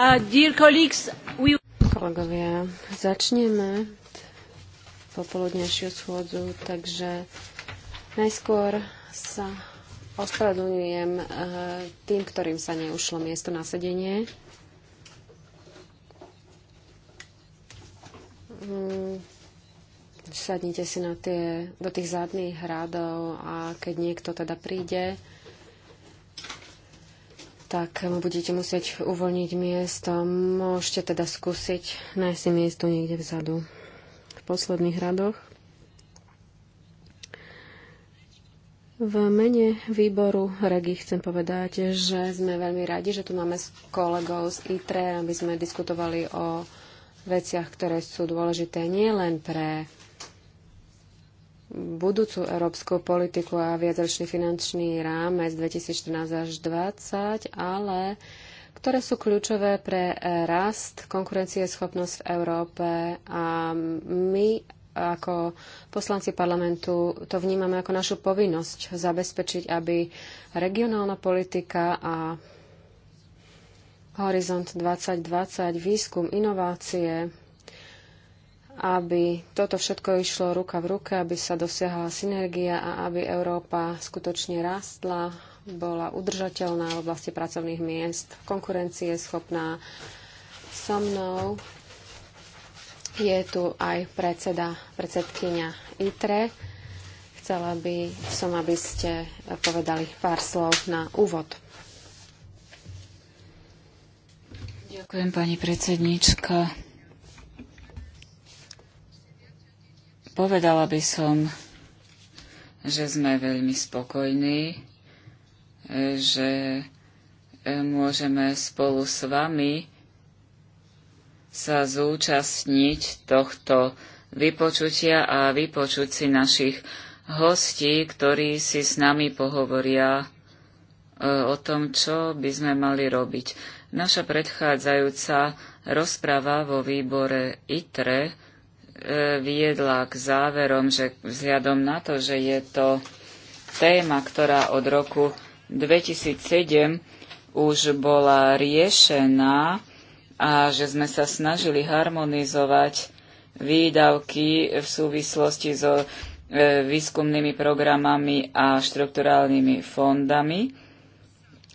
Uh, Kolegovia, začneme popoludnejšiu schôdzu, takže najskôr sa ospravedlňujem uh, tým, ktorým sa neušlo miesto na sedenie. Mm, sadnite si na tie, do tých zadných hradov a keď niekto teda príde, tak mu budete musieť uvoľniť miesto. Môžete teda skúsiť nájsť si miesto niekde vzadu, v posledných radoch. V mene výboru Regi chcem povedať, že sme veľmi radi, že tu máme s kolegov z ITRE, aby sme diskutovali o veciach, ktoré sú dôležité nielen pre budúcu európsku politiku a viacročný finančný rámec 2014 až 2020, ale ktoré sú kľúčové pre rast, konkurencieschopnosť v Európe a my ako poslanci parlamentu to vnímame ako našu povinnosť zabezpečiť, aby regionálna politika a Horizont 2020, výskum, inovácie aby toto všetko išlo ruka v ruke, aby sa dosiahala synergia a aby Európa skutočne rástla, bola udržateľná v oblasti pracovných miest, konkurencie schopná. So mnou je tu aj predseda, predsedkynia ITRE. Chcela by som, aby ste povedali pár slov na úvod. Ďakujem, pani predsednička. Povedala by som, že sme veľmi spokojní, že e, môžeme spolu s vami sa zúčastniť tohto vypočutia a vypočuť si našich hostí, ktorí si s nami pohovoria e, o tom, čo by sme mali robiť. Naša predchádzajúca rozprava vo výbore ITRE E, viedla k záverom, že vzhľadom na to, že je to téma, ktorá od roku 2007 už bola riešená a že sme sa snažili harmonizovať výdavky v súvislosti so e, výskumnými programami a štrukturálnymi fondami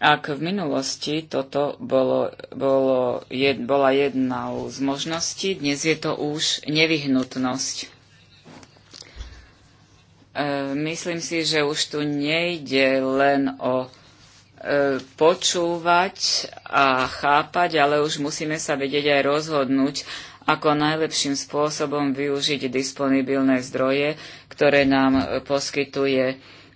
ak v minulosti toto bolo, bolo, jed, bola jedna z možností, dnes je to už nevyhnutnosť. E, myslím si, že už tu nejde len o e, počúvať a chápať, ale už musíme sa vedieť aj rozhodnúť, ako najlepším spôsobom využiť disponibilné zdroje, ktoré nám e, poskytuje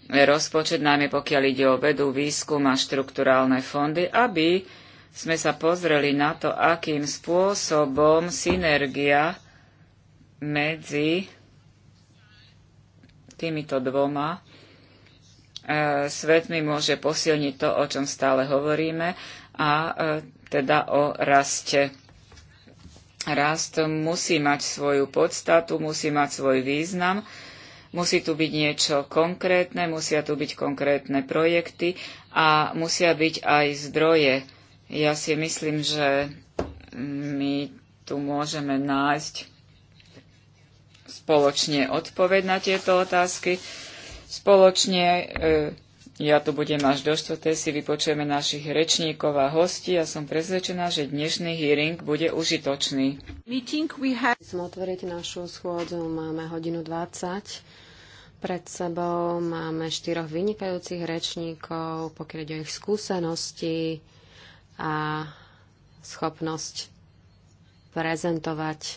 rozpočet, najmä pokiaľ ide o vedu, výskum a štrukturálne fondy, aby sme sa pozreli na to, akým spôsobom synergia medzi týmito dvoma e, svetmi môže posilniť to, o čom stále hovoríme, a e, teda o raste. Rast musí mať svoju podstatu, musí mať svoj význam Musí tu byť niečo konkrétne, musia tu byť konkrétne projekty a musia byť aj zdroje. Ja si myslím, že my tu môžeme nájsť spoločne odpoveď na tieto otázky. Spoločne, e, ja tu budem až do štvrtej, si vypočujeme našich rečníkov a hostí a som presvedčená, že dnešný hearing bude užitočný. Sme otvoriť našu schôdzu, máme hodinu 20 pred sebou máme štyroch vynikajúcich rečníkov, pokiaľ ide o ich skúsenosti a schopnosť prezentovať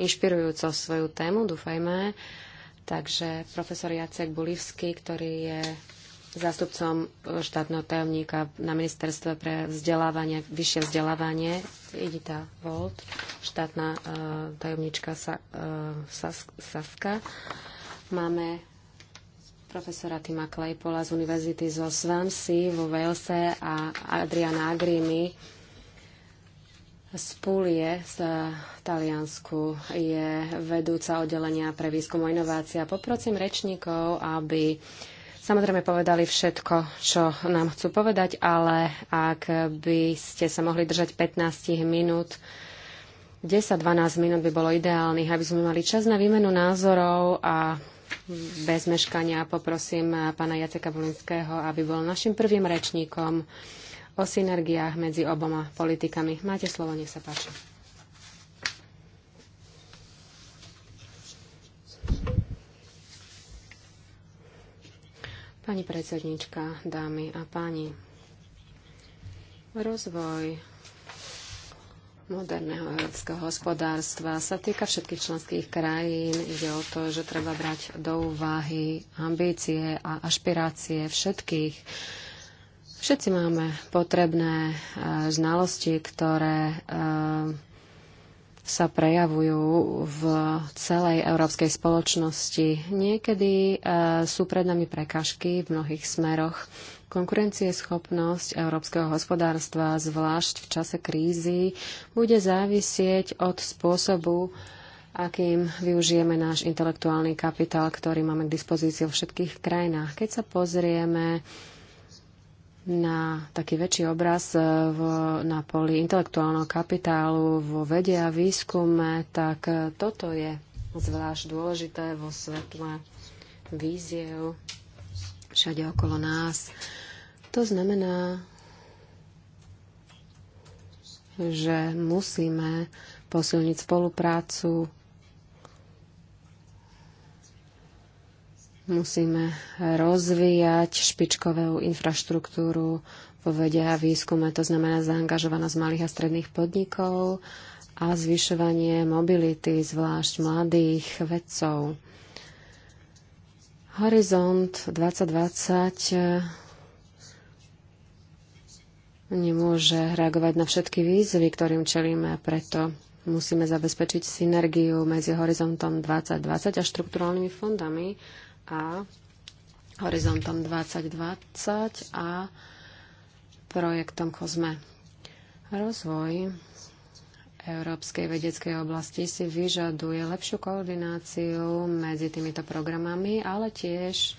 inšpirujúco svoju tému, dúfajme. Takže profesor Jacek Bulivský, ktorý je zástupcom štátneho tajomníka na ministerstve pre vzdelávanie, vyššie vzdelávanie, Edita Volt, štátna uh, e, tajomníčka Sa, uh, Sas, Saska. Máme profesora Tima Claypola z Univerzity zo Swansea vo Walese a Adriana Agrimi z Púlie z Taliansku je vedúca oddelenia pre výskum a inovácia. Poprosím rečníkov, aby samozrejme povedali všetko, čo nám chcú povedať, ale ak by ste sa mohli držať 15 minút, 10-12 minút by bolo ideálnych, aby sme mali čas na výmenu názorov a bez meškania poprosím pána Jaceka Bulinského, aby bol našim prvým rečníkom o synergiách medzi oboma politikami. Máte slovo, nech sa páči. Pani predsednička, dámy a páni, rozvoj moderného európskeho hospodárstva sa týka všetkých členských krajín. Ide o to, že treba brať do úvahy ambície a ašpirácie všetkých. Všetci máme potrebné e, znalosti, ktoré e, sa prejavujú v celej európskej spoločnosti. Niekedy e, sú pred nami prekažky v mnohých smeroch Konkurencieschopnosť európskeho hospodárstva, zvlášť v čase krízy, bude závisieť od spôsobu, akým využijeme náš intelektuálny kapitál, ktorý máme k dispozícii vo všetkých krajinách. Keď sa pozrieme na taký väčší obraz e, v, na poli intelektuálneho kapitálu vo vede a výskume, tak e, toto je zvlášť dôležité vo svetle víziev všade okolo nás. To znamená, že musíme posilniť spoluprácu, musíme rozvíjať špičkovú infraštruktúru vo vede a výskume, to znamená zaangažovanosť malých a stredných podnikov a zvyšovanie mobility, zvlášť mladých vedcov. Horizont 2020 eh, nemôže reagovať na všetky výzvy, ktorým čelíme a preto musíme zabezpečiť synergiu medzi Horizontom 2020 a štrukturálnymi fondami a Horizontom 2020 a projektom COSME. Rozvoj európskej vedeckej oblasti si vyžaduje lepšiu koordináciu medzi týmito programami, ale tiež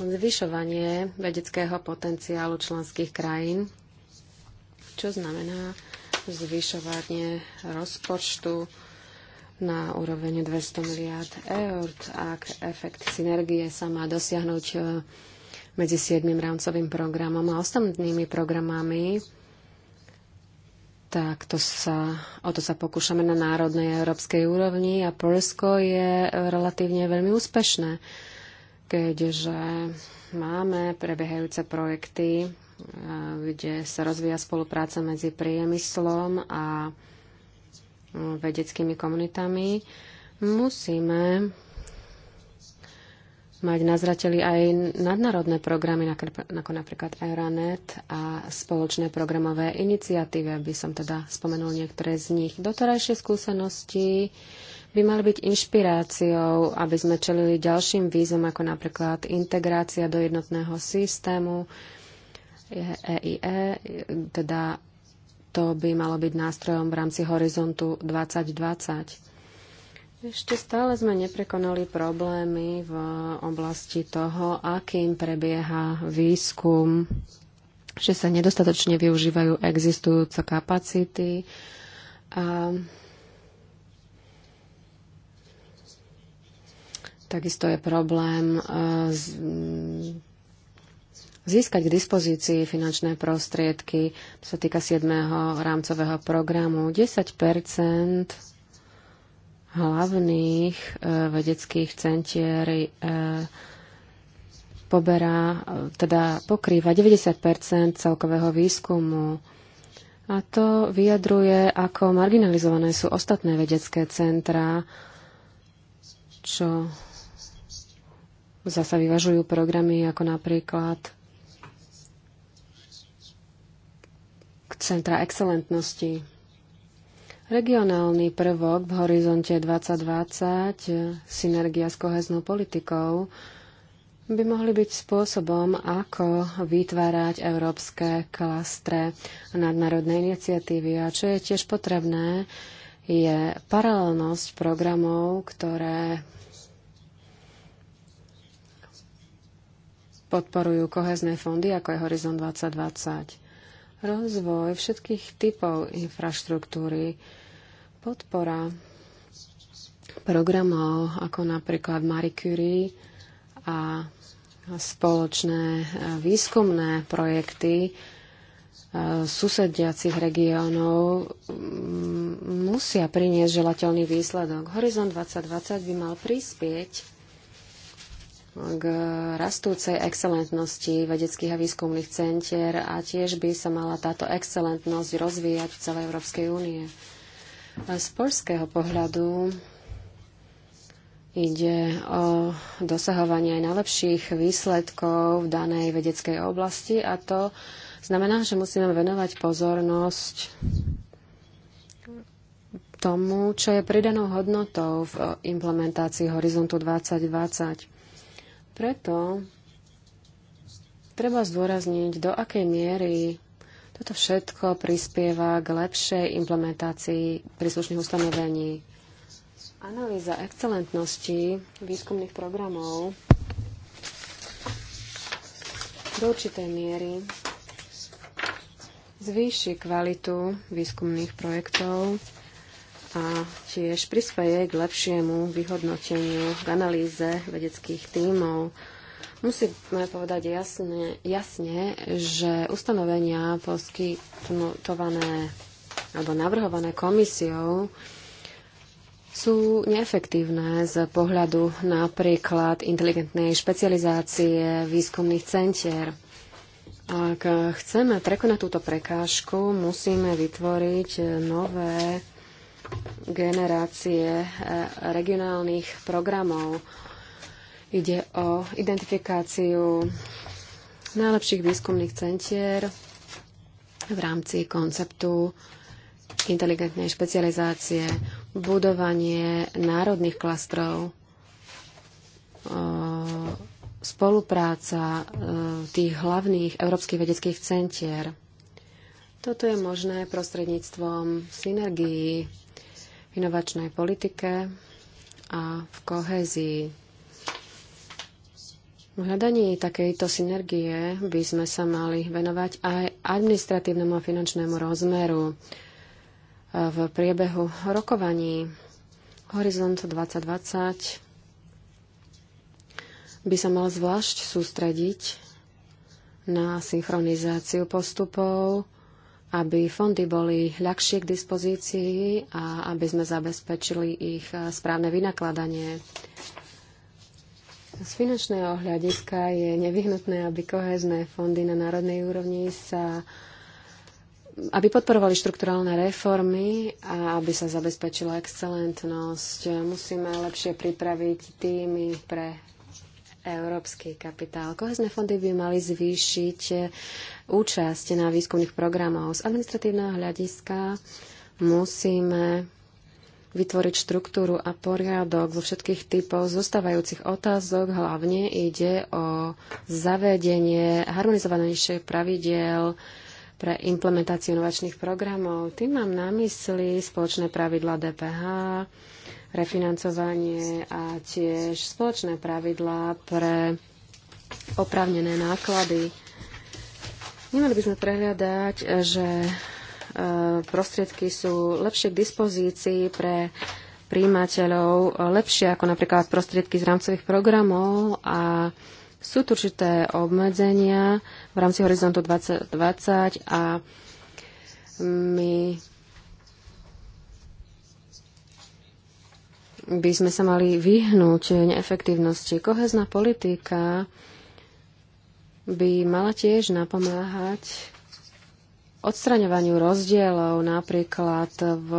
zvyšovanie vedeckého potenciálu členských krajín, čo znamená zvyšovanie rozpočtu na úroveň 200 miliard eur, ak efekt synergie sa má dosiahnuť eh, medzi 7. rámcovým programom a ostatnými programami tak to sa, o to sa pokúšame na národnej a európskej úrovni a Polsko je relatívne veľmi úspešné, keďže máme prebiehajúce projekty, eh, kde sa rozvíja spolupráca medzi priemyslom a eh, vedeckými komunitami. Musíme mať na zrateli aj nadnárodné programy, ako napríklad Euronet a spoločné programové iniciatívy, aby som teda spomenul niektoré z nich. Doterajšie skúsenosti by mali byť inšpiráciou, aby sme čelili ďalším vízom, ako napríklad integrácia do jednotného systému EIE, e, teda to by malo byť nástrojom v rámci horizontu 2020 ešte stále sme neprekonali problémy v oblasti toho, akým prebieha výskum, že sa nedostatočne využívajú existujúce kapacity. A takisto je problém e, získať k dispozícii finančné prostriedky, čo sa týka 7. rámcového programu. 10 hlavných e, vedeckých centier e, poberá, e, teda pokrýva 90 celkového výskumu. A to vyjadruje, ako marginalizované sú ostatné vedecké centrá, čo zasa vyvažujú programy ako napríklad Centra excelentnosti. Regionálny prvok v horizonte 2020, synergia s koheznou politikou, by mohli byť spôsobom, ako vytvárať európske klastre nadnárodnej iniciatívy. A čo je tiež potrebné, je paralelnosť programov, ktoré podporujú kohezné fondy, ako je Horizon 2020 rozvoj všetkých typov infraštruktúry, podpora programov ako napríklad Marie Curie a spoločné e, výskumné projekty e, susediacich regiónov musia priniesť želateľný výsledok. Horizont 2020 by mal prispieť k rastúcej excelentnosti vedeckých a výskumných centier a tiež by sa mala táto excelentnosť rozvíjať v celej Európskej únie. Z polského pohľadu ide o dosahovanie aj najlepších výsledkov v danej vedeckej oblasti a to znamená, že musíme venovať pozornosť tomu, čo je pridanou hodnotou v implementácii Horizontu 2020. Preto treba zdôrazniť, do akej miery toto všetko prispieva k lepšej implementácii príslušných ustanovení. Analýza excelentnosti výskumných programov do určitej miery zvýši kvalitu výskumných projektov a tiež prispieje k lepšiemu vyhodnoteniu, k analýze vedeckých tímov. Musíme povedať jasne, jasne že ustanovenia poskytnutované alebo navrhované komisiou sú neefektívne z pohľadu napríklad inteligentnej špecializácie výskumných centier. Ak chceme prekonať túto prekážku, musíme vytvoriť nové generácie e, regionálnych programov. Ide o identifikáciu najlepších výskumných centier v rámci konceptu inteligentnej špecializácie, budovanie národných klastrov, e, spolupráca e, tých hlavných európskych vedeckých centier. Toto je možné prostredníctvom synergií inovačnej politike a v kohézii. V hľadaní takejto synergie by sme sa mali venovať aj administratívnemu a finančnému rozmeru v priebehu rokovaní Horizont 2020 by sa mal zvlášť sústrediť na synchronizáciu postupov aby fondy boli ľahšie k dispozícii a aby sme zabezpečili ich eh, správne vynakladanie. Z finančného hľadiska je nevyhnutné, aby kohezné fondy na národnej úrovni sa aby podporovali štrukturálne reformy a aby sa zabezpečila excelentnosť. Musíme lepšie pripraviť týmy pre európsky kapitál. Kohezné fondy by mali zvýšiť e, účasť na výskumných programoch. Z administratívneho hľadiska musíme vytvoriť štruktúru a poriadok vo všetkých typov zostávajúcich otázok. Hlavne ide o zavedenie harmonizovanejších pravidiel pre implementáciu inovačných programov. Tým mám na mysli spoločné pravidla DPH, refinancovanie a tiež spoločné pravidlá pre opravnené náklady. Nemali by sme prehľadať, že e, prostriedky sú lepšie k dispozícii pre príjimateľov, lepšie ako napríklad prostriedky z rámcových programov a sú tu určité obmedzenia v rámci Horizontu 2020 a my by sme sa mali vyhnúť neefektívnosti. Kohezná politika by mala tiež napomáhať odstraňovaniu rozdielov napríklad v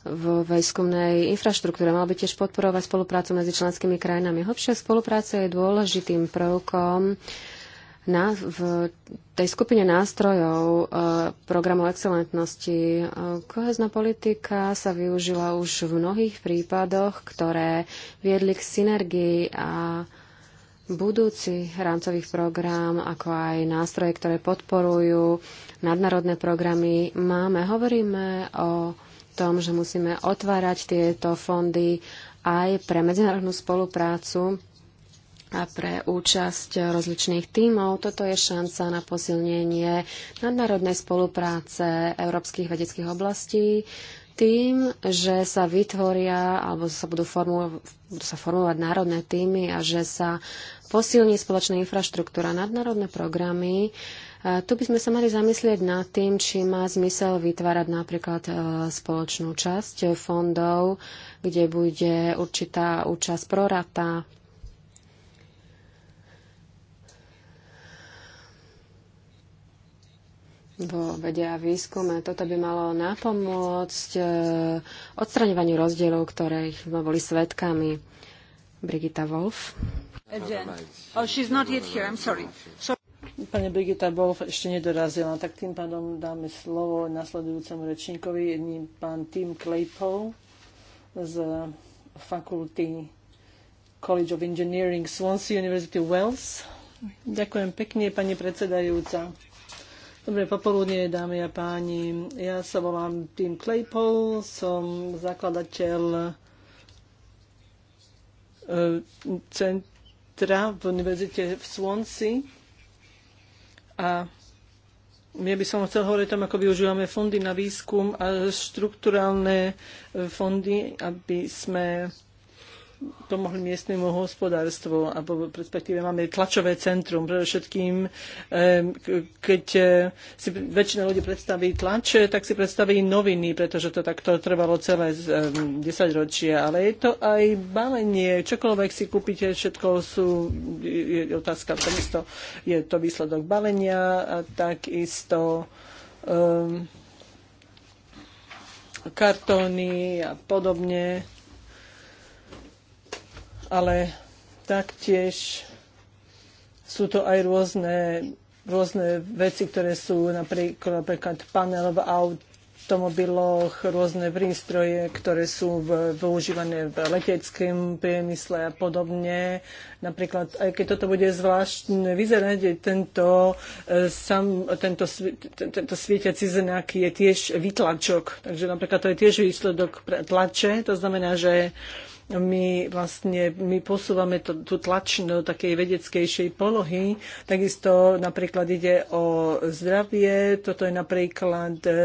v výskumnej infraštruktúre. Mal by tiež podporovať spoluprácu medzi členskými krajinami. Hlbšia spolupráca je dôležitým prvkom na, v tej skupine nástrojov e, programu excelentnosti e, kohezná politika sa využila už v mnohých prípadoch, ktoré viedli k synergii a budúci rámcových program, ako aj nástroje, ktoré podporujú nadnárodné programy máme. Hovoríme o tom, že musíme otvárať tieto fondy aj pre medzinárodnú spoluprácu a pre účasť rozličných tímov. Toto je šanca na posilnenie nadnárodnej spolupráce európskych vedeckých oblastí tým, že sa vytvoria alebo sa budú, formu, budú sa formovať národné týmy a že sa posilní spoločná infraštruktúra nadnárodné programy. E, tu by sme sa mali zamyslieť nad tým, či má zmysel vytvárať napríklad e, spoločnú časť fondov, kde bude určitá účasť prorata vo vede a výskume. Toto by malo napomôcť e, odstraňovaniu rozdielov, ktorých sme no, boli svetkami. Brigita Wolf. Oh, pani Brigita Wolf ešte nedorazila, tak tým pádom dáme slovo nasledujúcemu rečníkovi, jedným pán Tim Claypool z fakulty College of Engineering Swansea University Wales. Ďakujem pekne, pani predsedajúca. Dobre popoludne, dámy a páni. Ja sa volám Tim Claypool, som zakladateľ e, centra v univerzite v Swansea a ja by som chcel hovoriť o tom, ako využívame fondy na výskum a štruktúralne fondy, aby sme pomohli miestnemu hospodárstvu, alebo respektíve máme tlačové centrum, predovšetkým, eh, keď eh, si väčšina ľudí predstaví tlač, eh, tak si predstaví noviny, pretože to takto trvalo celé 10 ročia, ale je to aj balenie, čokoľvek si kúpite, všetko sú, je otázka, takisto je to výsledok balenia a takisto um, kartóny a podobne ale taktiež sú to aj rôzne, rôzne veci, ktoré sú napríklad, napríklad panel v automobiloch, rôzne prístroje, ktoré sú v, využívané v leteckom priemysle a podobne. Napríklad, aj keď toto bude zvláštne vyzerať, tento, e, sam, tento, tento svietiaci znak je tiež výtlačok. Takže napríklad to je tiež výsledok tlače. To znamená, že my vlastne my posúvame to, tú tlač do takej vedeckejšej polohy. Takisto napríklad ide o zdravie, toto je napríklad e,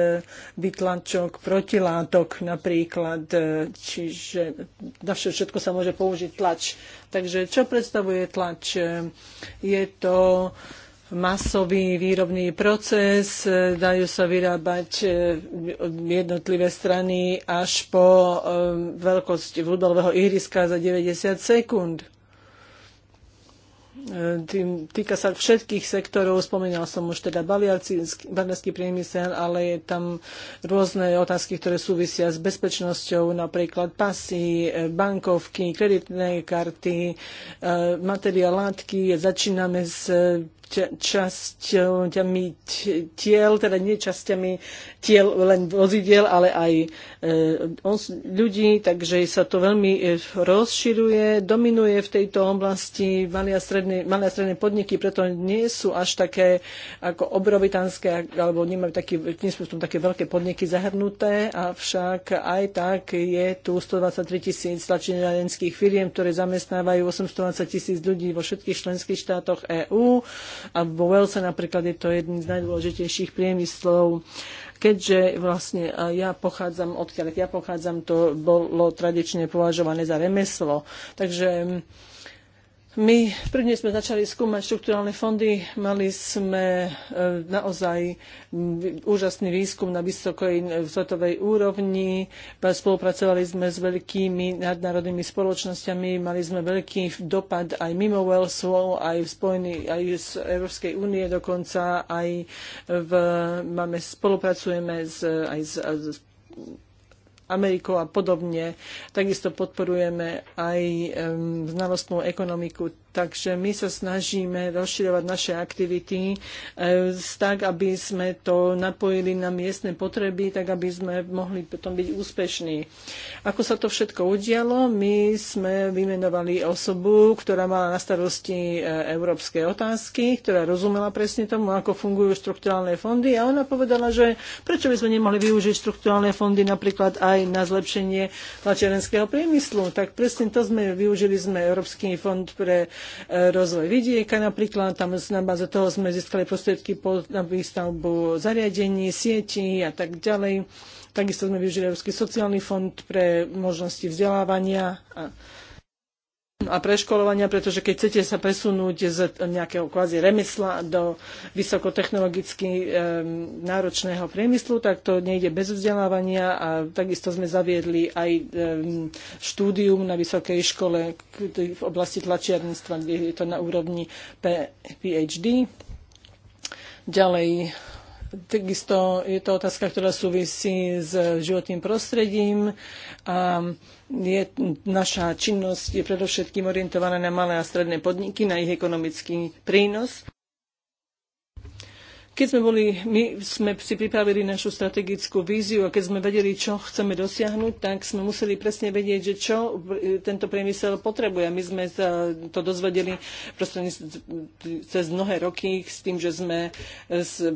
vytlačok protilátok napríklad, e, čiže na všetko sa môže použiť tlač. Takže čo predstavuje tlač? E, je to masový výrobný proces, e, dajú sa vyrábať e, jednotlivé strany až po e, veľkosť futbalového ihriska za 90 sekúnd. Tým, týka sa všetkých sektorov, spomínal som už teda baliarský priemysel, ale je tam rôzne otázky, ktoré súvisia s bezpečnosťou, napríklad pasy, bankovky, kreditné karty, materiál látky. Začíname s časťami tiel, teda nie časťami tiel len vozidiel, ale aj e, ľudí, takže sa to veľmi e, rozširuje, dominuje v tejto oblasti malé a stredné, malé a stredné podniky, preto nie sú až také ako obrovitanské, alebo nemajú taký, nie sú tam také veľké podniky zahrnuté, avšak aj tak je tu 123 tisíc tlačinárenských firiem, ktoré zamestnávajú 820 tisíc ľudí vo všetkých členských štátoch EÚ. A vo Velse napríklad je to jedný z najdôležitejších priemyslov. Keďže vlastne ja pochádzam, odkiaľ ja pochádzam, to bolo tradične považované za remeslo. Takže my, prvne sme začali skúmať štrukturálne fondy, mali sme e, naozaj úžasný výskum na vysokej e, svetovej úrovni, e, spolupracovali sme s veľkými nadnárodnými spoločnosťami, mali sme veľký dopad aj mimo Walesu, aj, v Spojený, aj z Európskej únie dokonca, aj v, máme, spolupracujeme s, aj s, s Amerikou a podobne. Takisto podporujeme aj znalostnú ekonomiku Takže my sa snažíme rozširovať naše aktivity e, tak, aby sme to napojili na miestne potreby, tak aby sme mohli potom byť úspešní. Ako sa to všetko udialo? My sme vymenovali osobu, ktorá mala na starosti e, európske otázky, ktorá rozumela presne tomu, ako fungujú štrukturálne fondy a ona povedala, že prečo by sme nemohli využiť štrukturálne fondy napríklad aj na zlepšenie tlačiarenského priemyslu. Tak presne to sme využili sme Európsky fond pre E, rozvoj vidieka napríklad, tam na báze toho sme získali prostriedky na výstavbu zariadení, sietí a tak ďalej. Takisto sme využili Európsky sociálny fond pre možnosti vzdelávania a a preškolovania, pretože keď chcete sa presunúť z nejakého kvázi remesla do vysokotechnologicky e, náročného priemyslu, tak to nejde bez vzdelávania a takisto sme zaviedli aj e, štúdium na vysokej škole v oblasti tlačiarnictva, kde je to na úrovni PhD. Ďalej Takisto je to otázka, ktorá súvisí s životným prostredím a je, naša činnosť je predovšetkým orientovaná na malé a stredné podniky, na ich ekonomický prínos. Keď sme boli, my sme si pripravili našu strategickú víziu a keď sme vedeli, čo chceme dosiahnuť, tak sme museli presne vedieť, že čo tento priemysel potrebuje. My sme sa to dozvedeli proste cez mnohé roky s tým, že sme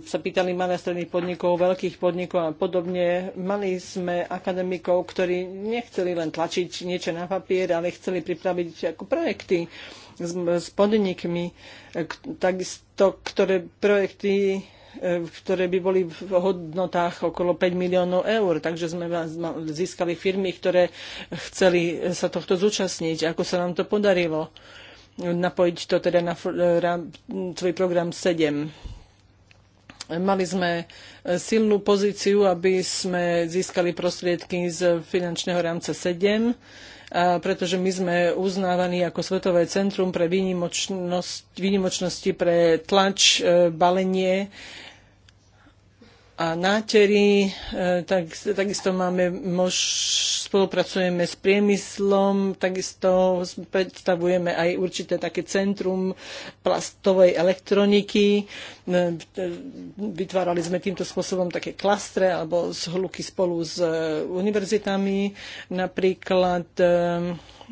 sa pýtali malé a stredných podnikov, veľkých podnikov a podobne. Mali sme akademikov, ktorí nechceli len tlačiť niečo na papier, ale chceli pripraviť ako projekty s, s podnikmi, takisto ktoré projekty e, ktoré by boli v hodnotách okolo 5 miliónov eur. Takže sme získali firmy, ktoré chceli sa tohto zúčastniť. Ako sa nám to podarilo? Napojiť to teda na e, svoj program 7 mali sme e, silnú pozíciu, aby sme získali prostriedky z finančného rámca 7 pretože my sme uznávaní ako Svetové centrum pre výnimočnosť, výnimočnosti pre tlač, e, balenie a nátery. E, tak, takisto máme, mož, spolupracujeme s priemyslom, takisto predstavujeme aj určité také centrum plastovej elektroniky. E, vytvárali sme týmto spôsobom také klastre alebo zhluky spolu s e, univerzitami. Napríklad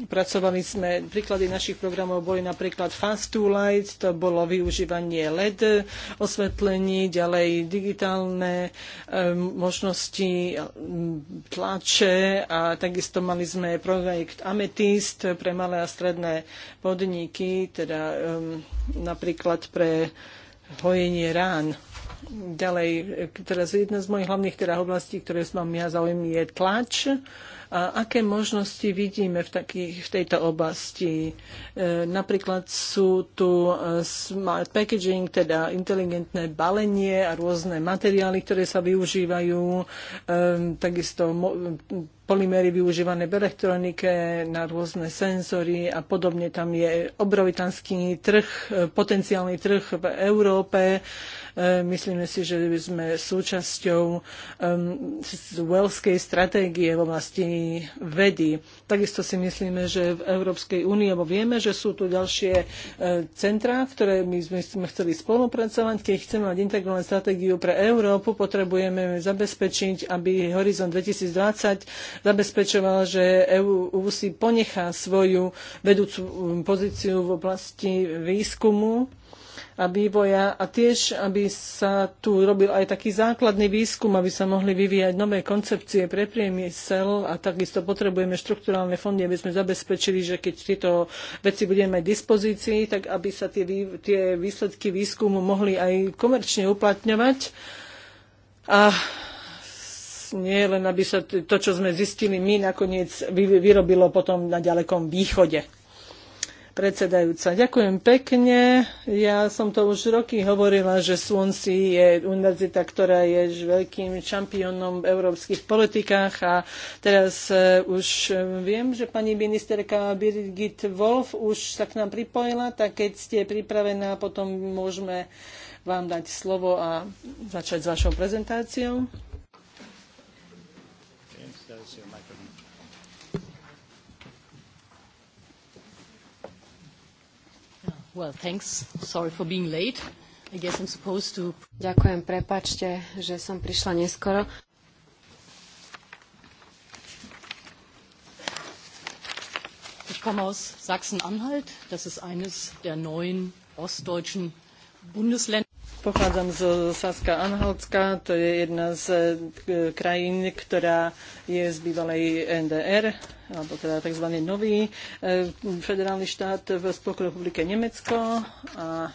Pracovali sme, príklady našich programov boli napríklad Fast to Light, to bolo využívanie LED osvetlení, ďalej digitálne ehm, možnosti ehm, tlače a takisto mali sme projekt Ametist pre malé a stredné podniky, teda ehm, napríklad pre hojenie rán. Ďalej, e, teraz jedna z mojich hlavných teda oblastí, ktoré mám ja zaujímavé, je tlač a aké možnosti vidíme v, takých, v tejto oblasti? E, napríklad sú tu smart e, packaging, teda inteligentné balenie a rôzne materiály, ktoré sa využívajú, e, takisto polymery využívané v elektronike, na rôzne senzory a podobne. Tam je obrovitanský trh, potenciálny trh v Európe E, myslíme si, že sme súčasťou Wellskej stratégie v oblasti vedy. Takisto si myslíme, že v Európskej únii, lebo vieme, že sú tu ďalšie e, centrá, v ktoré my sme chceli spolupracovať. Keď chceme mať integrovanú stratégiu pre Európu, potrebujeme zabezpečiť, aby Horizon 2020 zabezpečoval, že EU si ponechá svoju vedúcu pozíciu v oblasti výskumu a vývoja a tiež, aby sa tu robil aj taký základný výskum, aby sa mohli vyvíjať nové koncepcie pre priemysel a takisto potrebujeme štrukturálne fondy, aby sme zabezpečili, že keď tieto veci budeme mať dispozícii, tak aby sa tie, tie výsledky výskumu mohli aj komerčne uplatňovať. A nie len, aby sa to, čo sme zistili my, nakoniec vyrobilo potom na ďalekom východe predsedajúca. Ďakujem pekne. Ja som to už roky hovorila, že Slonci je univerzita, ktorá je veľkým šampiónom v európskych politikách a teraz e, už viem, že pani ministerka Birgit Wolf už sa k nám pripojila, tak keď ste pripravená, potom môžeme vám dať slovo a začať s vašou prezentáciou. Ďakujem, prepáčte, že som prišla neskoro. Ich komme aus Sachsen-Anhalt. Das ist eines der neuen ostdeutschen Bundesländer. Pochádzam zo Saska Anhaltska, to je jedna z eh, krajín, ktorá je z bývalej NDR alebo teda tzv. nový e, federálny štát v Spolkovej republike Nemecko a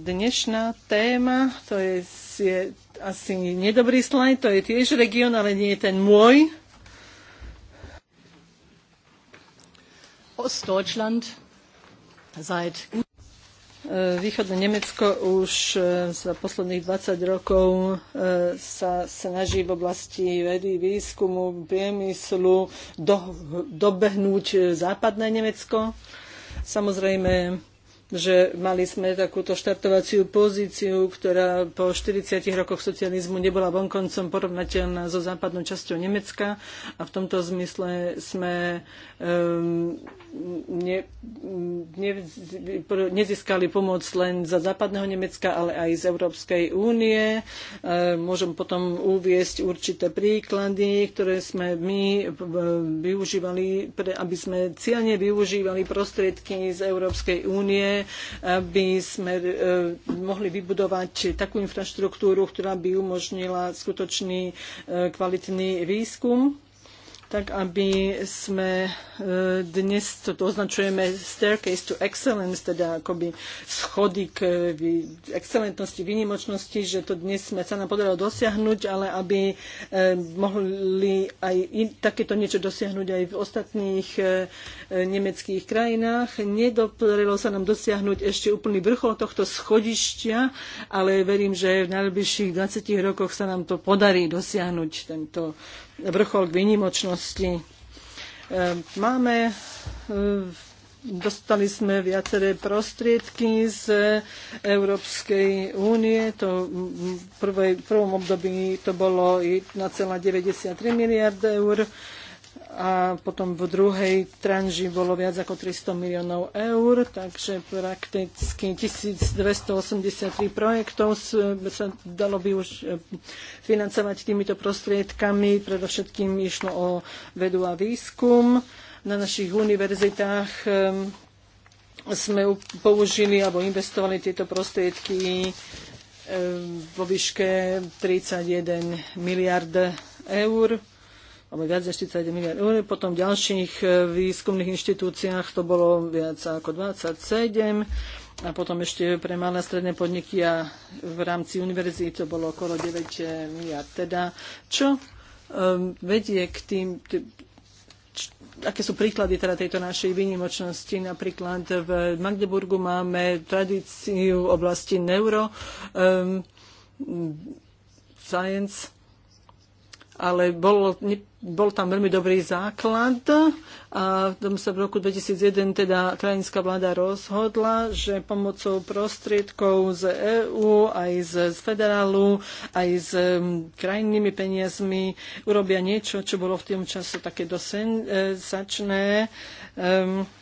dnešná téma, to je, je asi nedobrý slajd, to je tiež region, ale nie je ten môj. Ostdeutschland seit E, východné Nemecko už e, za posledných 20 rokov e, sa snaží v oblasti vedy, výskumu, priemyslu do, dobehnúť západné Nemecko. Samozrejme, že mali sme takúto štartovaciu pozíciu, ktorá po 40 rokoch socializmu nebola vonkoncom porovnateľná so západnou časťou Nemecka a v tomto zmysle sme um, ne, ne, nezískali pomoc len za západného Nemecka, ale aj z Európskej únie. Um, môžem potom uviesť určité príklady, ktoré sme my ehm, využívali, pre, aby sme cieľne využívali prostriedky z Európskej únie aby sme e, mohli vybudovať takú infraštruktúru, ktorá by umožnila skutočný e, kvalitný výskum tak aby sme e, dnes to označujeme staircase to excellence, teda akoby schody k excelentnosti, výnimočnosti, že to dnes sme sa nám podarilo dosiahnuť, ale aby e, mohli aj takéto niečo dosiahnuť aj v ostatných e, nemeckých krajinách. Nedopodarilo sa nám dosiahnuť ešte úplný vrchol tohto schodišťa, ale verím, že v najbližších 20 rokoch sa nám to podarí dosiahnuť tento vrchol k výnimočnosti. E, máme e, Dostali sme viaceré prostriedky z Európskej únie. To v prvom období to bolo 1,93 miliard eur a potom v druhej tranži bolo viac ako 300 miliónov eur, takže prakticky 1283 projektov sa dalo by už e, financovať týmito prostriedkami. Predovšetkým išlo o vedu a výskum. Na našich univerzitách e, sme použili alebo investovali tieto prostriedky e, vo výške 31 miliard eur alebo viac než 41 miliard eur. Potom v ďalších e, výskumných inštitúciách to bolo viac ako 27 a potom ešte pre malé a stredné podniky a v rámci univerzity to bolo okolo 9 e, miliard. Teda čo um, vedie k tým, tým aké sú príklady teda tejto našej výnimočnosti. Napríklad v Magdeburgu máme tradíciu oblasti neuro um, science ale bol, bol tam veľmi dobrý základ a v tom sa v roku 2001 teda krajinská vláda rozhodla, že pomocou prostriedkov z EÚ, aj z, z federálu, aj s krajinnými peniazmi urobia niečo, čo bolo v tom čase také dosačné. Um, ehm,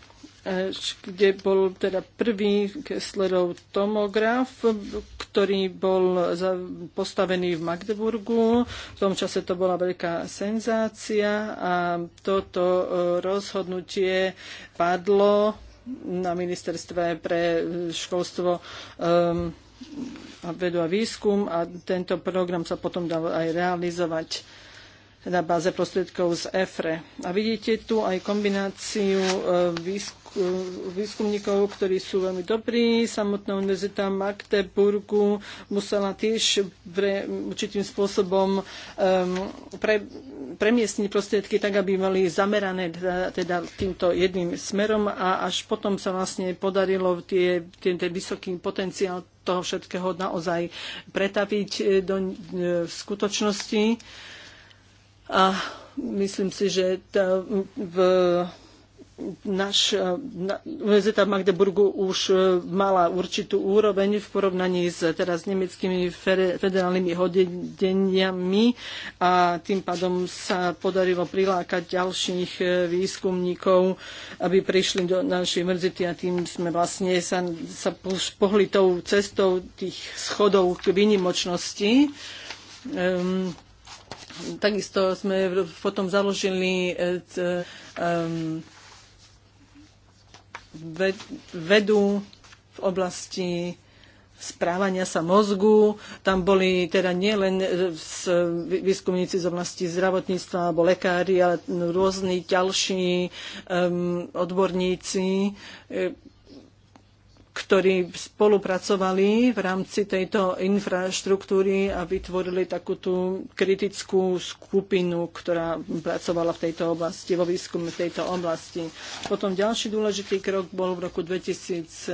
kde bol teda prvý Kesslerov tomograf, ktorý bol postavený v Magdeburgu. V tom čase to bola veľká senzácia a toto e, rozhodnutie padlo na ministerstve pre školstvo a vedu a výskum a tento program sa potom dal aj realizovať na báze prostriedkov z EFRE. A vidíte tu aj kombináciu e, výskumu Eh, výskumníkov, ktorí sú veľmi dobrí. Samotná univerzita Magdeburgu musela tiež pre, určitým spôsobom um, pre, premiestniť prostriedky tak, aby mali zamerané teda, teda týmto jedným smerom a až potom sa vlastne podarilo tie, tie, ten vysoký potenciál toho všetkého naozaj pretaviť eh, do eh, skutočnosti. A myslím si, že v, naš, eh, na, Univerzita v Magdeburgu už eh, mala určitú úroveň v porovnaní s teraz nemeckými federálnymi hodeniami a tým pádom sa podarilo prilákať ďalších eh, výskumníkov, aby prišli do našej univerzity a tým sme vlastne sa, sa pohli tou cestou tých schodov k výnimočnosti. Um, takisto sme potom založili um, vedú v oblasti správania sa mozgu. Tam boli teda nielen e, výskumníci z oblasti zdravotníctva alebo lekári, ale rôzni ďalší um, odborníci, e, ktorí spolupracovali v rámci tejto infraštruktúry a vytvorili takú tú kritickú skupinu, ktorá pracovala v tejto oblasti, vo výskume v tejto oblasti. Potom ďalší dôležitý krok bol v roku 2012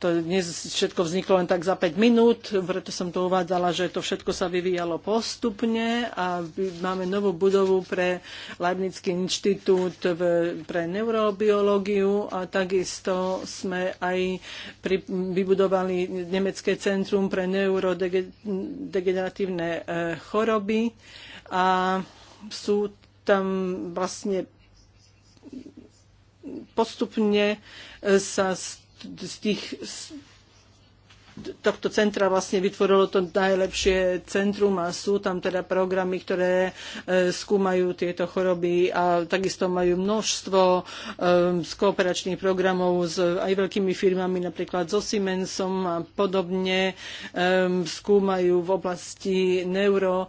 to dnes všetko vzniklo len tak za 5 minút, preto som to uvádzala, že to všetko sa vyvíjalo postupne a máme novú budovu pre Leibnický inštitút v, pre neurobiológiu a takisto sme aj pri, vybudovali Nemecké centrum pre neurodegeneratívne choroby a sú tam vlastne postupne e, sa z tých z tohto centra vlastne vytvorilo to najlepšie centrum a sú tam teda programy, ktoré e, skúmajú tieto choroby a takisto majú množstvo e, z kooperačných programov s aj veľkými firmami, napríklad so Siemensom a podobne e, skúmajú v oblasti neuro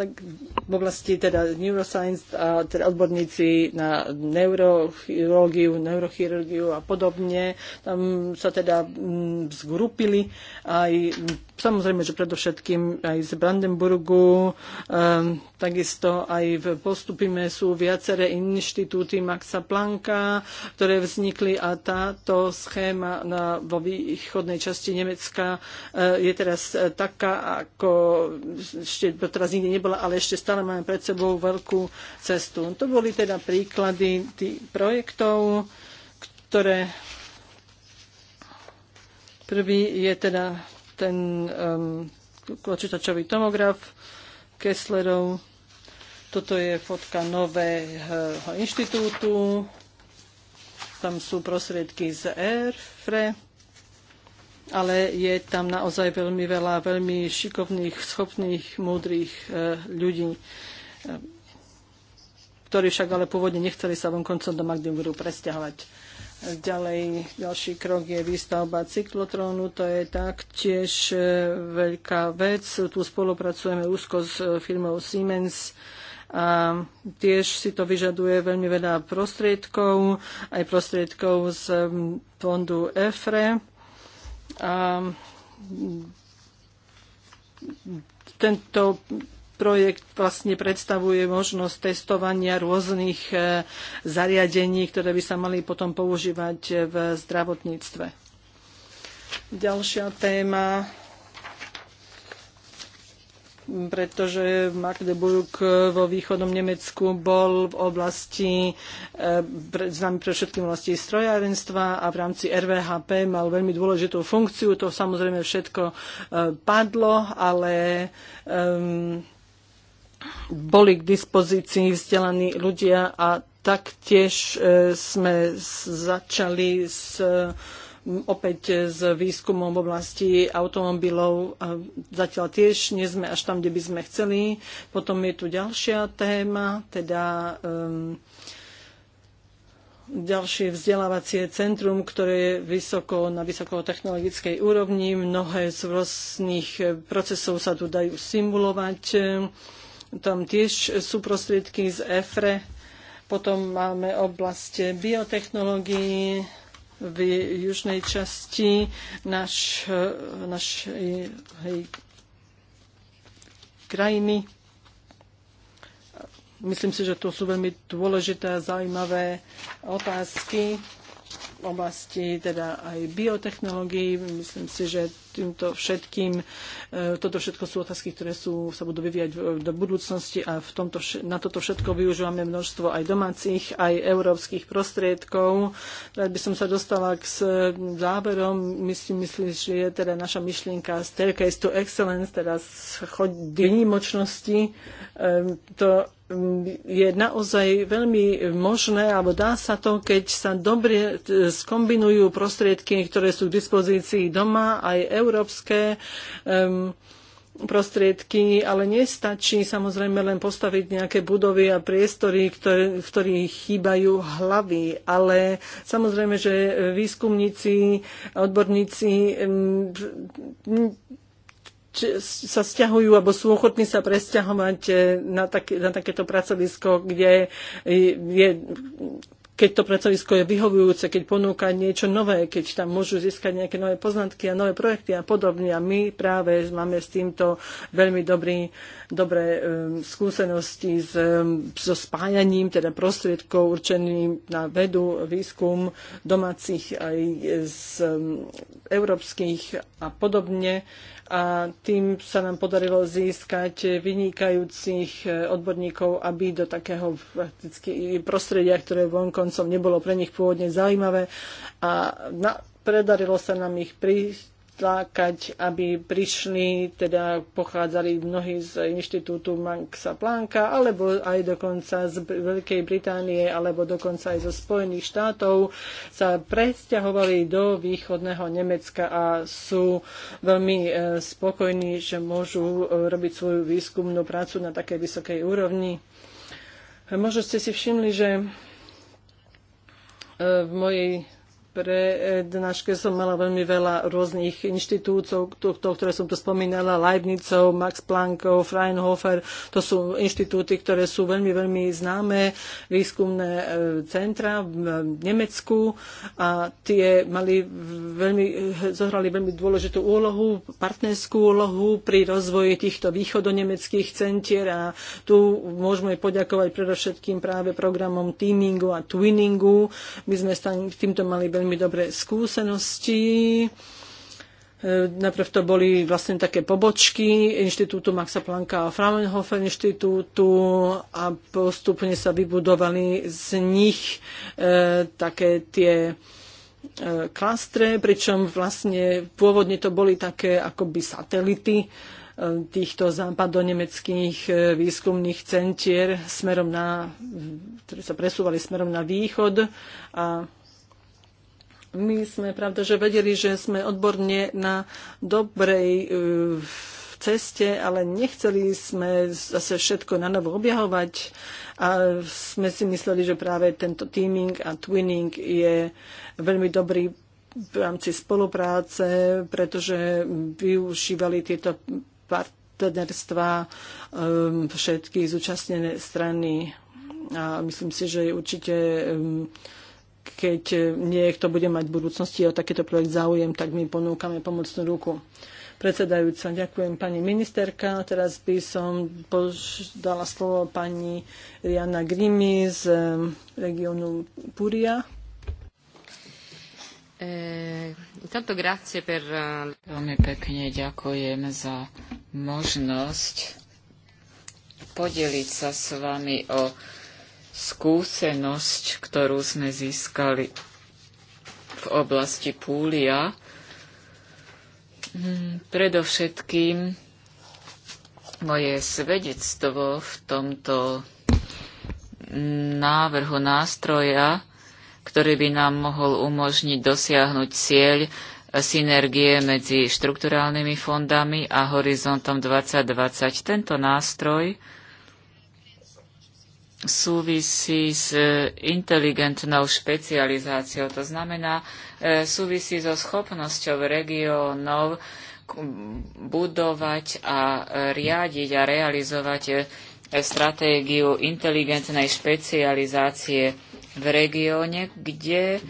tak v oblasti teda neuroscience a teda odborníci na neurochirurgiu, neurochirurgiu a podobne. Tam sa teda mm, zgrupili aj samozrejme, že predovšetkým aj z Brandenburgu, um, takisto aj v postupime sú viaceré inštitúty Maxa Plancka, ktoré vznikli a táto schéma na, vo východnej časti Nemecka uh, je teraz eh, taká, ako ešte teraz nikdy nebola bola, ale ešte stále máme pred sebou veľkú cestu. To boli teda príklady tých projektov, ktoré prvý je teda ten um, počítačový tomograf Kesslerov. Toto je fotka nového inštitútu. Tam sú prostriedky z ERFRE ale je tam naozaj veľmi veľa veľmi šikovných, schopných, múdrych e, ľudí, e, ktorí však ale pôvodne nechceli sa koncom do Magdeburgu presťahovať. Ďalej, ďalší krok je výstavba cyklotrónu, to je taktiež e, veľká vec. Tu spolupracujeme úzko s firmou Siemens a tiež si to vyžaduje veľmi veľa prostriedkov, aj prostriedkov z fondu EFRE Ehm, tento projekt vlastne predstavuje možnosť testovania rôznych e, zariadení, ktoré by sa mali potom používať v zdravotníctve. Ďalšia téma pretože Magdeburg vo východnom Nemecku bol v oblasti, e, známy pre všetkým oblasti strojárenstva a v rámci RVHP mal veľmi dôležitú funkciu. To samozrejme všetko e, padlo, ale um, boli k dispozícii vzdelaní ľudia a taktiež e, sme začali s opäť s výskumom v oblasti automobilov. Zatiaľ tiež nie sme až tam, kde by sme chceli. Potom je tu ďalšia téma, teda um, ďalšie vzdelávacie centrum, ktoré je vysoko, na vysokotechnologickej úrovni. Mnohé z rôznych procesov sa tu dajú simulovať. Tam tiež sú prostriedky z EFRE. Potom máme oblasť biotechnológií, v južnej časti naš, našej hej, krajiny. Myslím si, že to sú veľmi dôležité a zaujímavé otázky oblasti teda aj biotechnológií. Myslím si, že týmto všetkým, e, toto všetko sú otázky, ktoré sú, sa budú vyvíjať do budúcnosti a v tomto, na toto všetko využívame množstvo aj domácich, aj európskych prostriedkov. Rád by som sa dostala k záverom. Myslím, myslím, že je teda naša myšlienka Staircase to Excellence, teda chod výnimočnosti. E, to je naozaj veľmi možné, alebo dá sa to, keď sa dobre skombinujú prostriedky, ktoré sú k dispozícii doma, aj európske um, prostriedky, ale nestačí samozrejme len postaviť nejaké budovy a priestory, ktoré, v ktorých chýbajú hlavy. Ale samozrejme, že výskumníci, odborníci um, sa stiahujú alebo sú ochotní sa presťahovať eh, na, také, na takéto pracovisko, kde je keď to pracovisko je vyhovujúce, keď ponúka niečo nové, keď tam môžu získať nejaké nové poznatky a nové projekty a podobne. A my práve máme s týmto veľmi dobrý, dobré um, skúsenosti s, um, so spájaním teda prostriedkov určených na vedu, výskum domácich aj z um, európskych a podobne a tým sa nám podarilo získať vynikajúcich e, odborníkov, aby do takého prakticky prostredia, ktoré vonkoncom nebolo pre nich pôvodne zaujímavé a na, predarilo sa nám ich pri, tlákať, aby prišli, teda pochádzali mnohí z inštitútu Maxa Plancka, alebo aj dokonca z Veľkej Británie, alebo dokonca aj zo Spojených štátov, sa presťahovali do východného Nemecka a sú veľmi e, spokojní, že môžu e, robiť svoju výskumnú prácu na takej vysokej úrovni. Možno ste si všimli, že e, v mojej pre prednáške som mala veľmi veľa rôznych inštitúcov, to, to, ktoré som tu spomínala, Leibnicov, Max Planckov, Fraunhofer, to sú inštitúty, ktoré sú veľmi, veľmi známe, výskumné e, centra v e, Nemecku a tie mali veľmi, e, zohrali veľmi dôležitú úlohu, partnerskú úlohu pri rozvoji týchto východonemeckých centier a tu môžeme poďakovať predovšetkým práve programom teamingu a twinningu. My sme s týmto mali veľmi veľmi dobré skúsenosti. E, Najprv to boli vlastne také pobočky inštitútu Maxa Plancka a Fraunhofer inštitútu a postupne sa vybudovali z nich e, také tie e, klastre, pričom vlastne pôvodne to boli také akoby satelity e, týchto západonemeckých výskumných centier smerom na, ktoré sa presúvali smerom na východ a my sme pravda, že vedeli, že sme odborne na dobrej e, ceste, ale nechceli sme zase všetko na novo objahovať a sme si mysleli, že práve tento teaming a twinning je veľmi dobrý v rámci spolupráce, pretože využívali tieto partnerstva ehm, všetky zúčastnené strany. A myslím si, že je určite um, keď niekto bude mať v budúcnosti o takýto projekt záujem, tak my ponúkame pomocnú ruku. Predsedajúca, ďakujem pani ministerka. Teraz by som dala slovo pani Riana Grimi z regionu Puria. E, eh, Veľmi pekne ďakujem za možnosť podeliť sa s vami o skúsenosť, ktorú sme získali v oblasti púlia, mm, predovšetkým moje svedectvo v tomto návrhu nástroja, ktorý by nám mohol umožniť dosiahnuť cieľ synergie medzi štrukturálnymi fondami a horizontom 2020. Tento nástroj súvisí s e, inteligentnou špecializáciou. To znamená, e, súvisí so schopnosťou regiónov budovať a e, riadiť a realizovať stratégiu inteligentnej špecializácie v regióne, kde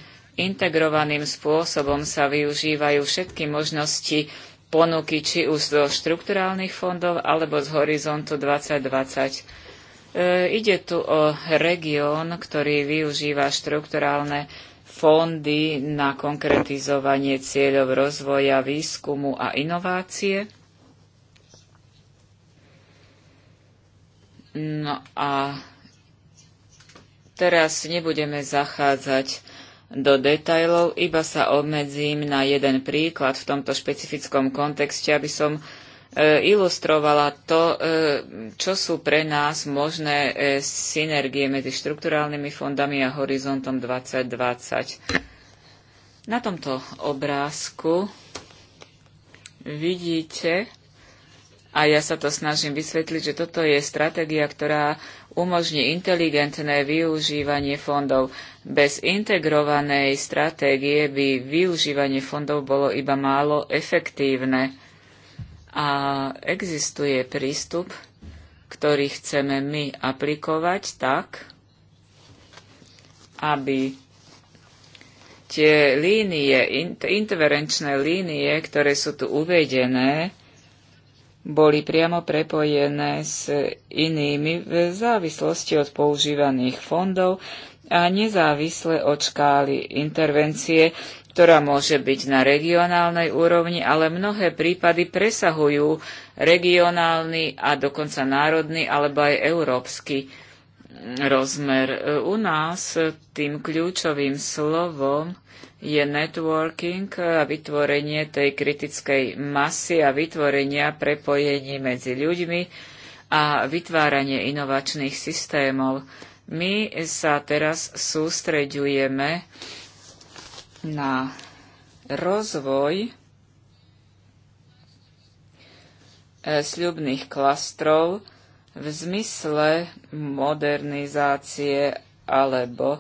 integrovaným spôsobom sa využívajú všetky možnosti ponuky či už zo štrukturálnych fondov alebo z horizontu 2020 E, ide tu o región, ktorý využíva štrukturálne fondy na konkretizovanie cieľov rozvoja, výskumu a inovácie. No a teraz nebudeme zachádzať do detajlov, iba sa obmedzím na jeden príklad v tomto špecifickom kontexte, aby som E, ilustrovala to, e, čo sú pre nás možné e, synergie medzi štrukturálnymi fondami a horizontom 2020. Na tomto obrázku vidíte, a ja sa to snažím vysvetliť, že toto je stratégia, ktorá umožní inteligentné využívanie fondov. Bez integrovanej stratégie by využívanie fondov bolo iba málo efektívne a existuje prístup, ktorý chceme my aplikovať tak, aby tie línie, intervenčné línie, ktoré sú tu uvedené, boli priamo prepojené s inými v závislosti od používaných fondov a nezávisle od škály intervencie ktorá môže byť na regionálnej úrovni, ale mnohé prípady presahujú regionálny a dokonca národný alebo aj európsky rozmer. U nás tým kľúčovým slovom je networking a vytvorenie tej kritickej masy a vytvorenia prepojení medzi ľuďmi a vytváranie inovačných systémov. My sa teraz sústreďujeme na rozvoj e, sľubných klastrov v zmysle modernizácie alebo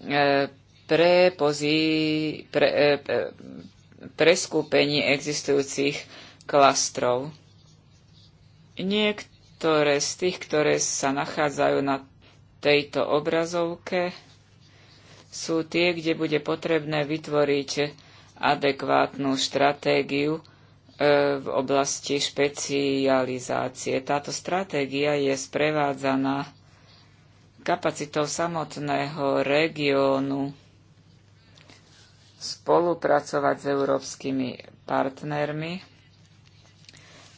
e, preskúpenie pre, e, existujúcich klastrov. Niektoré z tých, ktoré sa nachádzajú na tejto obrazovke, sú tie, kde bude potrebné vytvoriť adekvátnu stratégiu e, v oblasti špecializácie. Táto stratégia je sprevádzaná kapacitou samotného regiónu spolupracovať s európskymi partnermi.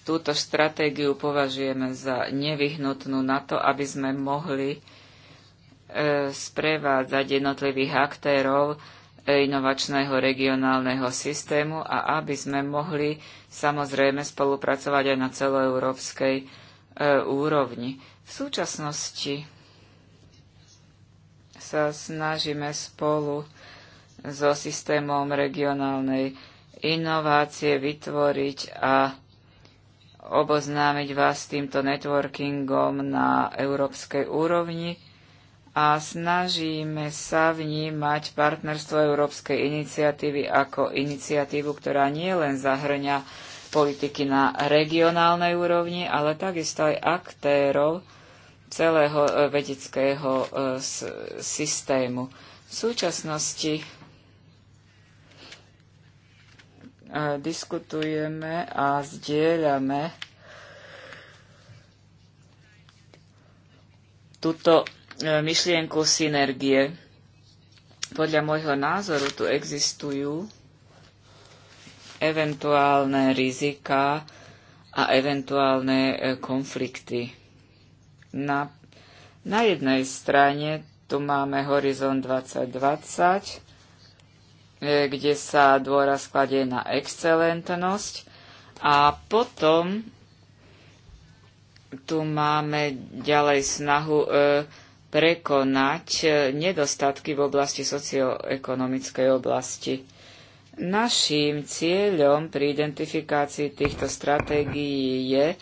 Túto stratégiu považujeme za nevyhnutnú na to, aby sme mohli E, sprevádzať jednotlivých aktérov e, inovačného regionálneho systému a aby sme mohli samozrejme spolupracovať aj na celoeurópskej e, úrovni. V súčasnosti sa snažíme spolu so systémom regionálnej inovácie vytvoriť a oboznámiť vás s týmto networkingom na európskej úrovni a snažíme sa vnímať partnerstvo Európskej iniciatívy ako iniciatívu, ktorá nie len zahrňa politiky na regionálnej úrovni, ale takisto aj aktérov celého e, vedeckého e, systému. V súčasnosti e, diskutujeme a zdieľame túto E, myšlienku synergie. Podľa môjho názoru tu existujú eventuálne rizika a eventuálne e, konflikty. Na, na jednej strane tu máme Horizon 2020, e, kde sa dôraz kladie na excelentnosť a potom tu máme ďalej snahu e, prekonať e, nedostatky v oblasti socioekonomickej oblasti. Naším cieľom pri identifikácii týchto stratégií je,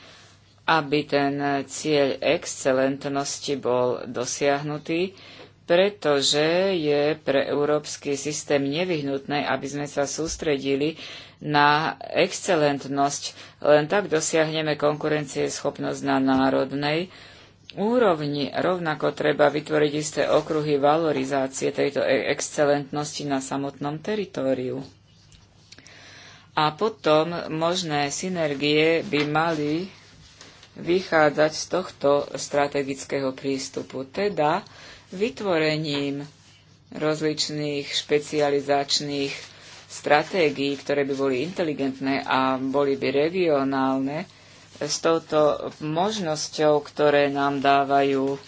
aby ten cieľ excelentnosti bol dosiahnutý, pretože je pre európsky systém nevyhnutné, aby sme sa sústredili na excelentnosť. Len tak dosiahneme konkurencieschopnosť na národnej úrovni. Rovnako treba vytvoriť isté okruhy valorizácie tejto e- excelentnosti na samotnom teritóriu. A potom možné synergie by mali vychádzať z tohto strategického prístupu, teda vytvorením rozličných špecializačných stratégií, ktoré by boli inteligentné a boli by regionálne, s touto možnosťou, ktoré nám dávajú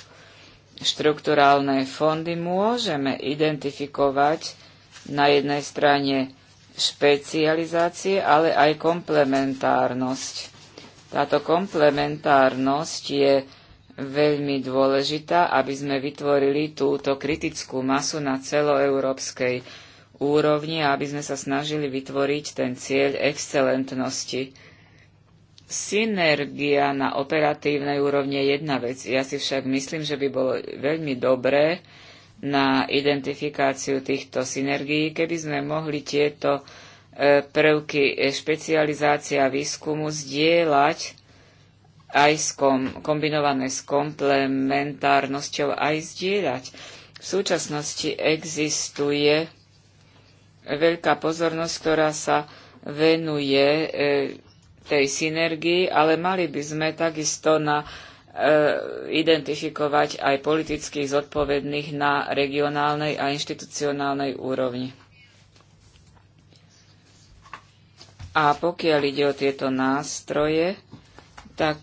štrukturálne fondy, môžeme identifikovať na jednej strane špecializácie, ale aj komplementárnosť. Táto komplementárnosť je veľmi dôležitá, aby sme vytvorili túto kritickú masu na celoeurópskej úrovni a aby sme sa snažili vytvoriť ten cieľ excelentnosti synergia na operatívnej úrovni je jedna vec. Ja si však myslím, že by bolo veľmi dobré na identifikáciu týchto synergií, keby sme mohli tieto e, prvky špecializácia výskumu zdieľať aj s kom, kombinované s komplementárnosťou aj zdieľať. V súčasnosti existuje veľká pozornosť, ktorá sa venuje e, tej synergii, ale mali by sme takisto na e, identifikovať aj politických zodpovedných na regionálnej a inštitucionálnej úrovni. A pokiaľ ide o tieto nástroje, tak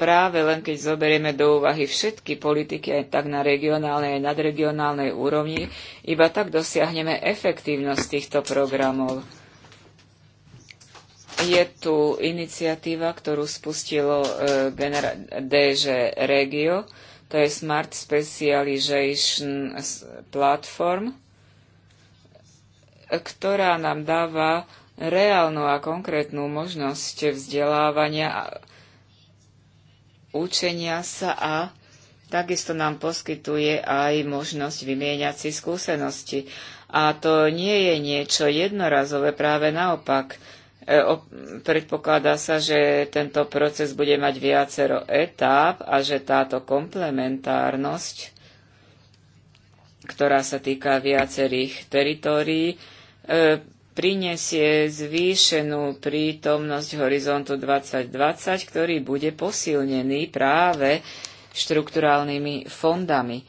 práve len keď zoberieme do úvahy všetky politiky aj tak na regionálnej aj nadregionálnej úrovni, iba tak dosiahneme efektívnosť týchto programov. Je tu iniciatíva, ktorú spustilo e, genera- DŽ Regio, to je Smart Specialization Platform, ktorá nám dáva reálnu a konkrétnu možnosť vzdelávania a učenia sa a takisto nám poskytuje aj možnosť vymieňať si skúsenosti. A to nie je niečo jednorazové, práve naopak. E, predpokladá sa, že tento proces bude mať viacero etáp a že táto komplementárnosť, ktorá sa týka viacerých teritórií, e, prinesie zvýšenú prítomnosť horizontu 2020, ktorý bude posilnený práve štrukturálnymi fondami. E,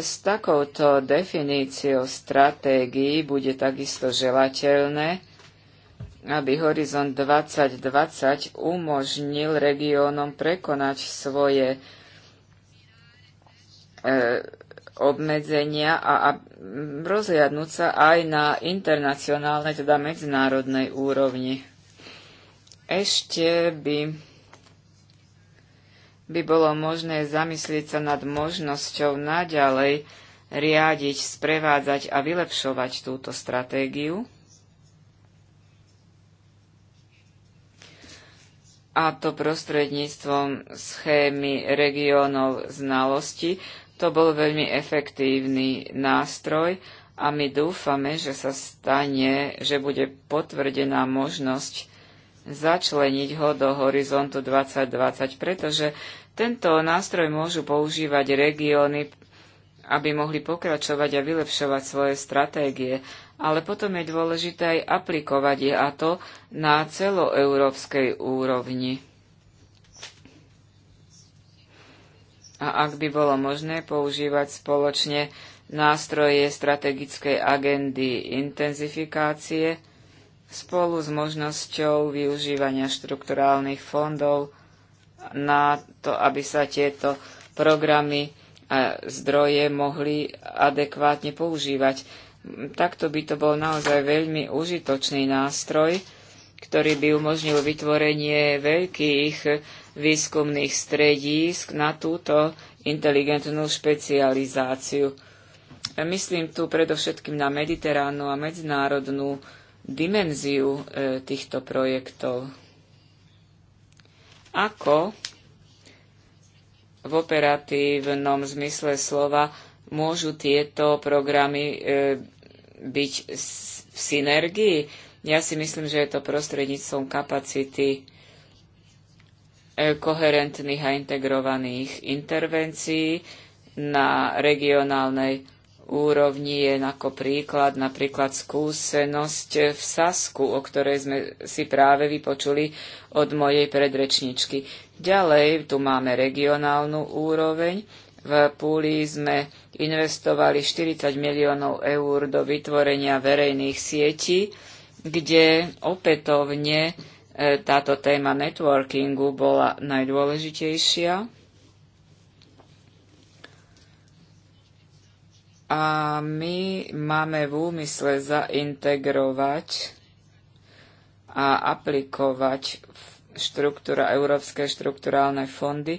s takouto definíciou stratégií bude takisto želateľné, aby Horizont 2020 umožnil regiónom prekonať svoje e, obmedzenia a, a rozhľadnúť sa aj na internacionálnej, teda medzinárodnej úrovni. Ešte by, by bolo možné zamyslieť sa nad možnosťou naďalej riadiť, sprevádzať a vylepšovať túto stratégiu a to prostredníctvom schémy regiónov znalosti. To bol veľmi efektívny nástroj a my dúfame, že sa stane, že bude potvrdená možnosť začleniť ho do horizontu 2020, pretože tento nástroj môžu používať regióny, aby mohli pokračovať a vylepšovať svoje stratégie ale potom je dôležité aj aplikovať je a to na celoeurópskej úrovni. A ak by bolo možné používať spoločne nástroje strategickej agendy intenzifikácie spolu s možnosťou využívania štrukturálnych fondov na to, aby sa tieto programy a zdroje mohli adekvátne používať. Takto by to bol naozaj veľmi užitočný nástroj, ktorý by umožnil vytvorenie veľkých výskumných stredísk na túto inteligentnú špecializáciu. Myslím tu predovšetkým na mediteránnu a medzinárodnú dimenziu e, týchto projektov. Ako v operatívnom zmysle slova môžu tieto programy e, byť v synergii? Ja si myslím, že je to prostredníctvom kapacity e, koherentných a integrovaných intervencií na regionálnej úrovni je ako príklad napríklad skúsenosť v Sasku, o ktorej sme si práve vypočuli od mojej predrečničky. Ďalej tu máme regionálnu úroveň, v Púli sme investovali 40 miliónov eur do vytvorenia verejných sietí, kde opätovne e, táto téma networkingu bola najdôležitejšia. A my máme v úmysle zaintegrovať a aplikovať štruktúra, európske štruktúrálne fondy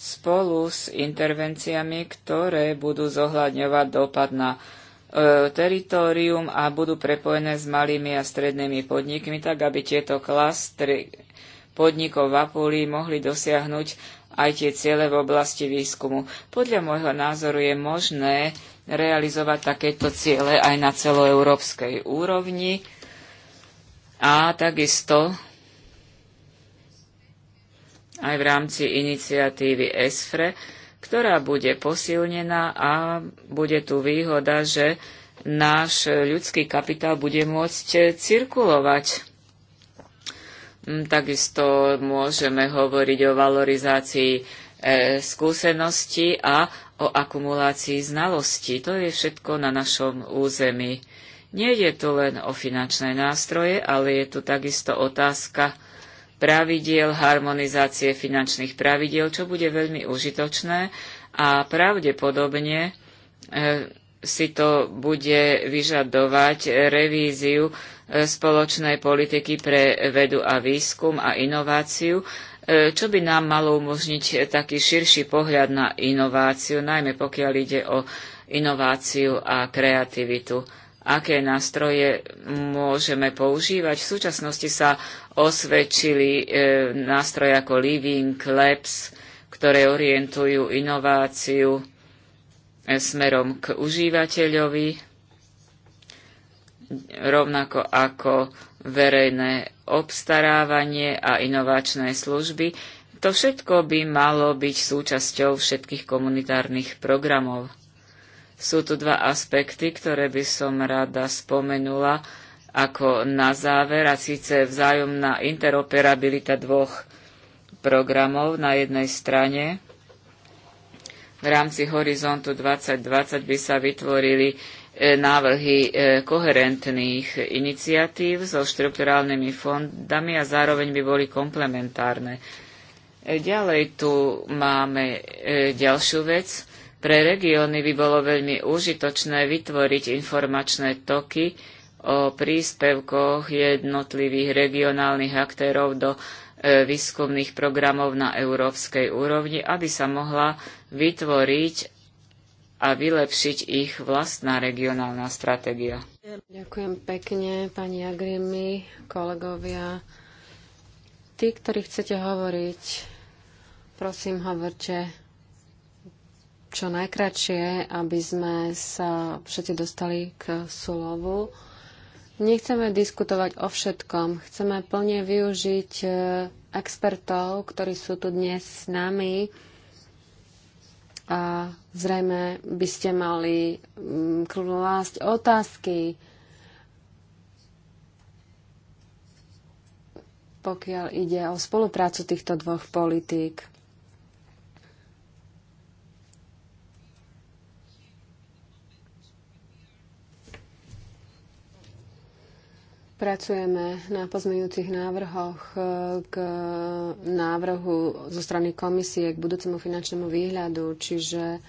spolu s intervenciami, ktoré budú zohľadňovať dopad na e, teritorium a budú prepojené s malými a strednými podnikmi, tak aby tieto klastry podnikov v Apulii mohli dosiahnuť aj tie ciele v oblasti výskumu. Podľa môjho názoru je možné realizovať takéto ciele aj na celoeurópskej úrovni a takisto aj v rámci iniciatívy ESFRE, ktorá bude posilnená a bude tu výhoda, že náš ľudský kapitál bude môcť cirkulovať. Mm, takisto môžeme hovoriť o valorizácii e, skúseností a o akumulácii znalostí. To je všetko na našom území. Nie je tu len o finančné nástroje, ale je tu takisto otázka pravidiel, harmonizácie finančných pravidiel, čo bude veľmi užitočné a pravdepodobne e, si to bude vyžadovať revíziu e, spoločnej politiky pre vedu a výskum a inováciu, e, čo by nám malo umožniť taký širší pohľad na inováciu, najmä pokiaľ ide o inováciu a kreativitu. Aké nástroje môžeme používať? V súčasnosti sa osvedčili e, nástroje ako Living Labs, ktoré orientujú inováciu e, smerom k užívateľovi, rovnako ako verejné obstarávanie a inovačné služby. To všetko by malo byť súčasťou všetkých komunitárnych programov. Sú tu dva aspekty, ktoré by som rada spomenula ako na záver, a síce vzájomná interoperabilita dvoch programov na jednej strane. V rámci Horizontu 2020 by sa vytvorili e, návrhy e, koherentných iniciatív so štrukturálnymi fondami a zároveň by boli komplementárne. E, ďalej tu máme ďalšiu vec. Pre regióny by bolo veľmi užitočné vytvoriť informačné toky, o príspevkoch jednotlivých regionálnych aktérov do e, výskumných programov na európskej úrovni, aby sa mohla vytvoriť a vylepšiť ich vlastná regionálna stratégia. Ďakujem pekne, pani Agrimi, kolegovia. Tí, ktorí chcete hovoriť, prosím, hovorte čo najkračšie, aby sme sa všetci dostali k slovu. Nechceme diskutovať o všetkom. Chceme plne využiť e, expertov, ktorí sú tu dnes s nami. A zrejme by ste mali mm, klásť otázky, pokiaľ ide o spoluprácu týchto dvoch politík. Pracujeme na pozmeňujúcich návrhoch e, k návrhu zo strany komisie k budúcemu finančnému výhľadu, čiže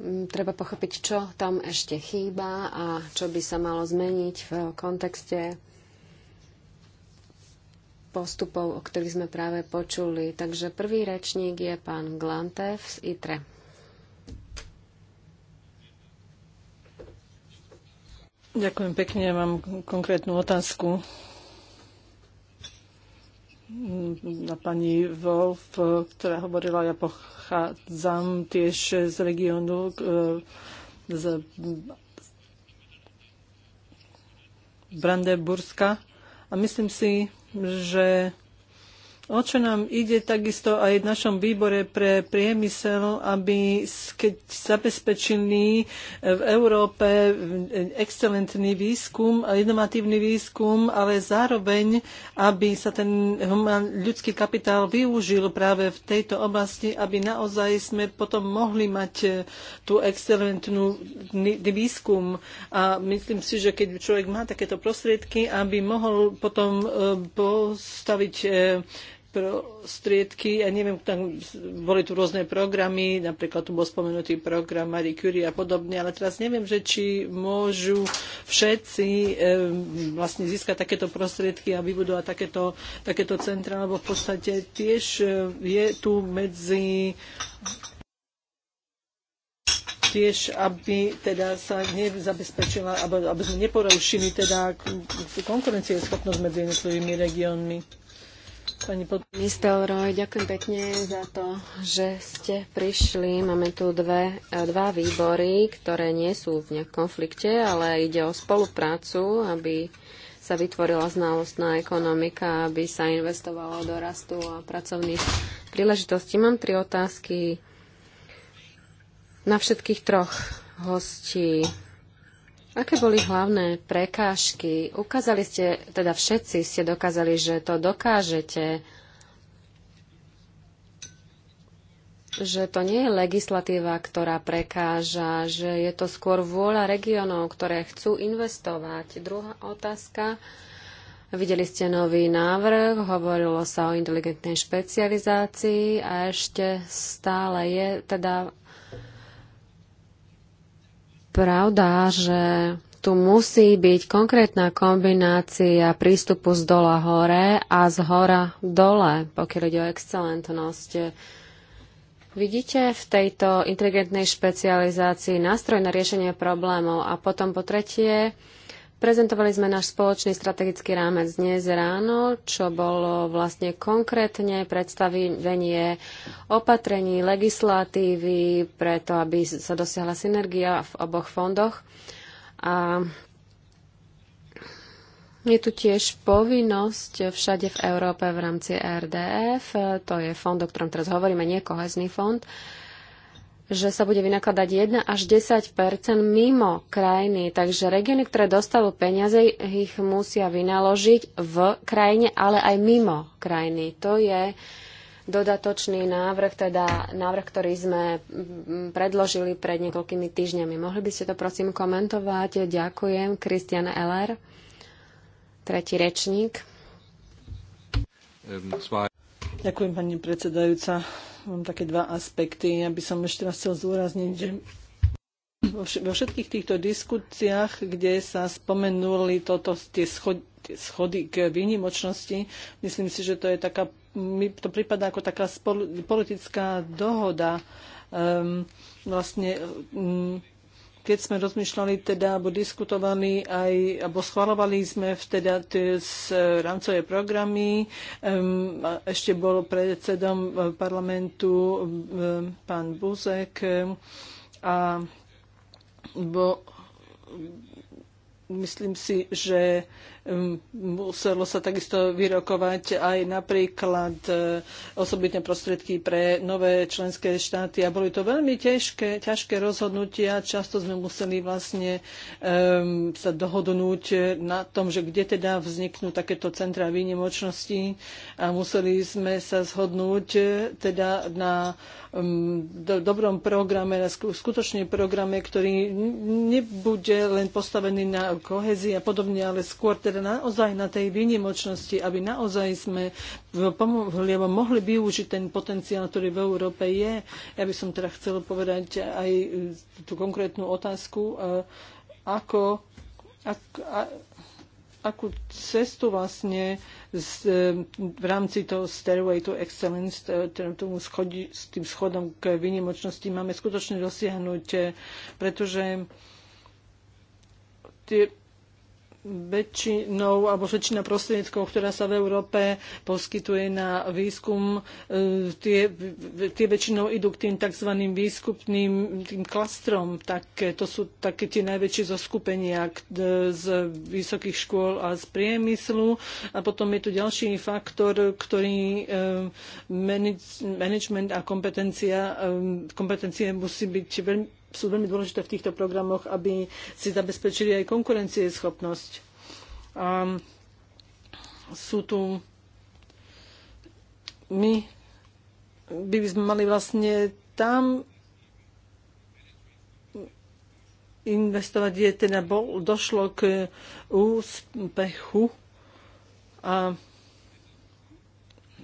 mm, treba pochopiť, čo tam ešte chýba a čo by sa malo zmeniť v kontexte postupov, o ktorých sme práve počuli. Takže prvý rečník je pán Glantev z ITRE. Ďakujem pekne, mám konkrétnu otázku na pani Wolf, ktorá hovorila, ja pochádzam tiež z regiónu e, z Brandenburska a myslím si, že O čo nám ide takisto aj v našom výbore pre priemysel, aby keď zabezpečili e, v Európe e, excelentný výskum, inovatívny výskum, ale zároveň, aby sa ten ľudský kapitál využil práve v tejto oblasti, aby naozaj sme potom mohli mať e, tú excelentnú výskum. A myslím si, že keď človek má takéto prostriedky, aby mohol potom postaviť prostriedky. Ja neviem, tam boli tu rôzne programy, napríklad tu bol spomenutý program Marie Curie a podobne, ale teraz neviem, že či môžu všetci vlastne získať takéto prostriedky a vybudovať takéto, takéto centra, lebo v podstate tiež je tu medzi tiež, aby teda sa nezabezpečila, aby, aby sme neporušili teda konkurencieschopnosť medzi jednotlivými regiónmi. Pani pod... ďakujem pekne za to, že ste prišli. Máme tu dve, e, dva výbory, ktoré nie sú v nejakom konflikte, ale ide o spoluprácu, aby sa vytvorila znalostná ekonomika, aby sa investovalo do rastu a pracovných príležitostí. Mám tri otázky na všetkých troch hostí. Aké boli hlavné prekážky? Ukázali ste, teda všetci ste dokázali, že to dokážete, že to nie je legislatíva, ktorá prekáža, že je to skôr vôľa regiónov, ktoré chcú investovať. Druhá otázka. Videli ste nový návrh, hovorilo sa o inteligentnej špecializácii a ešte stále je teda pravda, že tu musí byť konkrétna kombinácia prístupu z dola hore a z hora dole, pokiaľ ide o excelentnosť. Vidíte v tejto inteligentnej špecializácii nástroj na riešenie problémov a potom po tretie, Prezentovali sme náš spoločný strategický rámec dnes ráno, čo bolo vlastne konkrétne predstavenie opatrení, legislatívy, preto aby sa dosiahla synergia v oboch fondoch. A je tu tiež povinnosť všade v Európe v rámci RDF, to je fond, o ktorom teraz hovoríme, nie kohezný fond, že sa bude vynakladať 1 až 10 mimo krajiny. Takže regióny, ktoré dostávajú peniaze, ich musia vynaložiť v krajine, ale aj mimo krajiny. To je dodatočný návrh, teda návrh, ktorý sme mm, predložili pred niekoľkými týždňami. Mohli by ste to prosím komentovať? Ďakujem. Kristian Eller, tretí rečník. Ehm, Ďakujem, pani predsedajúca. Mám také dva aspekty. Ja by som ešte raz chcel zúrazniť, že vo všetkých týchto diskusiách, kde sa spomenuli toto, tie, schod, tie schody k výnimočnosti, myslím si, že to je taká, mi to prípada ako taká spol, politická dohoda. Um, vlastne um, keď sme rozmýšľali teda, alebo diskutovali aj, alebo schvalovali sme teda tie e, rámcové programy, ešte bol predsedom e, parlamentu e, pán Buzek a bo, myslím si, že muselo sa takisto vyrokovať aj napríklad e, osobitné prostriedky pre nové členské štáty a boli to veľmi ťažké, ťažké rozhodnutia. Často sme museli vlastne um, sa dohodnúť na tom, že kde teda vzniknú takéto centra výnimočnosti a museli sme sa zhodnúť e, teda na um, do, dobrom programe, na skutočne programe, ktorý nebude len postavený na kohezii a podobne, ale skôr teda teda naozaj na tej výnimočnosti, aby naozaj sme pomohli, alebo mohli využiť ten potenciál, ktorý v Európe je. Ja by som teda chcela povedať aj e, tú konkrétnu otázku, e, ako, a, akú cestu vlastne z, e, v rámci toho Stairway to Excellence, teda tomu schodi, s tým schodom k výnimočnosti, máme skutočne dosiahnuť, pretože tie väčšinou alebo väčšina prostriedkov, ktorá sa v Európe poskytuje na výskum, e, tie, tie väčšinou idú k tým tzv. výskupným tým klastrom. Tak, to sú také tie najväčšie zoskupenia e, z vysokých škôl a z priemyslu. A potom je tu ďalší faktor, ktorý e, management a kompetencia, kompetencie musí byť veľmi sú veľmi dôležité v týchto programoch, aby si zabezpečili aj konkurencieschopnosť. A sú tu my by sme mali vlastne tam investovať, kde teda bol, došlo k úspechu a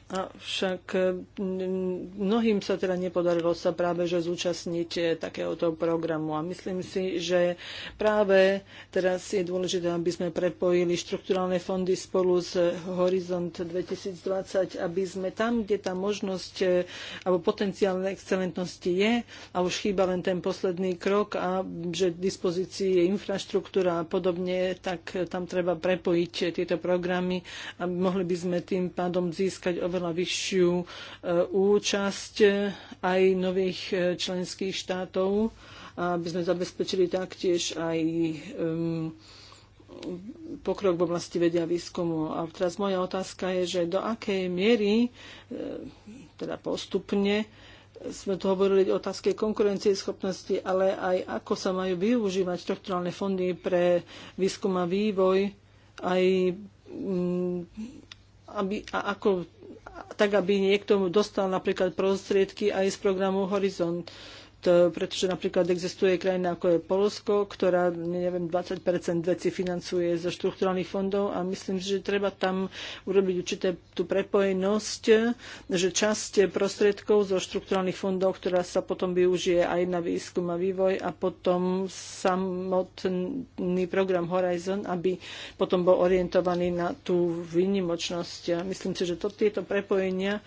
Avšak mm, mnohým sa teda nepodarilo sa práve že zúčastniť eh, takéhoto programu a myslím si, že práve teraz je dôležité, aby sme prepojili štrukturálne fondy spolu s Horizont 2020, aby sme tam, kde tá možnosť eh, alebo potenciál excelentnosti je a už chýba len ten posledný krok a že v dispozícii je infraštruktúra a podobne, tak tam treba prepojiť eh, tieto programy a mohli by sme tým pádom získať oveľa oveľa vyššiu e, účasť aj nových e, členských štátov, aby sme zabezpečili taktiež aj pokrok v oblasti vedia výskumu. A teraz moja otázka je, že do akej miery, e, teda postupne, sme tu hovorili o otázke konkurencie schopnosti, ale aj ako sa majú využívať štrukturálne fondy pre výskum a vývoj, aj aby, a ako tak aby niekto dostal napríklad prostriedky aj z programu Horizont E, pretože napríklad existuje krajina ako je Polsko, ktorá, neviem, 20 veci financuje zo štrukturálnych fondov a myslím, že treba tam urobiť určité tú prepojenosť, že časť prostriedkov zo štrukturálnych fondov, ktorá sa potom využije aj na výskum a vývoj a potom samotný program Horizon, aby potom bol orientovaný na tú výnimočnosť. A myslím si, že to, tieto prepojenia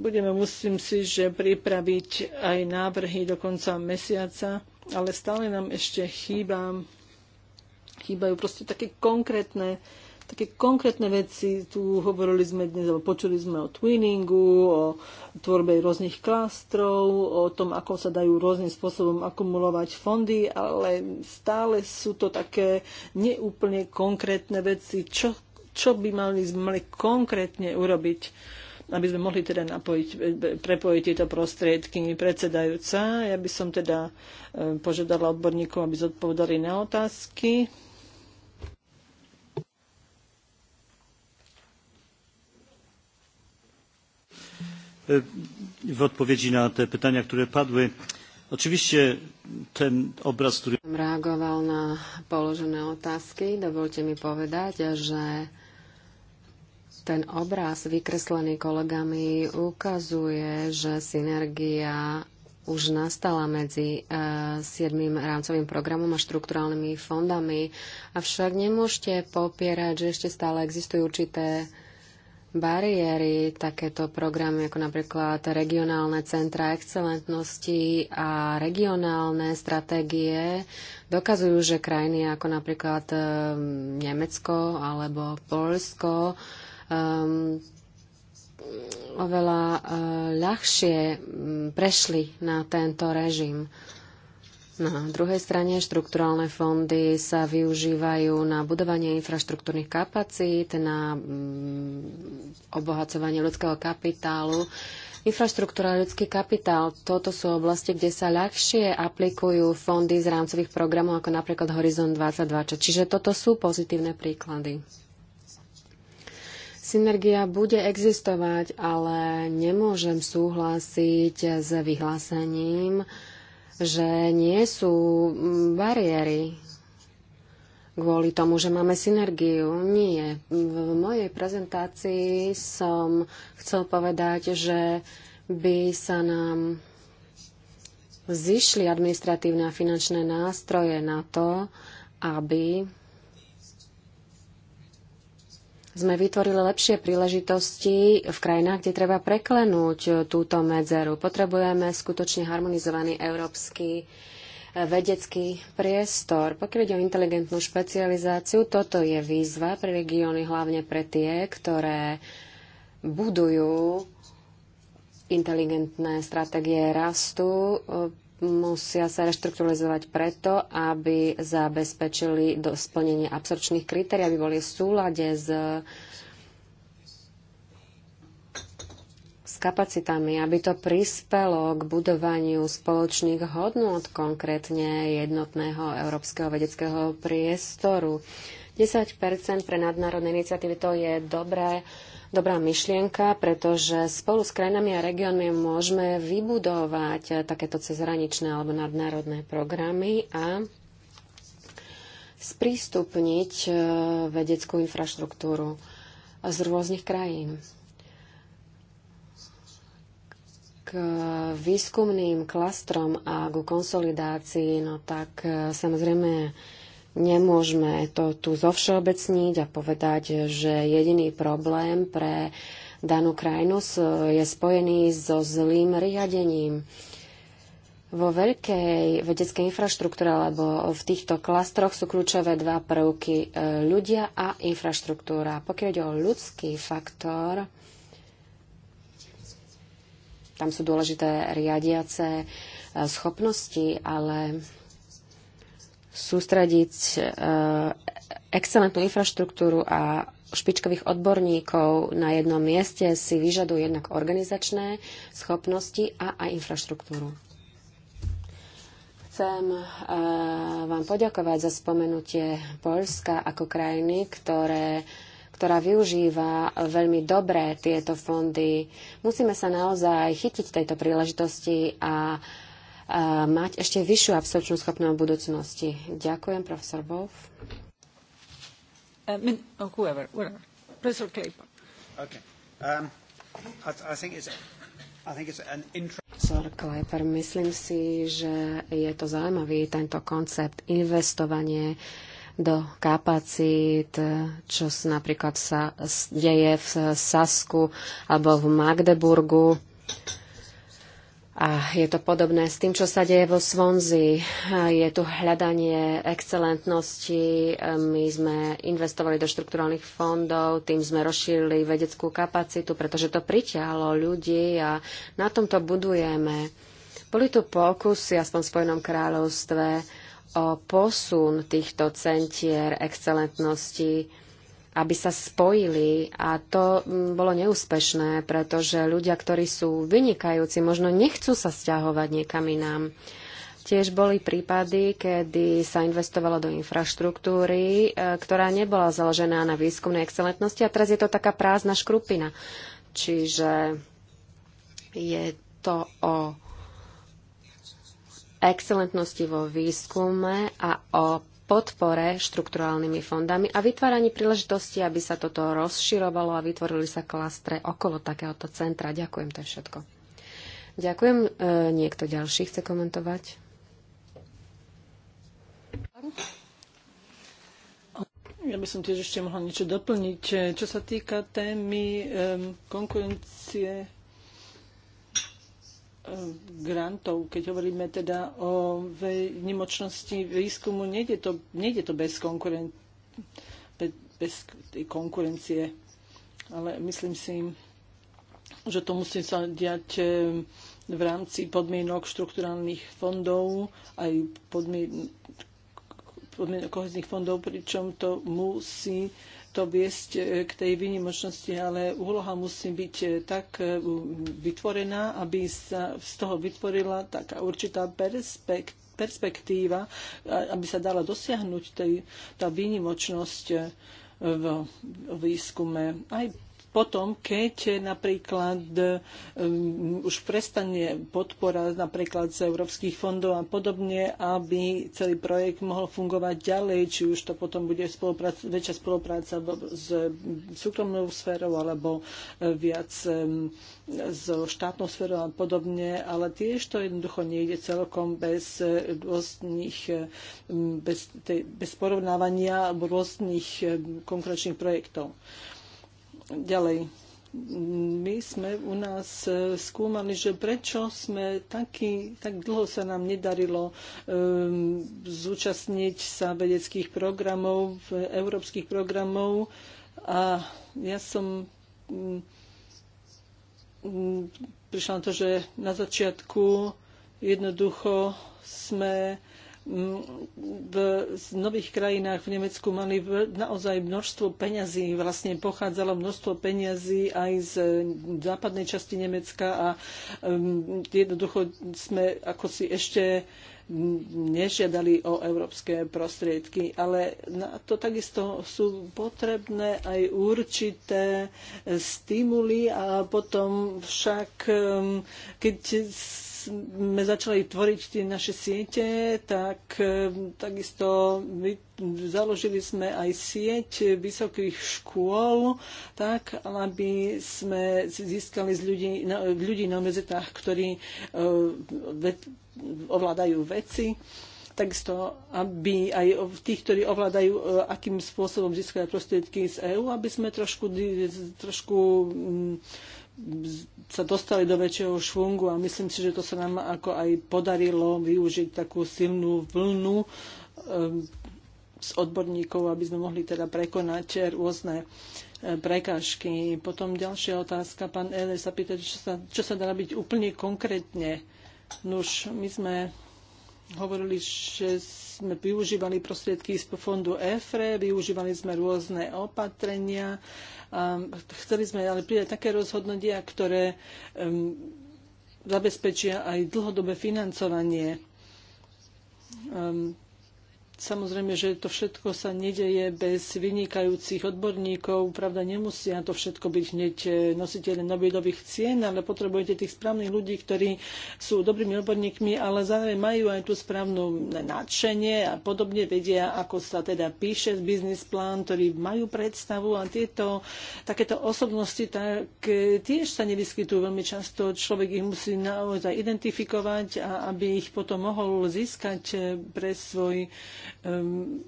budeme, musím si, že pripraviť aj návrhy do konca mesiaca, ale stále nám ešte chýba, chýbajú proste také konkrétne také konkrétne veci, tu hovorili sme dnes, alebo počuli sme o twinningu, o tvorbe rôznych klastrov, o tom, ako sa dajú rôznym spôsobom akumulovať fondy, ale stále sú to také neúplne konkrétne veci, čo, čo by mali, mali konkrétne urobiť aby sme mohli teda napojiť, e, prepojiť tieto prostriedky predsedajúca. Ja by som teda e, požiadala odborníkov, aby zodpovedali na otázky. V e, odpowiedzi na te pytania, ktoré padły. Oczywiście ten obraz, który... Reagoval na položené otázky. Dovolte mi povedať, že ten obraz vykreslený kolegami ukazuje, že synergia už nastala medzi e, siedmým rámcovým programom a štrukturálnymi fondami. Avšak nemôžete popierať, že ešte stále existujú určité bariéry, takéto programy ako napríklad regionálne centra excelentnosti a regionálne stratégie dokazujú, že krajiny ako napríklad e, Nemecko alebo Polsko um, oveľa uh, ľahšie mm, prešli na tento režim. Na druhej strane štrukturálne fondy sa využívajú na budovanie infraštruktúrnych kapacít, na mm, obohacovanie ľudského kapitálu. Infraštruktúra a ľudský kapitál, toto sú oblasti, kde sa ľahšie aplikujú fondy z rámcových programov, ako napríklad Horizon 2020. Čiže toto sú pozitívne príklady. Synergia bude existovať, ale nemôžem súhlasiť s vyhlásením, že nie sú mm, bariéry kvôli tomu, že máme synergiu. Nie. V mojej prezentácii som chcel povedať, že by sa nám zišli administratívne a finančné nástroje na to, aby sme vytvorili lepšie príležitosti v krajinách, kde treba preklenúť túto medzeru. Potrebujeme skutočne harmonizovaný európsky e, vedecký priestor. Pokiaľ ide o inteligentnú špecializáciu, toto je výzva pre regióny, hlavne pre tie, ktoré budujú inteligentné stratégie rastu e, musia sa reštrukturalizovať preto, aby zabezpečili do splnenie absorčných kritérií, aby boli v súlade s, s kapacitami, aby to prispelo k budovaniu spoločných hodnot, konkrétne jednotného európskeho vedeckého priestoru. 10 pre nadnárodné iniciatívy to je dobré dobrá myšlienka, pretože spolu s krajinami a regiónmi môžeme vybudovať eh, takéto cezhraničné alebo nadnárodné programy a sprístupniť eh, vedeckú infraštruktúru z rôznych krajín. K výskumným klastrom a ku konsolidácii, no tak eh, samozrejme Nemôžeme to tu zovšeobecniť a povedať, že jediný problém pre danú krajinu je spojený so zlým riadením. Vo veľkej vedeckej infraštruktúre alebo v týchto klastroch sú kľúčové dva prvky e, ľudia a infraštruktúra. Pokiaľ ide o ľudský faktor, tam sú dôležité riadiace e, schopnosti, ale sústrediť e, excelentnú infraštruktúru a špičkových odborníkov na jednom mieste si vyžadujú jednak organizačné schopnosti a aj infraštruktúru. Chcem e, vám poďakovať za spomenutie Polska ako krajiny, ktoré, ktorá využíva veľmi dobre tieto fondy. Musíme sa naozaj chytiť tejto príležitosti a mať ešte vyššiu absorpčnú schopnosť v budúcnosti. Ďakujem, profesor Wolf. Um, whoever, whoever. Professor Claypool. Okay. Um, I, I think it's Sir Kleiper, myslím si, že je to zaujímavý tento koncept investovanie do kapacít, čo napríklad sa deje v Sasku alebo v Magdeburgu. A je to podobné s tým, čo sa deje vo Svonzi. Je tu hľadanie excelentnosti. My sme investovali do štrukturálnych fondov, tým sme rozšírili vedeckú kapacitu, pretože to priťahlo ľudí a na tomto budujeme. Boli tu pokusy, aspoň v Spojenom kráľovstve, o posun týchto centier excelentnosti aby sa spojili a to mm, bolo neúspešné, pretože ľudia, ktorí sú vynikajúci, možno nechcú sa stiahovať niekam inám. Tiež boli prípady, kedy sa investovalo do infraštruktúry, e, ktorá nebola založená na výskumnej excelentnosti a teraz je to taká prázdna škrupina. Čiže je to o excelentnosti vo výskume a o podpore štrukturálnymi fondami a vytváraní príležitosti, aby sa toto rozširovalo a vytvorili sa klastre okolo takéhoto centra. Ďakujem, to je všetko. Ďakujem. E, niekto ďalší chce komentovať? Ja by som tiež ešte mohla niečo doplniť. Čo sa týka témy konkurencie grantov, keď hovoríme teda o vnimočnosti výskumu, nejde to, nejde to bez, konkuren- bez, bez konkurencie. Ale myslím si, že to musí sa diať e, v rámci podmienok štrukturálnych fondov, aj podmienok podmienok kohezných fondov, pričom to musí to viesť e, k tej výnimočnosti, ale úloha musí byť e, tak e, vytvorená, aby sa z toho vytvorila taká určitá perspektíva perspektíva, aby sa dala dosiahnuť tej, tá výnimočnosť v výskume. Aj potom, keď napríklad um, už prestane podpora napríklad z európskych fondov a podobne, aby celý projekt mohol fungovať ďalej, či už to potom bude spolupráca, väčšia spolupráca s súkromnou sférou alebo eh, viac um, so štátnou sférou a podobne, ale tiež to jednoducho nejde celkom bez eh, rôznych, eh, bez, tej, bez porovnávania rôznych konkrétnych projektov ďalej. My sme u nás e, skúmali, že prečo sme taký, tak dlho sa nám nedarilo um, zúčastniť sa vedeckých programov, európskych programov a ja som um, prišla na to, že na začiatku jednoducho sme v nových krajinách v Nemecku mali naozaj množstvo peňazí, vlastne pochádzalo množstvo peňazí aj z západnej časti Nemecka a um, jednoducho sme ako si ešte nežiadali o európske prostriedky, ale na to takisto sú potrebné aj určité stimuly a potom však, um, keď sme začali tvoriť tie naše siete, tak e, takisto my založili sme aj sieť vysokých škôl, tak aby sme získali z ľudí, ľudí na univerzitách, ktorí e, ovládajú veci takisto, aby aj tých, ktorí ovládajú, e, akým spôsobom získajú prostriedky z EÚ, aby sme trošku, trošku mm, sa dostali do väčšieho švungu a myslím si, že to sa nám ako aj podarilo využiť takú silnú vlnu um, z odborníkov, aby sme mohli teda prekonať rôzne e, prekážky. Potom ďalšia otázka, pán Ele sa pýta, čo sa, čo sa dá robiť úplne konkrétne. Nuž, my sme hovorili, že sme využívali prostriedky z fondu EFRE, využívali sme rôzne opatrenia. A chceli sme ale prijať také rozhodnutia, ktoré um, zabezpečia aj dlhodobé financovanie. Um, Samozrejme, že to všetko sa nedeje bez vynikajúcich odborníkov. Pravda, nemusia to všetko byť hneď e, nositeľe Nobelových cien, ale potrebujete tých správnych ľudí, ktorí sú dobrými odborníkmi, ale zároveň majú aj tú správnu nadšenie a podobne vedia, ako sa teda píše biznis plán, ktorí majú predstavu a tieto takéto osobnosti tak e, tiež sa nevyskytujú veľmi často. Človek ich musí naozaj identifikovať a aby ich potom mohol získať e, pre svoj Ehm,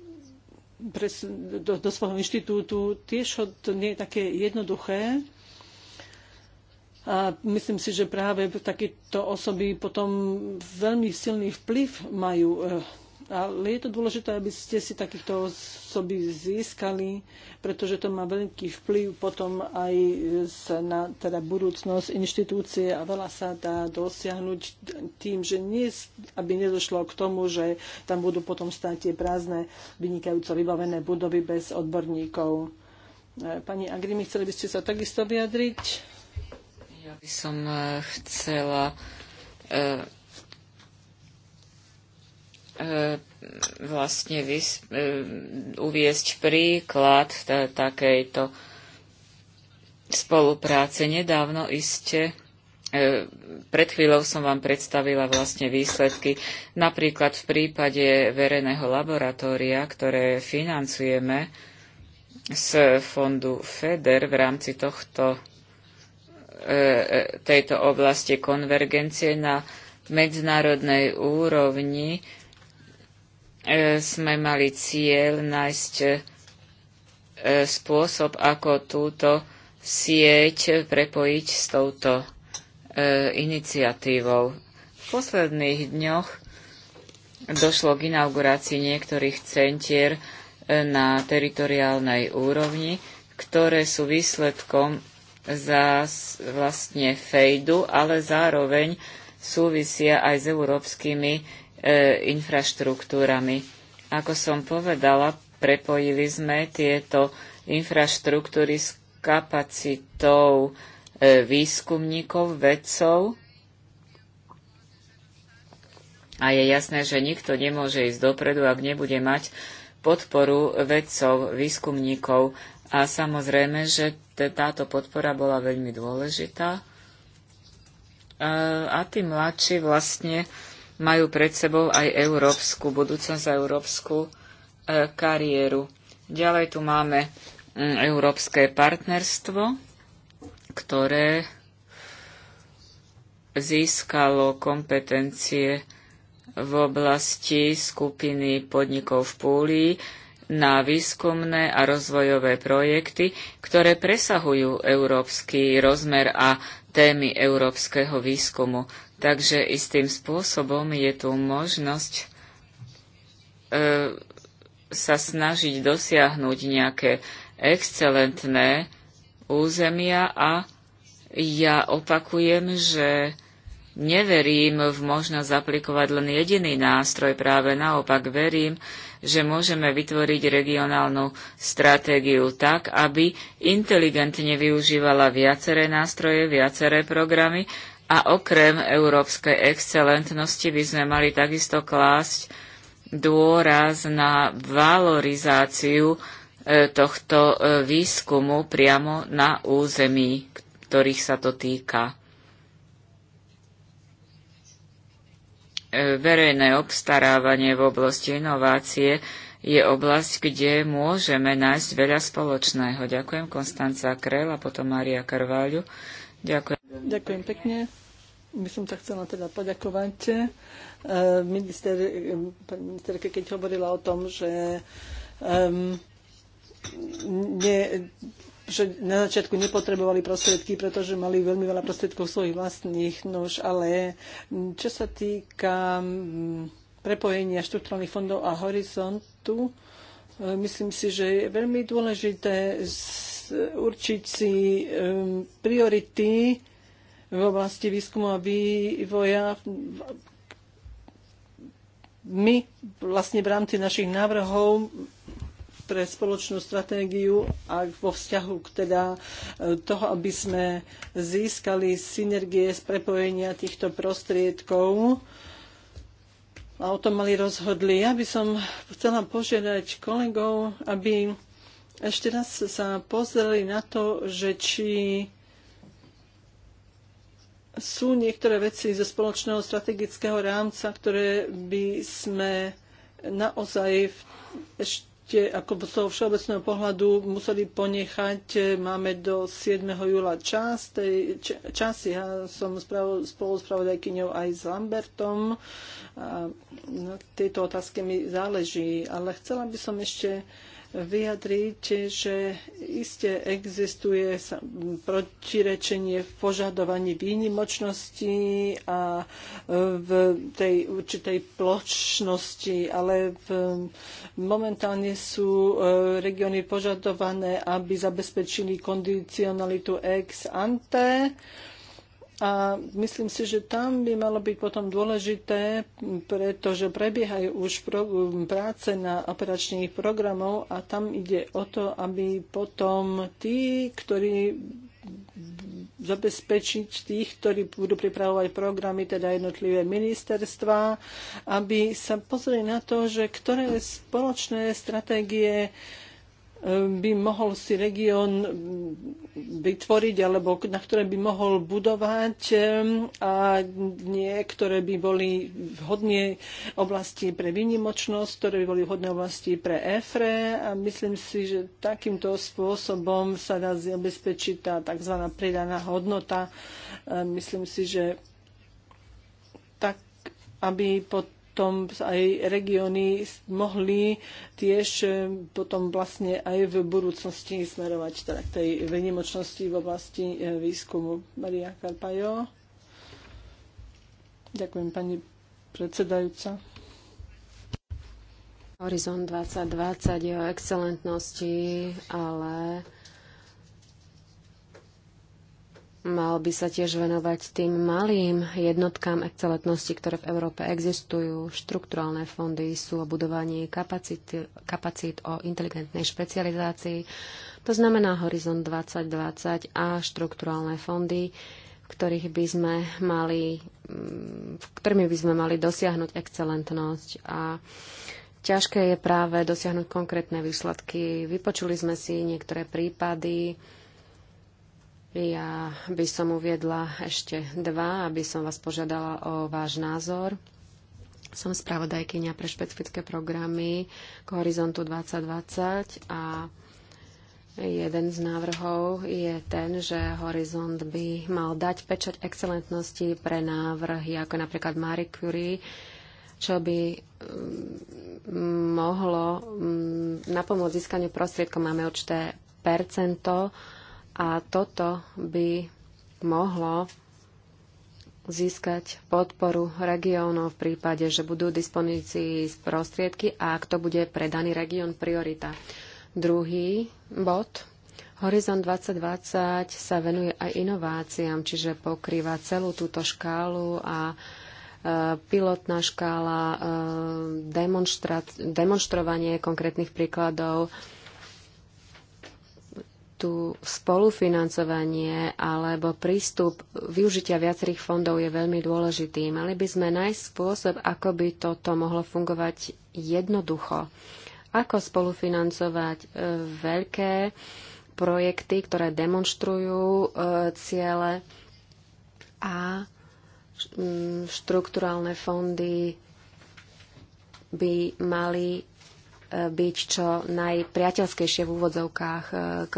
do, do svojho inštitútu, tiež to nie je také jednoduché. A myslím si, že práve takéto osoby potom veľmi silný vplyv majú eh, ale je to dôležité, aby ste si takýchto osoby získali, pretože to má veľký vplyv potom aj na teda budúcnosť inštitúcie a veľa sa dá dosiahnuť tým, že nie, aby nedošlo k tomu, že tam budú potom stáť tie prázdne, vynikajúco vybavené budovy bez odborníkov. Pani Agrimi, chceli by ste sa takisto vyjadriť? Ja by som eh, chcela eh, E, vlastne vys- e, uviesť príklad takejto spolupráce. Nedávno iste e, pred chvíľou som vám predstavila vlastne výsledky. Napríklad v prípade verejného laboratória, ktoré financujeme z fondu FEDER v rámci tohto, tejto oblasti konvergencie na medzinárodnej úrovni, E, sme mali cieľ nájsť e, spôsob, ako túto sieť prepojiť s touto e, iniciatívou. V posledných dňoch došlo k inaugurácii niektorých centier na teritoriálnej úrovni, ktoré sú výsledkom za vlastne fejdu, ale zároveň súvisia aj s európskymi E, infraštruktúrami. Ako som povedala, prepojili sme tieto infraštruktúry s kapacitou e, výskumníkov, vedcov. A je jasné, že nikto nemôže ísť dopredu, ak nebude mať podporu vedcov, výskumníkov. A samozrejme, že táto podpora bola veľmi dôležitá. E, a tí mladší vlastne majú pred sebou aj európsku budúcnosť a európsku e, kariéru. Ďalej tu máme mm, európske partnerstvo, ktoré získalo kompetencie v oblasti skupiny podnikov v púli na výskumné a rozvojové projekty, ktoré presahujú európsky rozmer a témy európskeho výskumu. Takže istým spôsobom je tu možnosť e, sa snažiť dosiahnuť nejaké excelentné územia a ja opakujem, že neverím v možnosť aplikovať len jediný nástroj, práve naopak verím, že môžeme vytvoriť regionálnu stratégiu tak, aby inteligentne využívala viaceré nástroje, viaceré programy a okrem európskej excelentnosti by sme mali takisto klásť dôraz na valorizáciu e, tohto e, výskumu priamo na území, ktorých sa to týka. E, verejné obstarávanie v oblasti inovácie je oblasť, kde môžeme nájsť veľa spoločného. Ďakujem Konstanca Krel a potom Maria Karváľu Ďakujem. Ďakujem pekne. By som sa chcela teda poďakovať eh, minister, ministerke, keď hovorila o tom, že um, nie, že na začiatku nepotrebovali prostriedky, pretože mali veľmi veľa prostriedkov svojich vlastných, nož, ale čo sa týka mm, prepojenia štruktúrnych fondov a horizontu, eh, myslím si, že je veľmi dôležité určiť si priority v oblasti výskumu a vývoja. My vlastne v rámci našich návrhov pre spoločnú stratégiu a vo vzťahu k teda e, toho, aby sme získali synergie z prepojenia týchto prostriedkov. A o tom mali rozhodli. Ja by som chcela požiadať kolegov, aby ešte raz sa pozreli na to, že či sú niektoré veci zo spoločného strategického rámca, ktoré by sme naozaj v, ešte ako z toho všeobecného pohľadu museli ponechať. Máme do 7. júla čas. Tej, čas ja som spolu spoluspravodajkyňou aj s Lambertom. A na tejto otázke mi záleží, ale chcela by som ešte vyjadriť, že iste existuje protirečenie v požadovaní výnimočnosti a e, v tej určitej pločnosti, ale v, momentálne sú e, regióny požadované, aby zabezpečili kondicionalitu ex ante a myslím si, že tam by malo byť potom dôležité, pretože prebiehajú už um, práce na operačných programov a tam ide o to, aby potom tí, ktorí zabezpečiť tých, ktorí budú pripravovať programy, teda jednotlivé ministerstva, aby sa pozreli na to, že ktoré spoločné stratégie by mohol si región vytvoriť alebo na ktoré by mohol budovať a niektoré by boli vhodné oblasti pre výnimočnosť, ktoré by boli vhodné oblasti pre EFRE a myslím si, že takýmto spôsobom sa dá zabezpečiť tá tzv. pridaná hodnota. Myslím si, že tak, aby pod potom aj regióny mohli tiež e, potom vlastne aj v budúcnosti smerovať teda k tej vynimočnosti v oblasti e, výskumu. Maria Karpajo. Ďakujem, pani predsedajúca. Horizont 2020 je o excelentnosti, ale Mal by sa tiež venovať tým malým jednotkám excelentnosti, ktoré v Európe existujú. Štrukturálne fondy sú o budovaní kapacít, kapacit o inteligentnej špecializácii. To znamená Horizon 2020 a štrukturálne fondy, ktorých by sme mali, mm, ktorými by sme mali dosiahnuť excelentnosť a Ťažké je práve dosiahnuť konkrétne výsledky. Vypočuli sme si niektoré prípady, ja by som uviedla ešte dva, aby som vás požiadala o váš názor. Som spravodajkynia pre špecifické programy k Horizontu 2020 a jeden z návrhov je ten, že Horizont by mal dať pečať excelentnosti pre návrhy ako napríklad Marie Curie, čo by mm, mohlo mm, napomôcť získaniu prostriedkov. Máme určité percento a toto by mohlo získať podporu regiónov v prípade, že budú dispozícii prostriedky a ak to bude pre daný región priorita. Druhý bod. Horizont 2020 sa venuje aj inováciám, čiže pokrýva celú túto škálu a e, pilotná škála, e, demonstrovanie konkrétnych príkladov, e, tu spolufinancovanie alebo prístup využitia viacerých fondov je veľmi dôležitý. Mali by sme nájsť spôsob, ako by toto mohlo fungovať jednoducho. Ako spolufinancovať e, veľké projekty, ktoré demonstrujú e, ciele a štrukturálne fondy by mali byť čo najpriateľskejšie v úvodzovkách e, k,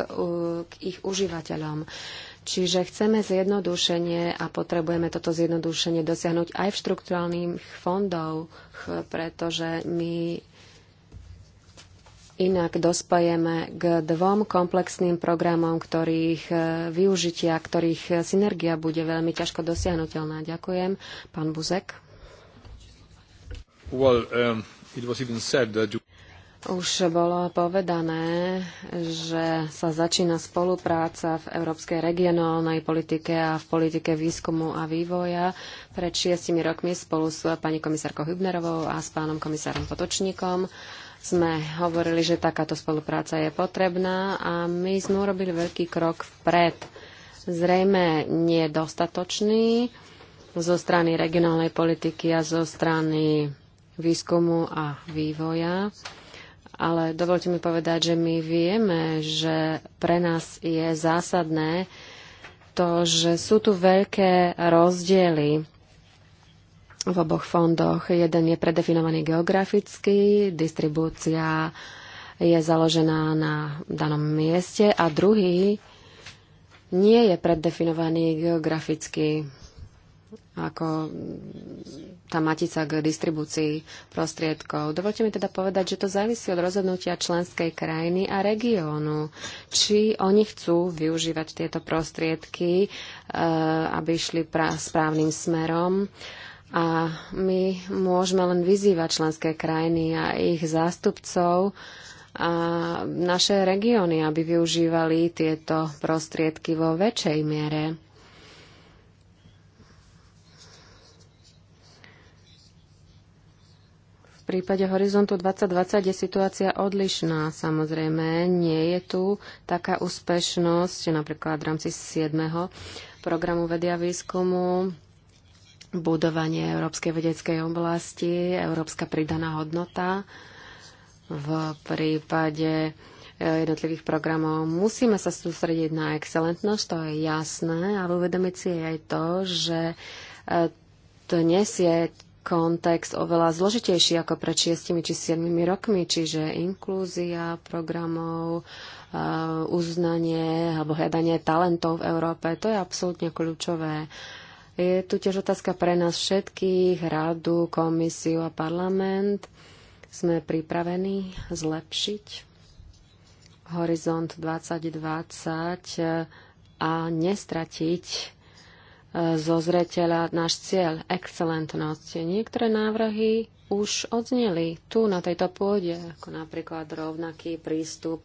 k ich užívateľom. Čiže chceme zjednodušenie a potrebujeme toto zjednodušenie dosiahnuť aj v štruktúrálnych fondoch, pretože my inak dospojeme k dvom komplexným programom, ktorých e, využitia, ktorých synergia bude veľmi ťažko dosiahnutelná. Ďakujem. Pán Buzek. Well, um, you... Už bolo povedané, že sa začína spolupráca v európskej regionálnej politike a v politike výskumu a vývoja. Pred šiestimi rokmi spolu s pani komisárkou Hübnerovou a s pánom komisárom Potočníkom sme hovorili, že takáto spolupráca je potrebná a my sme urobili veľký krok vpred. Zrejme nedostatočný zo strany regionálnej politiky a zo strany výskumu a vývoja ale dovolte mi povedať, že my vieme, že pre nás je zásadné to, že sú tu veľké rozdiely v oboch fondoch. Jeden je predefinovaný geograficky, distribúcia je založená na danom mieste a druhý nie je predefinovaný geograficky ako tá matica k distribúcii prostriedkov. Dovolte mi teda povedať, že to závisí od rozhodnutia členskej krajiny a regiónu, či oni chcú využívať tieto prostriedky, e, aby išli správnym smerom. A my môžeme len vyzývať členské krajiny a ich zástupcov a naše regióny, aby využívali tieto prostriedky vo väčšej miere prípade Horizontu 2020 je situácia odlišná. Samozrejme, nie je tu taká úspešnosť, napríklad v rámci 7. programu vedia výskumu, budovanie európskej vedeckej oblasti, európska pridaná hodnota. V prípade e, jednotlivých programov. Musíme sa sústrediť na excelentnosť, to je jasné, ale uvedomiť si aj to, že e, dnes je kontext oveľa zložitejší ako pred šiestimi či siedmimi rokmi, čiže inklúzia programov, eh, uznanie alebo hľadanie talentov v Európe, to je absolútne kľúčové. Je tu tiež otázka pre nás všetkých, radu, komisiu a parlament. Sme pripravení zlepšiť horizont 2020 eh, a nestratiť zo zreteľa náš cieľ, excelentnosť. Niektoré návrhy už odzneli tu na tejto pôde, ako napríklad rovnaký prístup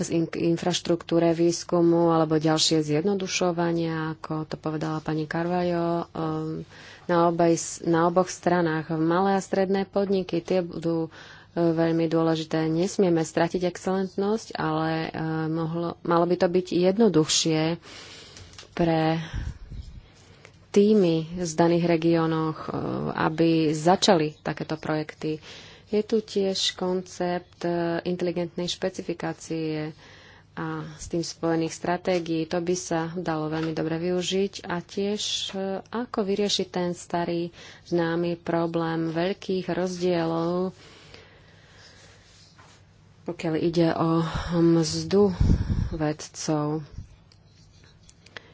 z in- infraštruktúre výskumu alebo ďalšie zjednodušovania, ako to povedala pani Carvajo, um, na, obaj, na oboch stranách. Malé a stredné podniky, tie budú uh, veľmi dôležité. Nesmieme stratiť excelentnosť, ale uh, mohlo, malo by to byť jednoduchšie pre týmy z daných regiónoch, e, aby začali takéto projekty. Je tu tiež koncept e, inteligentnej špecifikácie a s tým spojených stratégií. To by sa dalo veľmi dobre využiť a tiež e, ako vyriešiť ten starý známy problém veľkých rozdielov, pokiaľ ide o mzdu vedcov.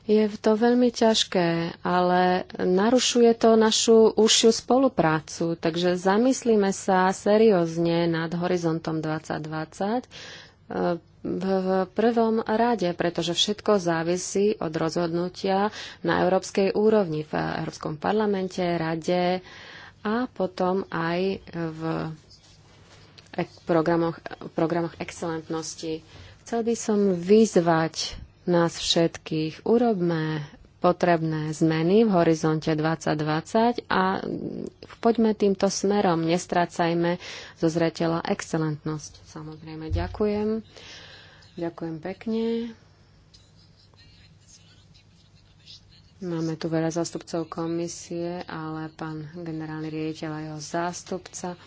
Je to veľmi ťažké, ale narušuje to našu užšiu spoluprácu, takže zamyslíme sa seriózne nad horizontom 2020 e, v prvom rade, pretože všetko závisí od rozhodnutia na európskej úrovni v Európskom parlamente, rade a potom aj v programoch, programoch excelentnosti. Chcel by som vyzvať nás všetkých. Urobme potrebné zmeny v horizonte 2020 a poďme týmto smerom. Nestrácajme zo zretela excelentnosť. Samozrejme, ďakujem. Ďakujem pekne. Máme tu veľa zástupcov komisie, ale pán generálny riaditeľ a jeho zástupca e,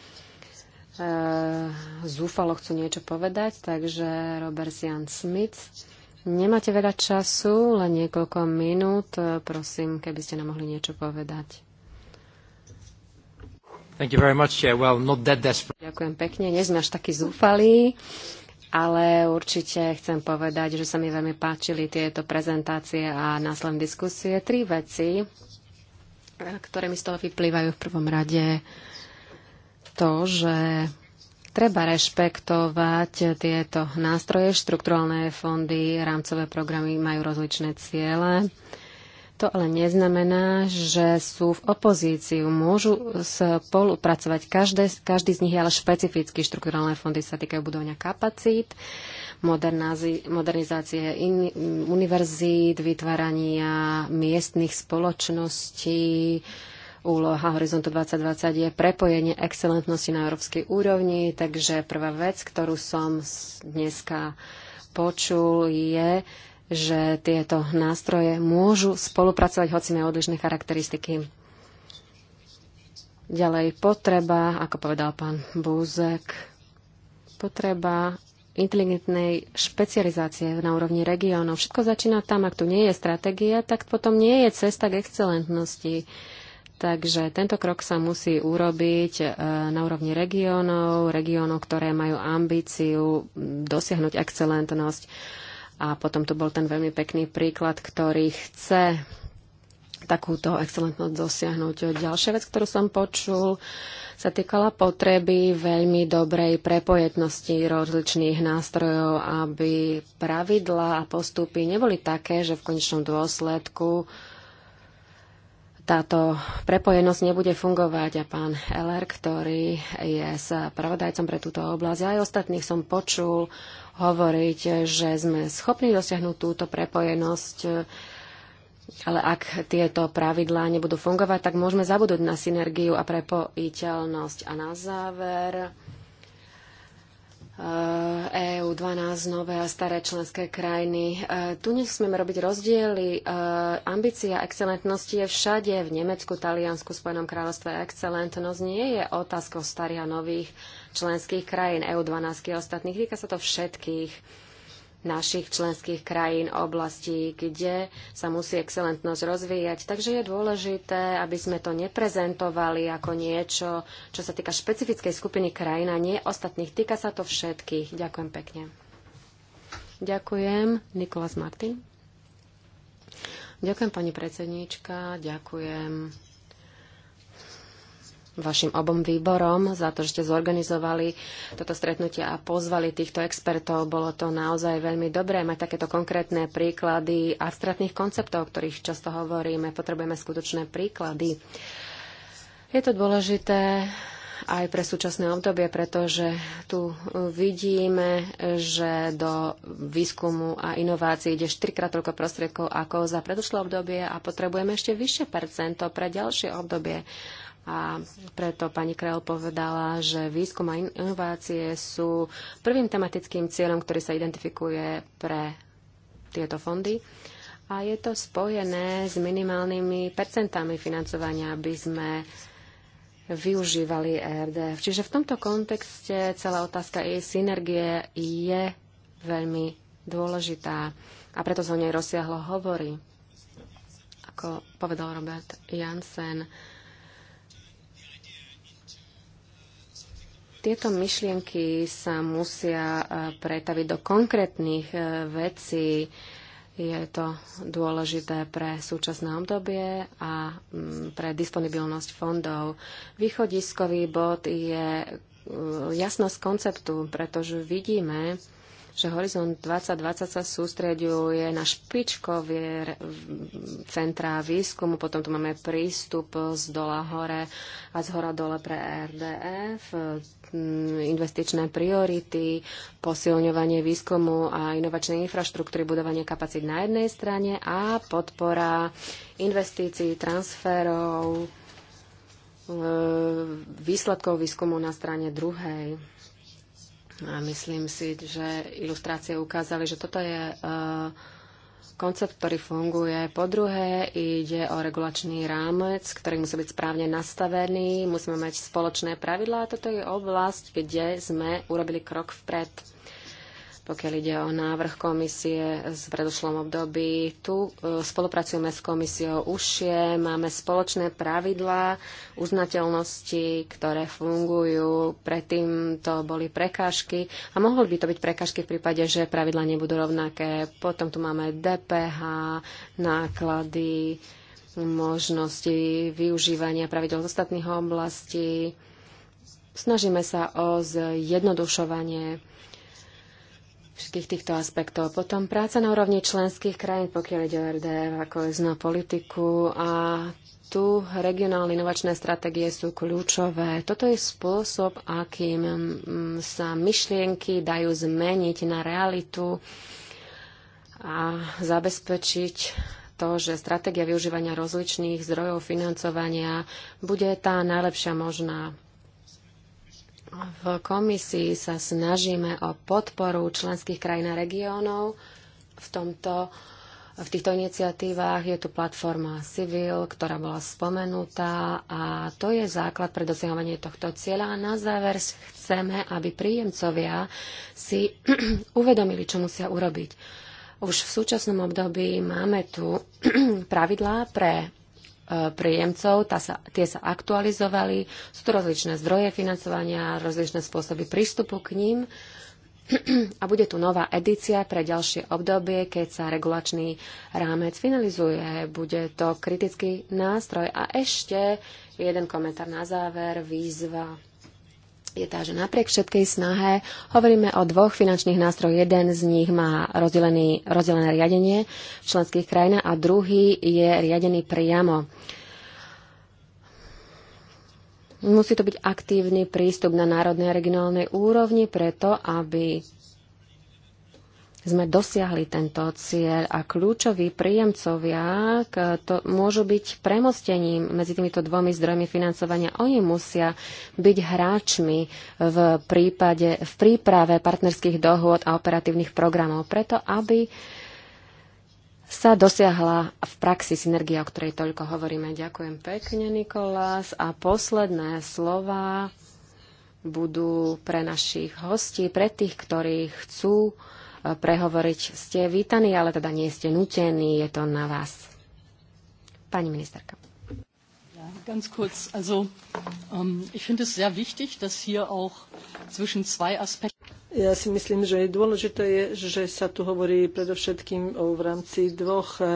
zúfalo chcú niečo povedať, takže Robert Jan Smith Nemáte veľa času, len niekoľko minút. Prosím, keby ste nám mohli niečo povedať. Much, yeah. well, Ďakujem pekne. Nie sme až takí zúfalí, ale určite chcem povedať, že sa mi veľmi páčili tieto prezentácie a následné diskusie. Tri veci, ktoré mi z toho vyplývajú v prvom rade. To, že Treba rešpektovať tieto nástroje. Štrukturálne fondy, rámcové programy majú rozličné ciele. To ale neznamená, že sú v opozícii. Môžu spolupracovať. Každé, každý z nich je ale špecifický. Štrukturálne fondy sa týkajú budovania kapacít, modernizácie in, univerzít, vytvárania miestnych spoločností, úloha Horizontu 2020 je prepojenie excelentnosti na európskej úrovni, takže prvá vec, ktorú som dneska počul, je, že tieto nástroje môžu spolupracovať, hoci majú odlišné charakteristiky. Ďalej potreba, ako povedal pán Búzek, potreba inteligentnej špecializácie na úrovni regiónov. Všetko začína tam, ak tu nie je stratégia, tak potom nie je cesta k excelentnosti. Takže tento krok sa musí urobiť e, na úrovni regiónov, regiónov, ktoré majú ambíciu dosiahnuť excelentnosť. A potom tu bol ten veľmi pekný príklad, ktorý chce takúto excelentnosť dosiahnuť. Ďalšia vec, ktorú som počul, sa týkala potreby veľmi dobrej prepojetnosti rozličných nástrojov, aby pravidlá a postupy neboli také, že v konečnom dôsledku táto prepojenosť nebude fungovať a pán Eller, ktorý je sa pravodajcom pre túto oblasť, aj ostatných som počul hovoriť, že sme schopní dosiahnuť túto prepojenosť, ale ak tieto pravidlá nebudú fungovať, tak môžeme zabudnúť na synergiu a prepojiteľnosť. A na záver, EU e 12 nové a staré členské krajiny. E, tu nesmieme robiť rozdiely. E, ambícia excelentnosti je všade. V Nemecku, Taliansku, Spojenom kráľovstve excelentnosť nie je otázkou starých a nových členských krajín EU 12 a ostatných. Týka sa to všetkých našich členských krajín, oblastí, kde sa musí excelentnosť rozvíjať. Takže je dôležité, aby sme to neprezentovali ako niečo, čo sa týka špecifickej skupiny krajín a nie ostatných. Týka sa to všetkých. Ďakujem pekne. Ďakujem. Nikolás Martin. Ďakujem, pani predsedníčka. Ďakujem vašim obom výborom za to, že ste zorganizovali toto stretnutie a pozvali týchto expertov. Bolo to naozaj veľmi dobré mať takéto konkrétne príklady abstraktných konceptov, o ktorých často hovoríme. Potrebujeme skutočné príklady. Je to dôležité aj pre súčasné obdobie, pretože tu vidíme, že do výskumu a inovácií ide štyrikrát toľko prostriedkov ako za predošlé obdobie a potrebujeme ešte vyššie percento pre ďalšie obdobie. A preto pani kráľ povedala, že výskum a inovácie sú prvým tematickým cieľom, ktorý sa identifikuje pre tieto fondy. A je to spojené s minimálnymi percentami financovania, aby sme využívali ERDF. Čiže v tomto kontexte celá otázka jej synergie je veľmi dôležitá a preto sa o nej rozsiahlo hovorí. Ako povedal Robert Jansen, Tieto myšlienky sa musia e, pretaviť do konkrétnych e, vecí. Je to dôležité pre súčasné obdobie a mm, pre disponibilnosť fondov. Východiskový bod je e, jasnosť konceptu, pretože vidíme, že Horizont 2020 sa sústreďuje na špičkovie centrá výskumu, potom tu máme prístup z dola hore a z hora dole pre RDF, mm, investičné priority, posilňovanie výskumu a inovačnej infraštruktúry, budovanie kapacít na jednej strane a podpora investícií, transferov, e, výsledkov výskumu na strane druhej. A myslím si, že ilustrácie ukázali, že toto je eh, koncept, ktorý funguje. Po druhé, ide o regulačný rámec, ktorý musí byť správne nastavený, musíme mať spoločné pravidlá a toto je oblasť, kde sme urobili krok vpred pokiaľ ide o návrh komisie z predošlom období. Tu e, spolupracujeme s komisiou užšie, máme spoločné pravidlá uznateľnosti, ktoré fungujú. Predtým to boli prekážky a mohli by to byť prekážky v prípade, že pravidlá nebudú rovnaké. Potom tu máme DPH, náklady, možnosti využívania pravidel z ostatných oblastí. Snažíme sa o zjednodušovanie všetkých týchto aspektov. Potom práca na úrovni členských krajín, pokiaľ ide o RDF, ako na politiku a tu regionálne inovačné stratégie sú kľúčové. Toto je spôsob, akým mm, sa myšlienky dajú zmeniť na realitu a zabezpečiť to, že stratégia využívania rozličných zdrojov financovania bude tá najlepšia možná. V komisii sa snažíme o podporu členských krajín a regiónov v tomto v týchto iniciatívach je tu platforma Civil, ktorá bola spomenutá a to je základ pre dosahovanie tohto cieľa. A na záver chceme, aby príjemcovia si uvedomili, čo musia urobiť. Už v súčasnom období máme tu pravidlá pre príjemcov, tá sa, tie sa aktualizovali, sú to rozličné zdroje financovania, rozličné spôsoby prístupu k ním a bude tu nová edícia pre ďalšie obdobie, keď sa regulačný rámec finalizuje. Bude to kritický nástroj. A ešte jeden komentár na záver, výzva je tá, že napriek všetkej snahe hovoríme o dvoch finančných nástrojoch. Jeden z nich má rozdelený, rozdelené riadenie v členských krajinách a druhý je riadený priamo. Musí to byť aktívny prístup na národnej a regionálnej úrovni preto, aby sme dosiahli tento cieľ a kľúčoví príjemcovia to môžu byť premostením medzi týmito dvomi zdrojmi financovania. Oni musia byť hráčmi v, prípade, v príprave partnerských dohôd a operatívnych programov, preto aby sa dosiahla v praxi synergia, o ktorej toľko hovoríme. Ďakujem pekne, Nikolás. A posledné slova budú pre našich hostí, pre tých, ktorí chcú prehovoriť. Ste vítaní, ale teda nie ste nutení, je to na vás. Pani ministerka. Ganz kurz, also um, ich finde es sehr wichtig, dass hier auch zwischen zwei Aspekten. Ja si myslím, že je dôležité je, že sa tu hovorí predovšetkým o, v rámci dvoch e, e,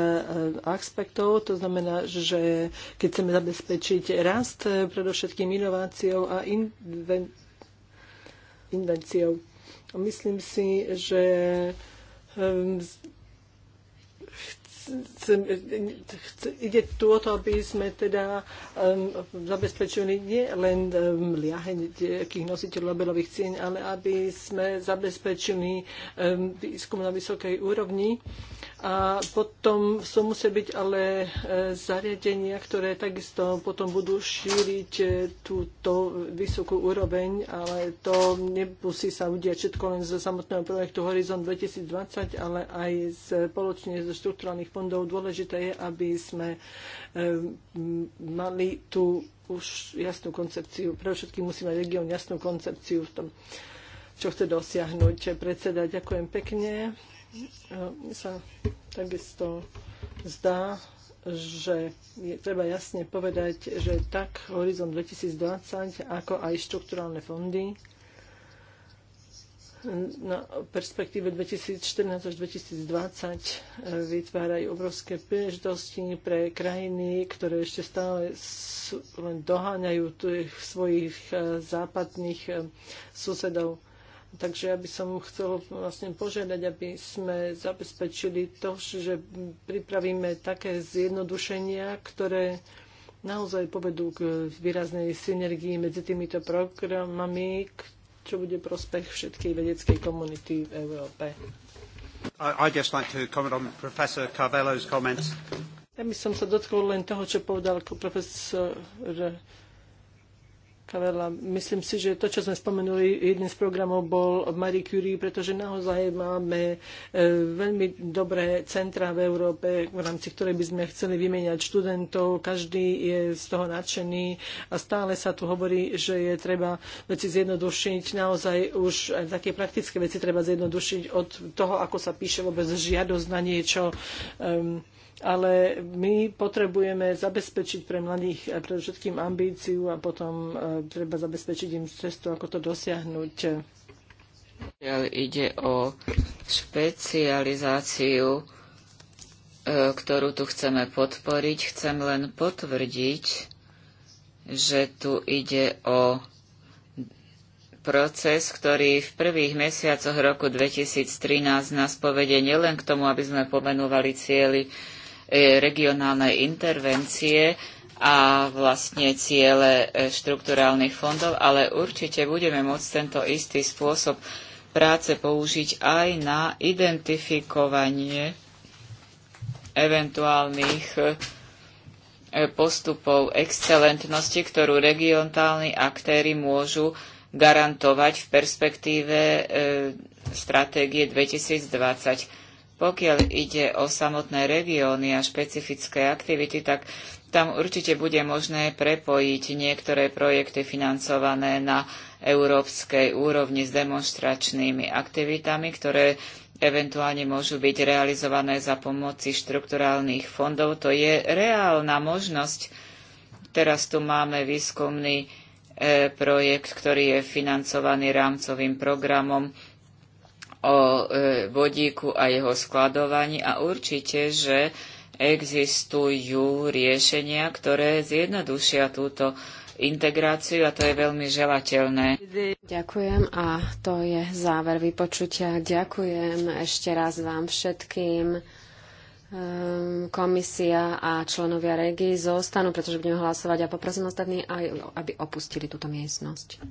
aspektov. To znamená, že keď chceme zabezpečiť rast, e, predovšetkým inováciou a inven, invenciou Myslím si, že ehm, ide tu o to, aby sme teda um, zabezpečili nie len um, liaheň nejakých nositeľov Nobelových cien, ale aby sme zabezpečili um, výskum na vysokej úrovni. A potom sú musia byť ale e, zariadenia, ktoré takisto potom budú šíriť e, túto vysokú úroveň, ale to nemusí sa udiať všetko len z samotného projektu Horizon 2020, ale aj spoločne zo štruktúrnych fondov. Dôležité je, aby sme eh, mali tú už jasnú koncepciu. Pre všetky musíme mať región jasnú koncepciu v tom, čo chce dosiahnuť. Predseda, ďakujem pekne. Eh, mne sa takisto zdá, že je treba jasne povedať, že tak Horizon 2020, ako aj štrukturálne fondy na perspektíve 2014 až 2020 eh, vytvárajú obrovské príležitosti pre krajiny, ktoré ešte stále len doháňajú svojich eh, západných eh, susedov. Takže ja by som chcel vlastne požiadať, aby sme zabezpečili to, že pripravíme také zjednodušenia, ktoré naozaj povedú k výraznej synergii medzi týmito programami, čo bude prospech všetkej vedeckej komunity v Európe. I, just like to comment on Professor Carvello's comments. Ja by som sa dotkol len toho, čo povedal profesor veľa. Myslím si, že to, čo sme spomenuli, jeden z programov bol Marie Curie, pretože naozaj máme e, veľmi dobré centra v Európe, v rámci ktorej by sme chceli vymeniať študentov. Každý je z toho nadšený a stále sa tu hovorí, že je treba veci zjednodušiť. Naozaj už aj také praktické veci treba zjednodušiť od toho, ako sa píše vôbec žiadosť na niečo. Um, ale my potrebujeme zabezpečiť pre mladých predovšetkým ambíciu a potom e, treba zabezpečiť im cestu, ako to dosiahnuť. Ide o špecializáciu, e, ktorú tu chceme podporiť. Chcem len potvrdiť, že tu ide o proces, ktorý v prvých mesiacoch roku 2013 nás povedie nielen k tomu, aby sme pomenovali cieľy E, regionálne intervencie a vlastne ciele e, štrukturálnych fondov, ale určite budeme môcť tento istý spôsob práce použiť aj na identifikovanie eventuálnych e, postupov excelentnosti, ktorú regionálni aktéry môžu garantovať v perspektíve stratégie 2020 pokiaľ ide o samotné regióny a špecifické aktivity, tak tam určite bude možné prepojiť niektoré projekty financované na európskej úrovni s demonstračnými aktivitami, ktoré eventuálne môžu byť realizované za pomoci štrukturálnych fondov. To je reálna možnosť. Teraz tu máme výskumný e, projekt, ktorý je financovaný rámcovým programom o e, vodíku a jeho skladovaní a určite, že existujú riešenia, ktoré zjednodušia túto integráciu a to je veľmi želateľné. Ďakujem a to je záver vypočutia. Ďakujem ešte raz vám všetkým. Ehm, komisia a členovia regí zostanú, pretože budeme hlasovať a poprosím ostatní, aj, aby opustili túto miestnosť.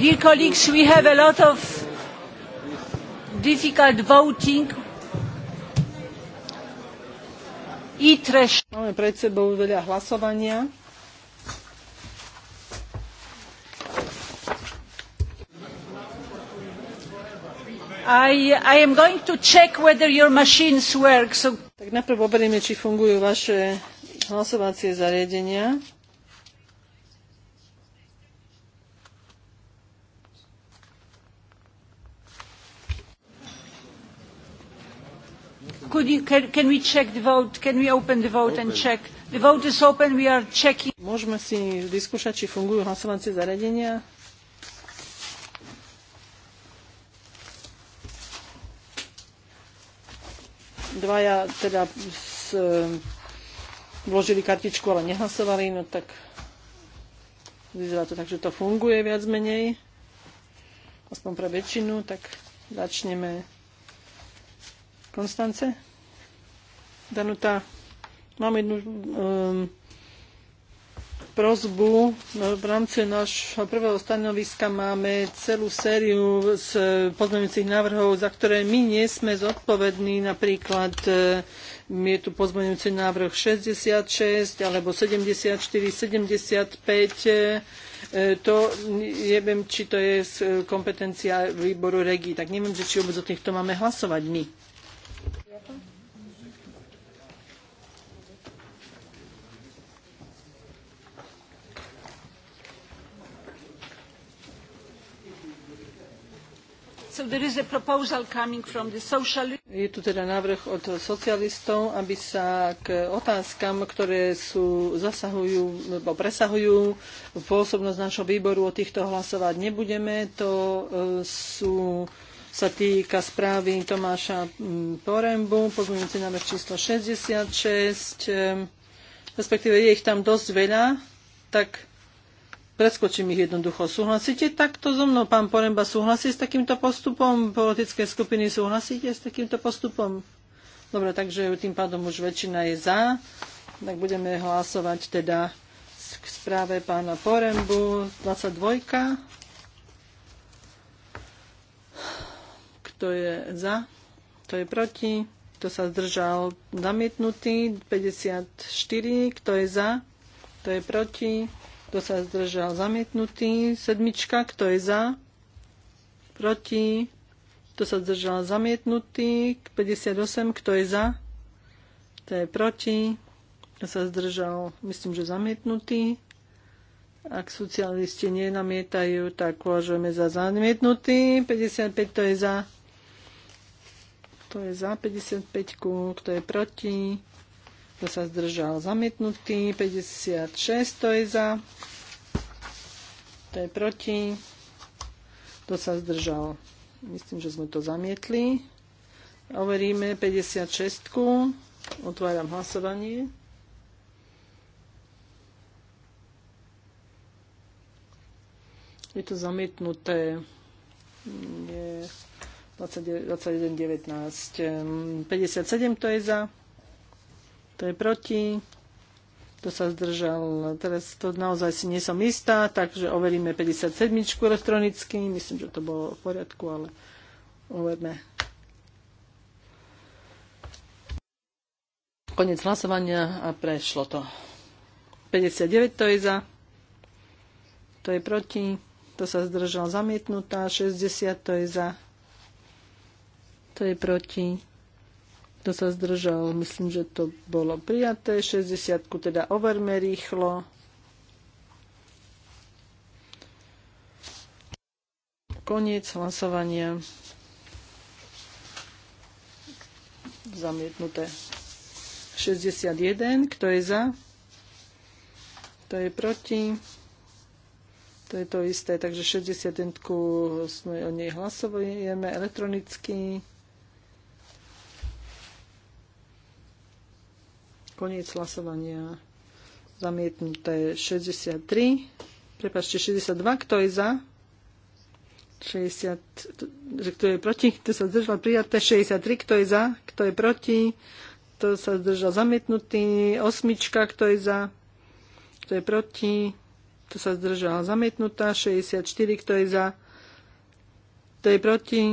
Dear colleagues, we have a lot of difficult voting. Máme pred sebou veľa hlasovania. I, I am going to check whether your machines work. So... Tak najprv oberieme, či fungujú vaše hlasovacie zariadenia. could you, can, can we check the vote? Can we open the vote open. and check? The vote is open, we are checking. Môžeme si vyskúšať, či fungujú hlasovacie zariadenia. Dvaja teda s, e, vložili kartičku, ale nehlasovali, no tak vyzerá to tak, že to funguje viac menej. Aspoň pre väčšinu, tak začneme Konstance? Danuta, mám jednu um, prozbu. No, v rámci nášho prvého stanoviska máme celú sériu z pozmeňujúcich návrhov, za ktoré my nie sme zodpovední. Napríklad um, je tu pozmeňujúci návrh 66 alebo 74, 75. Um, to neviem, či to je kompetencia výboru regí. Tak neviem, či vôbec o týchto máme hlasovať my. Je tu teda návrh od socialistov, aby sa k otázkam, ktoré sú, zasahujú, alebo presahujú pôsobnosť našho výboru, o týchto hlasovať nebudeme. To e, sú sa týka správy Tomáša Porembu, pozmeňujúci návrh číslo 66, e, respektíve je ich tam dosť veľa, tak preskočím ich jednoducho. Súhlasíte takto so mnou, pán Poremba? Súhlasí s takýmto postupom? Politické skupiny súhlasíte s takýmto postupom? Dobre, takže tým pádom už väčšina je za. Tak budeme hlasovať teda k správe pána Porembu 22. Kto je za? Kto je proti? Kto sa zdržal? Zamietnutý. 54. Kto je za? Kto je proti? Kto sa zdržal? Zamietnutý. Sedmička. Kto je za? Proti. Kto sa zdržal? Zamietnutý. 58. Kto je za? Kto je proti? Kto sa zdržal? Myslím, že zamietnutý. Ak socialisti nenamietajú, tak považujeme za zamietnutý. 55. Kto je za? Kto je za 55? Kto je proti? kto sa zdržal zamietnutý, 56, to je za, to je proti, kto sa zdržal. Myslím, že sme to zamietli. Overíme 56. -ku. Otváram hlasovanie. Je to zamietnuté. Je 21.19. 57 to je za. Kto je proti? Kto sa zdržal? Teraz to naozaj si nie som istá, takže overíme 57 elektronicky. Myslím, že to bolo v poriadku, ale overme. Konec hlasovania a prešlo to. 59 to je za. To je proti. To sa zdržal zamietnutá. 60 to je za. To je proti kto sa zdržal? Myslím, že to bolo prijaté. 60 teda overme rýchlo. Koniec hlasovania. Zamietnuté. 61. Kto je za? Kto je proti? To je to isté. Takže 61 sme o nej hlasujeme elektronicky. Koniec hlasovania. Zamietnuté 63. Prepačte, 62. Kto je za? 60, že kto je proti, kto sa zdržal prijaté, 63, kto je za, kto je proti, kto sa zdržal zamietnutý, osmička, kto je za, kto je proti, kto sa zdržal zamietnutá, 64, kto je za, kto je proti,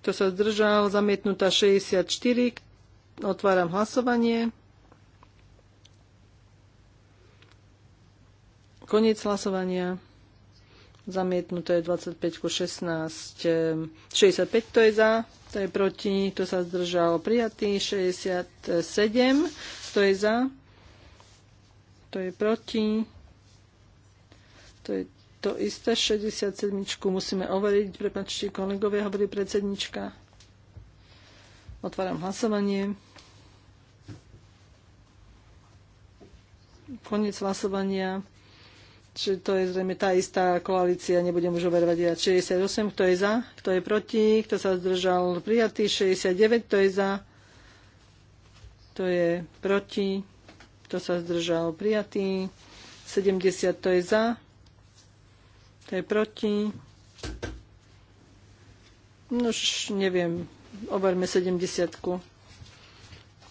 kto sa zdržal zamietnutá, 64, otváram hlasovanie. Koniec hlasovania. Zamietnuté 25 ku 16. 65 to je za, to je proti, to sa zdržal prijatý. 67 to je za, to je proti. To je to isté. 67 musíme overiť. Prepačte, kolegovia, hovorí predsednička. Otváram hlasovanie. Koniec hlasovania Čiže to je zrejme tá istá koalícia, nebudem už overovať 68, kto je za, kto je proti, kto sa zdržal prijatý, 69, kto je za, kto je proti, kto sa zdržal prijatý, 70, kto je za, kto je proti. No už neviem, overme 70. -ku.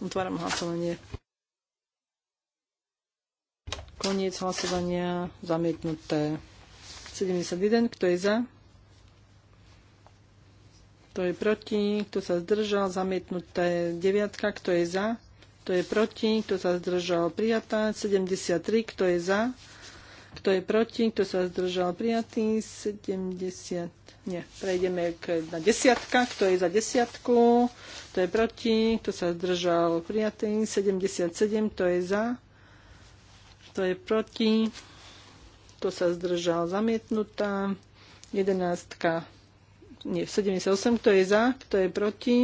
Otváram hlasovanie. Koniec hlasovania zamietnuté. 71, kto je za? Kto je proti? Kto sa zdržal? Zamietnuté 9, kto je za? Kto je proti? Kto sa zdržal? Prijatá. 73, kto je za? Kto je proti? Kto sa zdržal? Prijatý. 70. Nie, prejdeme k, na desiatka. Kto je za desiatku? Kto je proti? Kto sa zdržal? Prijatý. 77, kto je za? Kto je proti? Kto sa zdržal? Zamietnutá. 11. Nie, 78. Kto je za? Kto je proti?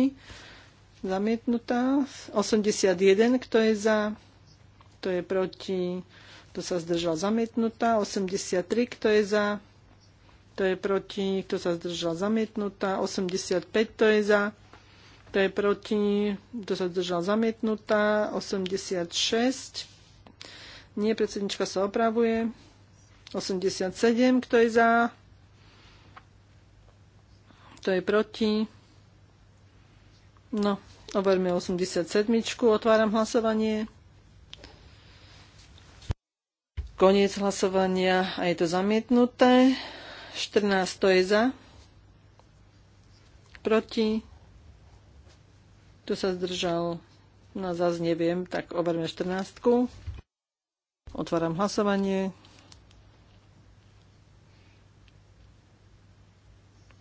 Zamietnutá. 81. Kto je za? Kto je proti? Kto sa zdržal? Zamietnutá. 83. Kto je za? Kto je proti? Kto sa zdržal? Zamietnutá. 85. Kto je za? Kto je proti? Kto sa zdržal? Zamietnutá. 86 nie, predsednička sa opravuje. 87, kto je za? Kto je proti? No, overme 87. Otváram hlasovanie. Koniec hlasovania a je to zamietnuté. 14, to je za. Proti. Tu sa zdržal. No zase neviem, tak overme 14. Otváram hlasovanie.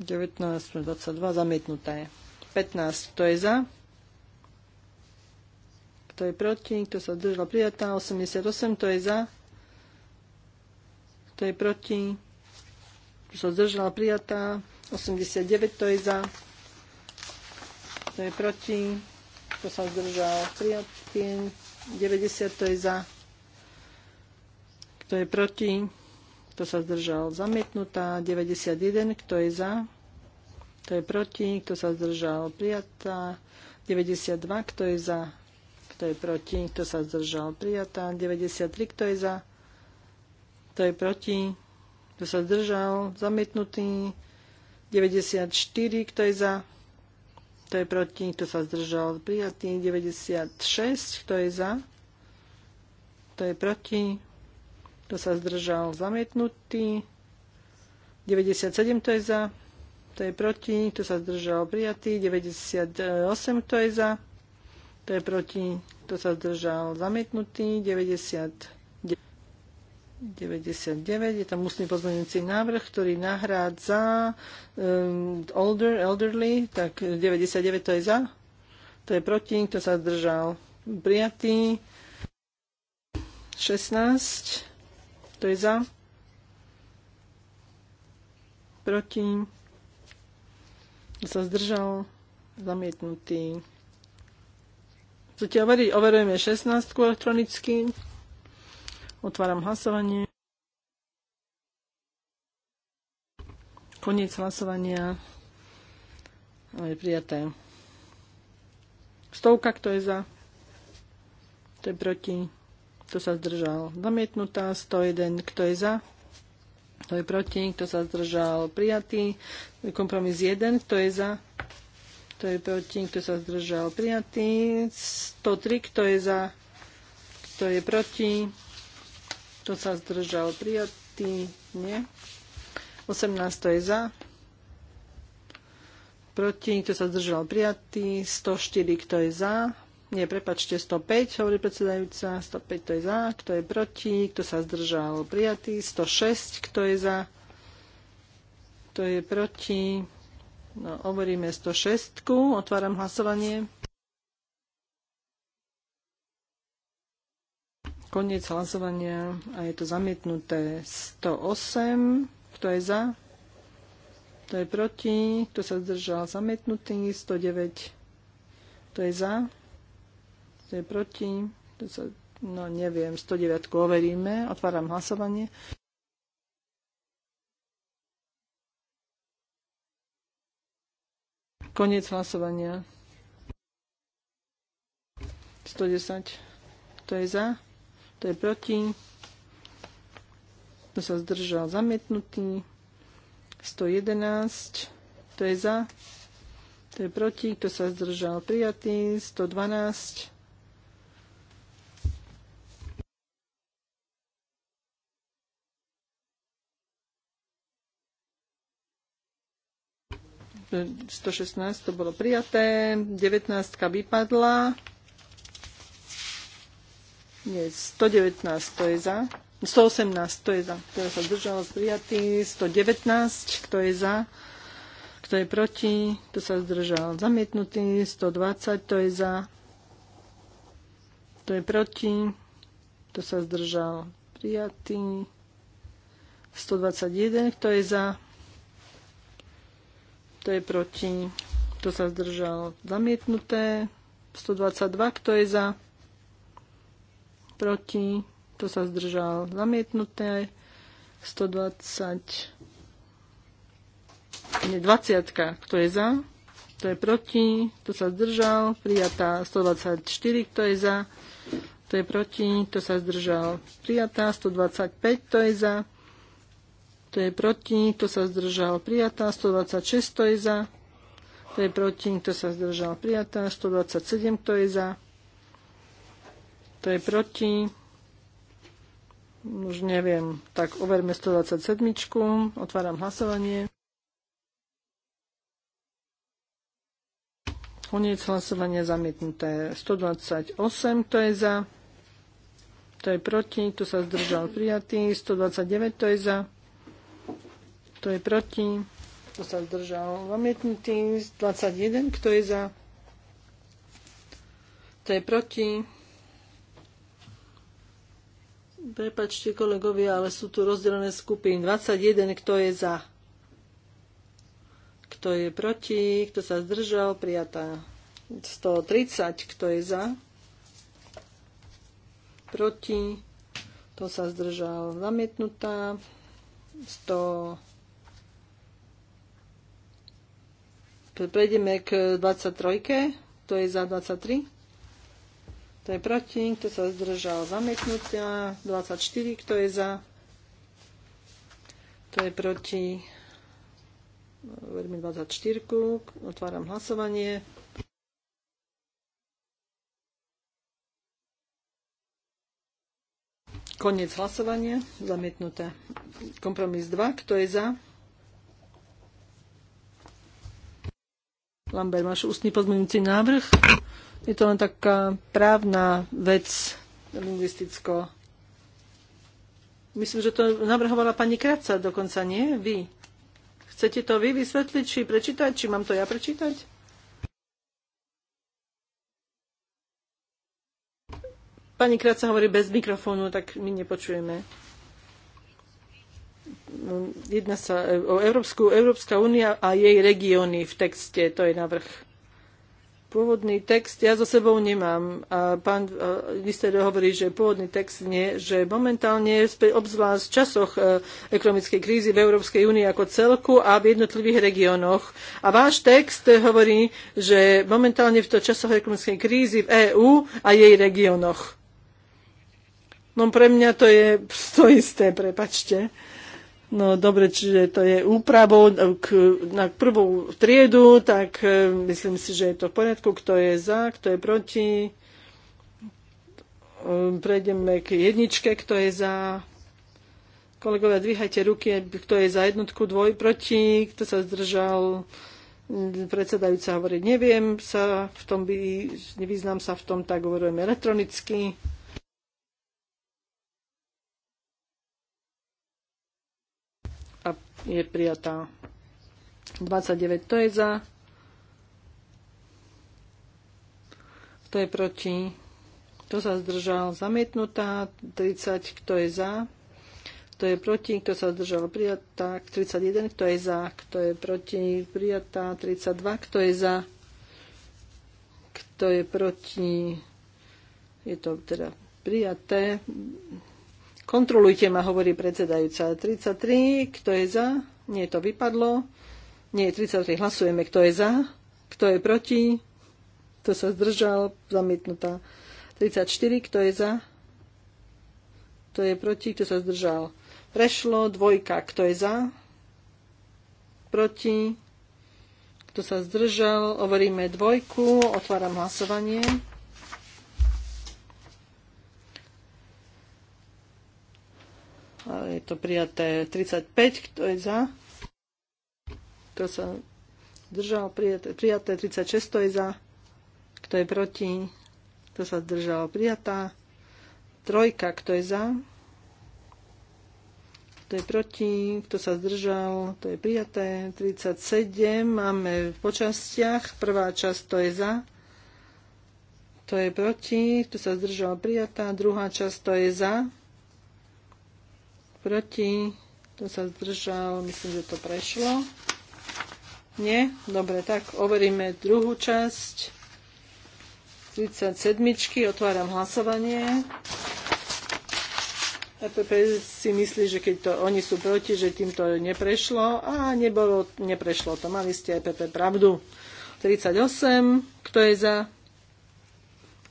19 22 zamietnuté. 15, kto je za? Kto je proti? Kto sa zdržal prijatá? 88, kto je za? Kto je proti? Kto sa zdržal prijatá? 89, kto je za? Kto je proti? Kto sa zdržal prijatý? 90, kto je za? Kto je proti? Kto sa zdržal? Zamietnutá. 91. Kto je za? Kto je proti? Kto sa zdržal? Prijatá. 92. Kto je za? Kto je proti? Kto sa zdržal? Prijatá. 93. Kto je za? Kto je proti? Kto sa zdržal? Zamietnutý. 94. Kto je za? Kto je proti? Kto sa zdržal? Prijatý. 96. Kto je za? Kto je proti? Kto sa zdržal? Zamietnutý. 97, to je za? To je proti? Kto sa zdržal? Prijatý. 98, to je za? To je proti? Kto sa zdržal? Zamietnutý. 90. 99. Je tam ústny pozmeňujúci návrh, ktorý nahrádza um, older, elderly, tak 99 to je za, to je proti, kto sa zdržal. Prijatý 16 kto je za? Proti? Kto sa zdržal? Zamietnutý. Chcete overiť? Overujeme 16 elektronicky. Otváram hlasovanie. Koniec hlasovania. Ale je prijaté. Stovka, kto je za? Kto je proti? kto sa zdržal. Zamietnutá 101, kto je za, kto je proti, kto sa zdržal. Prijatý kompromis 1, kto je za, kto je proti, kto sa zdržal. Prijatý 103, kto je za, kto je proti, kto sa zdržal. Prijatý, nie. 18, kto je za, proti, kto sa zdržal. Prijatý 104, kto je za, nie, prepačte, 105, hovorí predsedajúca, 105 to je za, kto je proti, kto sa zdržal, prijatý, 106, kto je za, kto je proti, no, hovoríme 106, otváram hlasovanie. Koniec hlasovania a je to zamietnuté 108, kto je za, kto je proti, kto sa zdržal, zamietnutý, 109, kto je za, kto je proti? sa, no neviem, 109 overíme. Otváram hlasovanie. Koniec hlasovania. 110. To je za. To je proti. To sa zdržal zamietnutý. 111. To je za. To je proti. to sa zdržal prijatý. 112. 116 to bolo prijaté, 19 vypadla. Nie, 119 to je za. 118 to je za, ktorá sa zdržala prijatý. 119 kto je za, kto je proti, kto sa zdržal zamietnutý. 120 to je za, kto je proti, kto sa zdržal prijatý. 121 kto je za, kto je proti? Kto sa zdržal? Zamietnuté. 122. Kto je za? Proti? Kto sa zdržal? Zamietnuté. 120. Nie, 20. Kto je za? Kto je proti? Kto sa zdržal? Prijatá. 124. Kto je za? Kto je proti? Kto sa zdržal? Prijatá. 125. Kto je za? to je proti, kto sa zdržal prijatá, 126, to je za, To je proti, kto sa zdržal prijatá, 127, to je za, to je proti, už neviem, tak overme 127, otváram hlasovanie. Koniec hlasovania zamietnuté. 128, to je za. To je proti, tu sa zdržal prijatý. 129, to je za. Kto je proti? Kto sa zdržal? Zamietnutý. 21. Kto je za? Kto je proti? Prepačte kolegovia, ale sú tu rozdelené skupiny. 21. Kto je za? Kto je proti? Kto sa zdržal? Prijatá. 130. Kto je za? Proti? Kto sa zdržal? Zamietnutá. 100. Prejdeme k 23. To je za 23? To je proti? Kto sa zdržal? zamietnutia? 24. Kto je za? To je proti? Veríme 24. Otváram hlasovanie. Koniec hlasovania. Zamietnuté. Kompromis 2. Kto je za? Lambert, máš ústny pozmeňujúci návrh? Je to len taká právna vec lingvisticko. Myslím, že to navrhovala pani Kraca dokonca, nie? Vy. Chcete to vy vysvetliť, či prečítať, či mám to ja prečítať? Pani Kraca hovorí bez mikrofónu, tak my nepočujeme. Jedna sa e, o Európsku, Európska únia a jej regióny v texte, to je navrh pôvodný text ja so sebou nemám. A pán e, minister hovorí, že pôvodný text nie, že momentálne, obzvlášť v časoch e, ekonomickej krízy v Európskej únii ako celku a v jednotlivých regiónoch. A váš text hovorí, že momentálne v to časoch ekonomickej krízy v EÚ a jej regiónoch. No pre mňa to je to isté, prepačte. No dobre, čiže to je úpravou e, k, na prvú triedu, tak e, myslím si, že je to v poriadku, kto je za, kto je proti. E, prejdeme k jedničke, kto je za. Kolegovia, dvíhajte ruky, kto je za jednotku, dvoj, proti, kto sa zdržal. Predsedajúca hovorí, neviem sa v tom, nevýznam sa v tom, tak hovorím elektronicky. je prijatá. 29 to je za. Kto je proti? Kto sa zdržal? Zamietnutá. 30 kto je za? Kto je proti? Kto sa zdržal? Prijatá. 31 kto je za? Kto je proti? Prijatá. 32 kto je za? Kto je proti? Je to teda prijaté. Kontrolujte ma, hovorí predsedajúca. 33, kto je za? Nie, to vypadlo. Nie, 33, hlasujeme, kto je za? Kto je proti? Kto sa zdržal? Zamietnutá. 34, kto je za? Kto je proti? Kto sa zdržal? Prešlo. Dvojka, kto je za? Proti? Kto sa zdržal? Overíme dvojku. Otváram hlasovanie. je to prijaté 35, kto je za, kto sa zdržal, prijaté, prijaté 36, kto je za, kto je proti, kto sa zdržal, prijatá, trojka, kto je za, kto je proti, kto sa zdržal, to je prijaté. 37 máme v počastiach. Prvá časť to je za, to je proti, kto sa zdržal, prijatá. Druhá časť to je za, proti, kto sa zdržal, myslím, že to prešlo. Nie? Dobre, tak overíme druhú časť. 37. Otváram hlasovanie. EPP si myslí, že keď to oni sú proti, že týmto neprešlo a nebolo, neprešlo to. Mali ste EPP pravdu. 38, kto je za?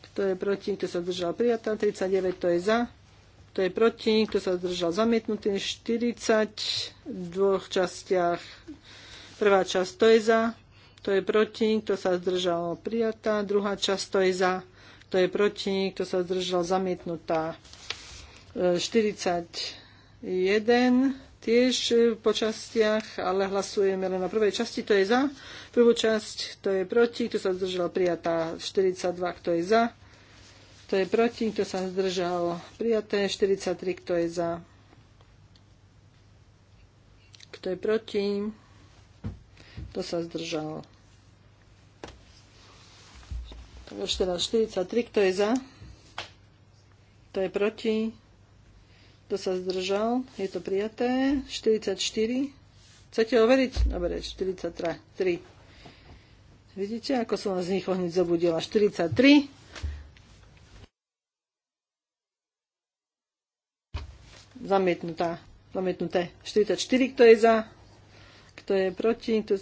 Kto je proti? Kto sa držal prijatá? 39, kto je za? kto je proti, kto sa zdržal zamietnutý, 40 v dvoch častiach. Prvá časť to je za, kto je proti, kto sa zdržal prijatá, druhá časť to je za, kto je proti, kto sa zdržal zamietnutá. 41 e, tiež po častiach, ale hlasujeme len na prvej časti, to je za. Prvú časť, to je proti, kto sa zdržal prijatá, 42, kto je za kto je proti? Kto sa zdržal? Prijaté. 43. Kto je za? Kto je proti? Kto sa zdržal? Tak ešte raz. 43. Kto je za? Kto je proti? Kto sa zdržal? Je to prijaté. 44. Chcete overiť? Dobre, 43. Vidíte, ako som vás z nich hneď zobudila. 43. zamietnutá, zamietnuté 44, kto je za, kto je proti, kto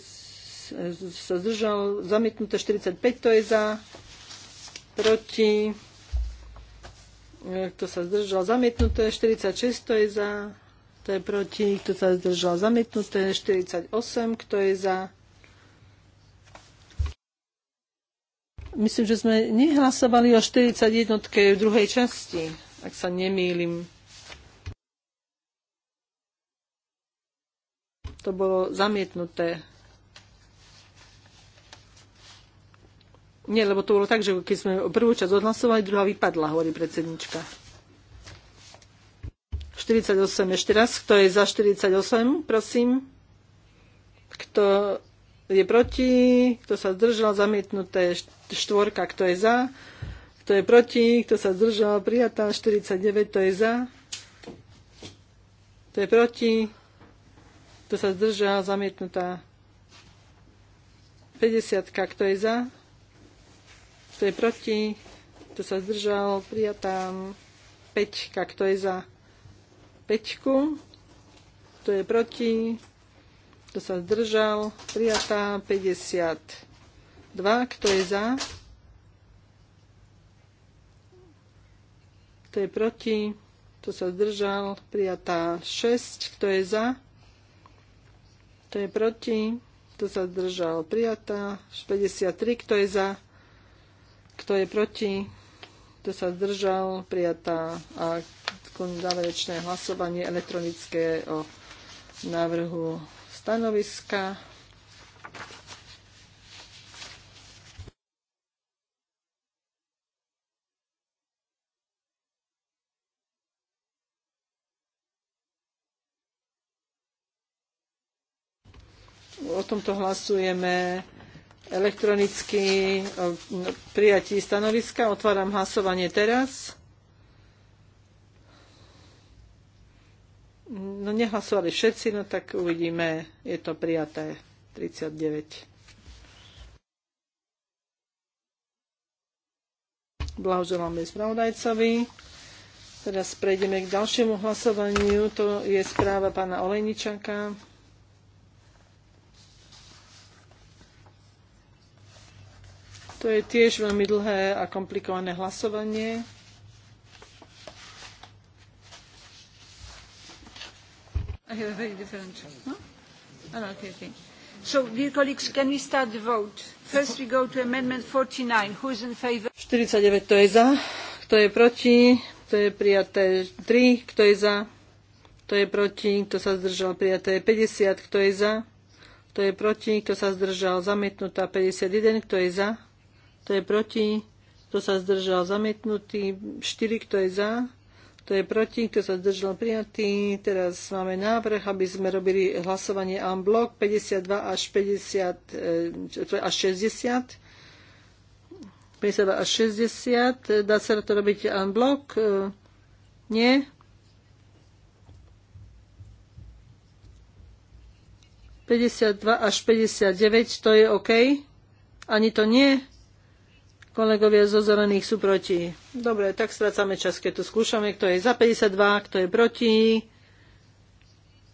sa zdržal, zamietnuté 45, kto je za, proti, e, kto sa zdržal, zamietnuté 46, kto je za, kto je proti, kto sa zdržal, zamietnuté 48, kto je za, Myslím, že sme nehlasovali o 41. v druhej časti, ak sa nemýlim. to bolo zamietnuté. Nie, lebo to bolo tak, že keď sme prvú časť odhlasovali, druhá vypadla, hovorí predsednička. 48 ešte raz. Kto je za 48, prosím? Kto je proti? Kto sa zdržal? Zamietnuté štvorka. Kto je za? Kto je proti? Kto sa zdržal? Prijatá 49. Kto je za? Kto je proti? Kto sa zdržal? Zamietnutá. 50. Kto je za? Kto je proti? Kto sa zdržal? Prijatá. 5. Kto je za? 5. Kto je proti? Kto sa zdržal? Prijatá. 52. Kto je za? Kto je proti? Kto sa zdržal? Prijatá 6. Kto je za? Kto je proti? Kto sa zdržal? Prijatá. 53. Kto je za? Kto je proti? Kto sa zdržal? Prijatá. A záverečné hlasovanie elektronické o návrhu stanoviska. o tomto hlasujeme elektronicky o prijatí stanoviska. Otváram hlasovanie teraz. No nehlasovali všetci, no tak uvidíme. Je to prijaté. 39. Blahoželáme spravodajcovi. Teraz prejdeme k ďalšiemu hlasovaniu. To je správa pána Olejničanka. To je tiež veľmi dlhé a komplikované hlasovanie. I have a very different. No? Ah, no, okay, okay. So, dear colleagues, can we start the vote? First we go to amendment 49. Who is in favor? 49, to je za. Kto je proti? To je prijaté 3. Kto je za? Kto je proti? Kto sa zdržal? Prijaté 50. Kto je za? Kto je proti? Kto sa zdržal? Zamietnutá 51. Kto je za? kto je proti, kto sa zdržal zamietnutý, 4, kto je za, kto je proti, kto sa zdržal prijatý. Teraz máme návrh, aby sme robili hlasovanie en bloc 52 až 50, e, až 60. 52 až 60. Dá sa to robiť en bloc? E, nie? 52 až 59, to je OK? Ani to nie? Kolegovia zo zelených sú proti. Dobre, tak strácame čas, keď to skúšame. Kto je za 52, kto je proti.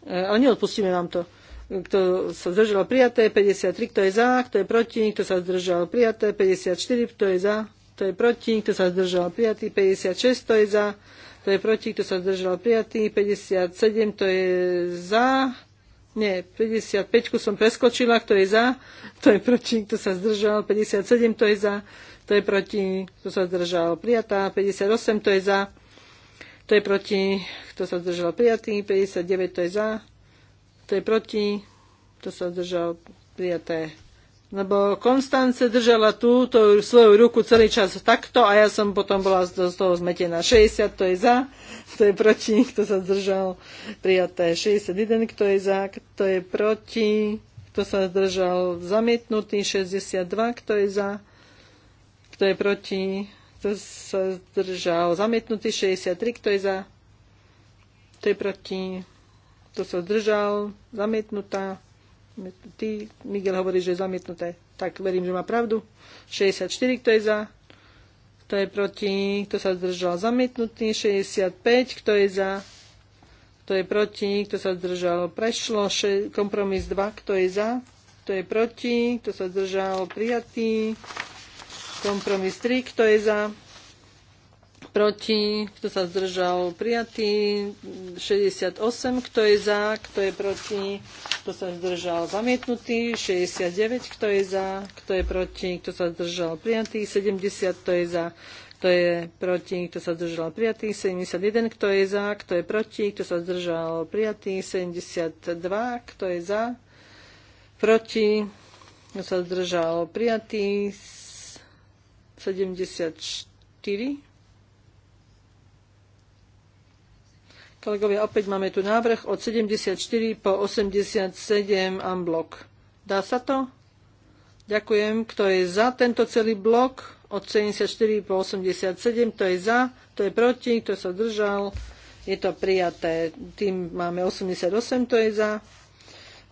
Ale neodpustíme vám to. Kto sa zdržal prijaté, 53, kto je za, kto je proti, kto sa zdržal prijaté, 54, kto je za, kto je proti, kto sa zdržal prijatý, 56, kto je za, kto je proti, kto sa zdržal prijatý, 57, kto je za, nie, 55 som preskočila, kto je za, kto je proti, kto sa zdržal, 57 to je za, to je proti, kto sa zdržal prijatá, 58, to je za, to je proti, kto sa zdržal prijatý, 59, to je za, to je proti, kto sa zdržal prijaté. Lebo Konstance držala túto svoju ruku celý čas takto a ja som potom bola z toho zmetená. 60, to je za, to je proti, kto sa zdržal prijaté. 61, kto je za, kto je proti, kto sa zdržal zamietnutý. 62, kto je za, kto je proti? Kto sa zdržal? Zamietnutý 63. Kto je za? Kto je proti? Kto sa zdržal? Zamietnutá. Ty, Miguel hovorí, že je zamietnuté. Tak verím, že má pravdu. 64. Kto je za? Kto je proti? Kto sa zdržal? Zamietnutý. 65. Kto je za? Kto je proti? Kto sa zdržal? Prešlo. Kompromis 2. Kto je za? Kto je proti? Kto sa zdržal? Prijatý. Kompromis 3, kto je za? Proti, kto sa zdržal? Prijatý. 68, kto je za? Kto je proti? Kto sa zdržal? Zamietnutý. 69, kto je za? Kto je proti? Kto sa zdržal? Prijatý. 70, kto je za? kto je proti, kto sa zdržal prijatý, 71, kto je za, kto je proti, kto sa zdržal prijatý, 72, kto je za, proti, kto sa zdržal prijatý, 74. Kolegovia, opäť máme tu návrh od 74 po 87 amblok. Dá sa to? Ďakujem. Kto je za tento celý blok od 74 po 87? To je za? to je proti? Kto sa držal? Je to prijaté. Tým máme 88, to je za.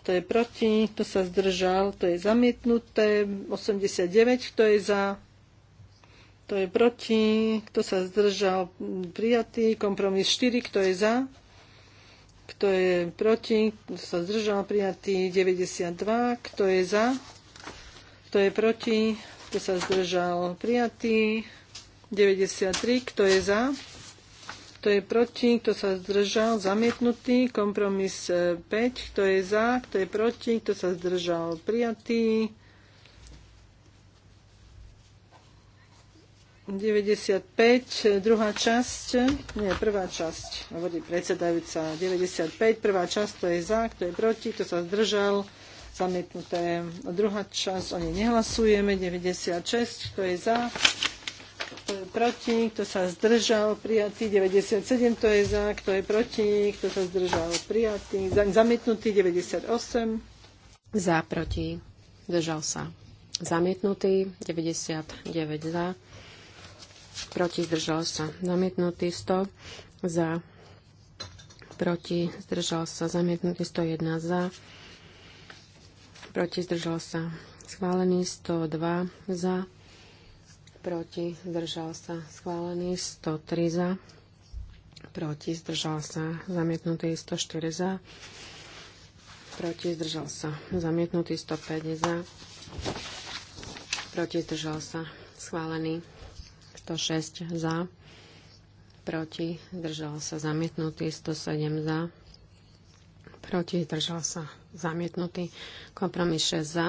To je proti, to sa zdržal, to je zamietnuté. 89, kto je za, kto je proti, kto sa zdržal prijatý, kompromis 4, kto je za, kto je proti, kto sa zdržal prijatý, 92, kto je za, kto je proti, kto sa zdržal prijatý, 93, kto je za, kto je proti, kto sa zdržal, zamietnutý, kompromis 5, e, kto je za, kto je proti, kto sa zdržal prijatý, 95, druhá časť, nie, prvá časť, hovorí predsedajúca, 95, prvá časť, to je za, kto je proti, kto sa zdržal, zamietnuté. Druhá časť, o nej nehlasujeme, 96, kto je za, kto je proti, kto sa zdržal, prijatý, 97, kto je za, kto je proti, kto sa zdržal, prijatý, zamietnutý, 98. Za, proti, zdržal sa. Zamietnutý, 99 za, proti, zdržal sa. Zamietnutý 100 za, proti, zdržal sa. Zamietnutý 101 za, proti, zdržal sa. Schválený 102 za, proti, zdržal sa. Schválený 103 za, proti, zdržal sa. Zamietnutý 104 za, proti, zdržal sa. Zamietnutý 105 za, proti, zdržal sa. Schválený 106 za, proti, zdržal sa zamietnutý, 107 za, proti, zdržal sa zamietnutý, kompromis 6 za,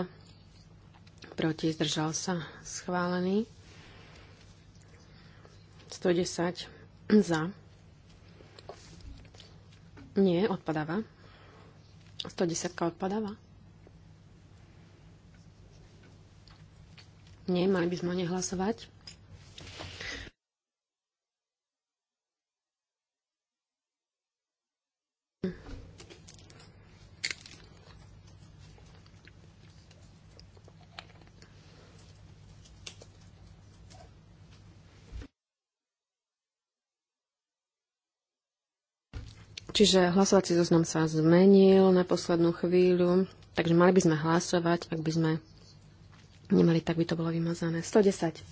proti, zdržal sa schválený, 110 za, nie, odpadáva. 110 odpadáva. Nie, mali by sme o nej hlasovať. Čiže hlasovací zoznam sa zmenil na poslednú chvíľu, takže mali by sme hlasovať, ak by sme nemali, tak by to bolo vymazané. 110.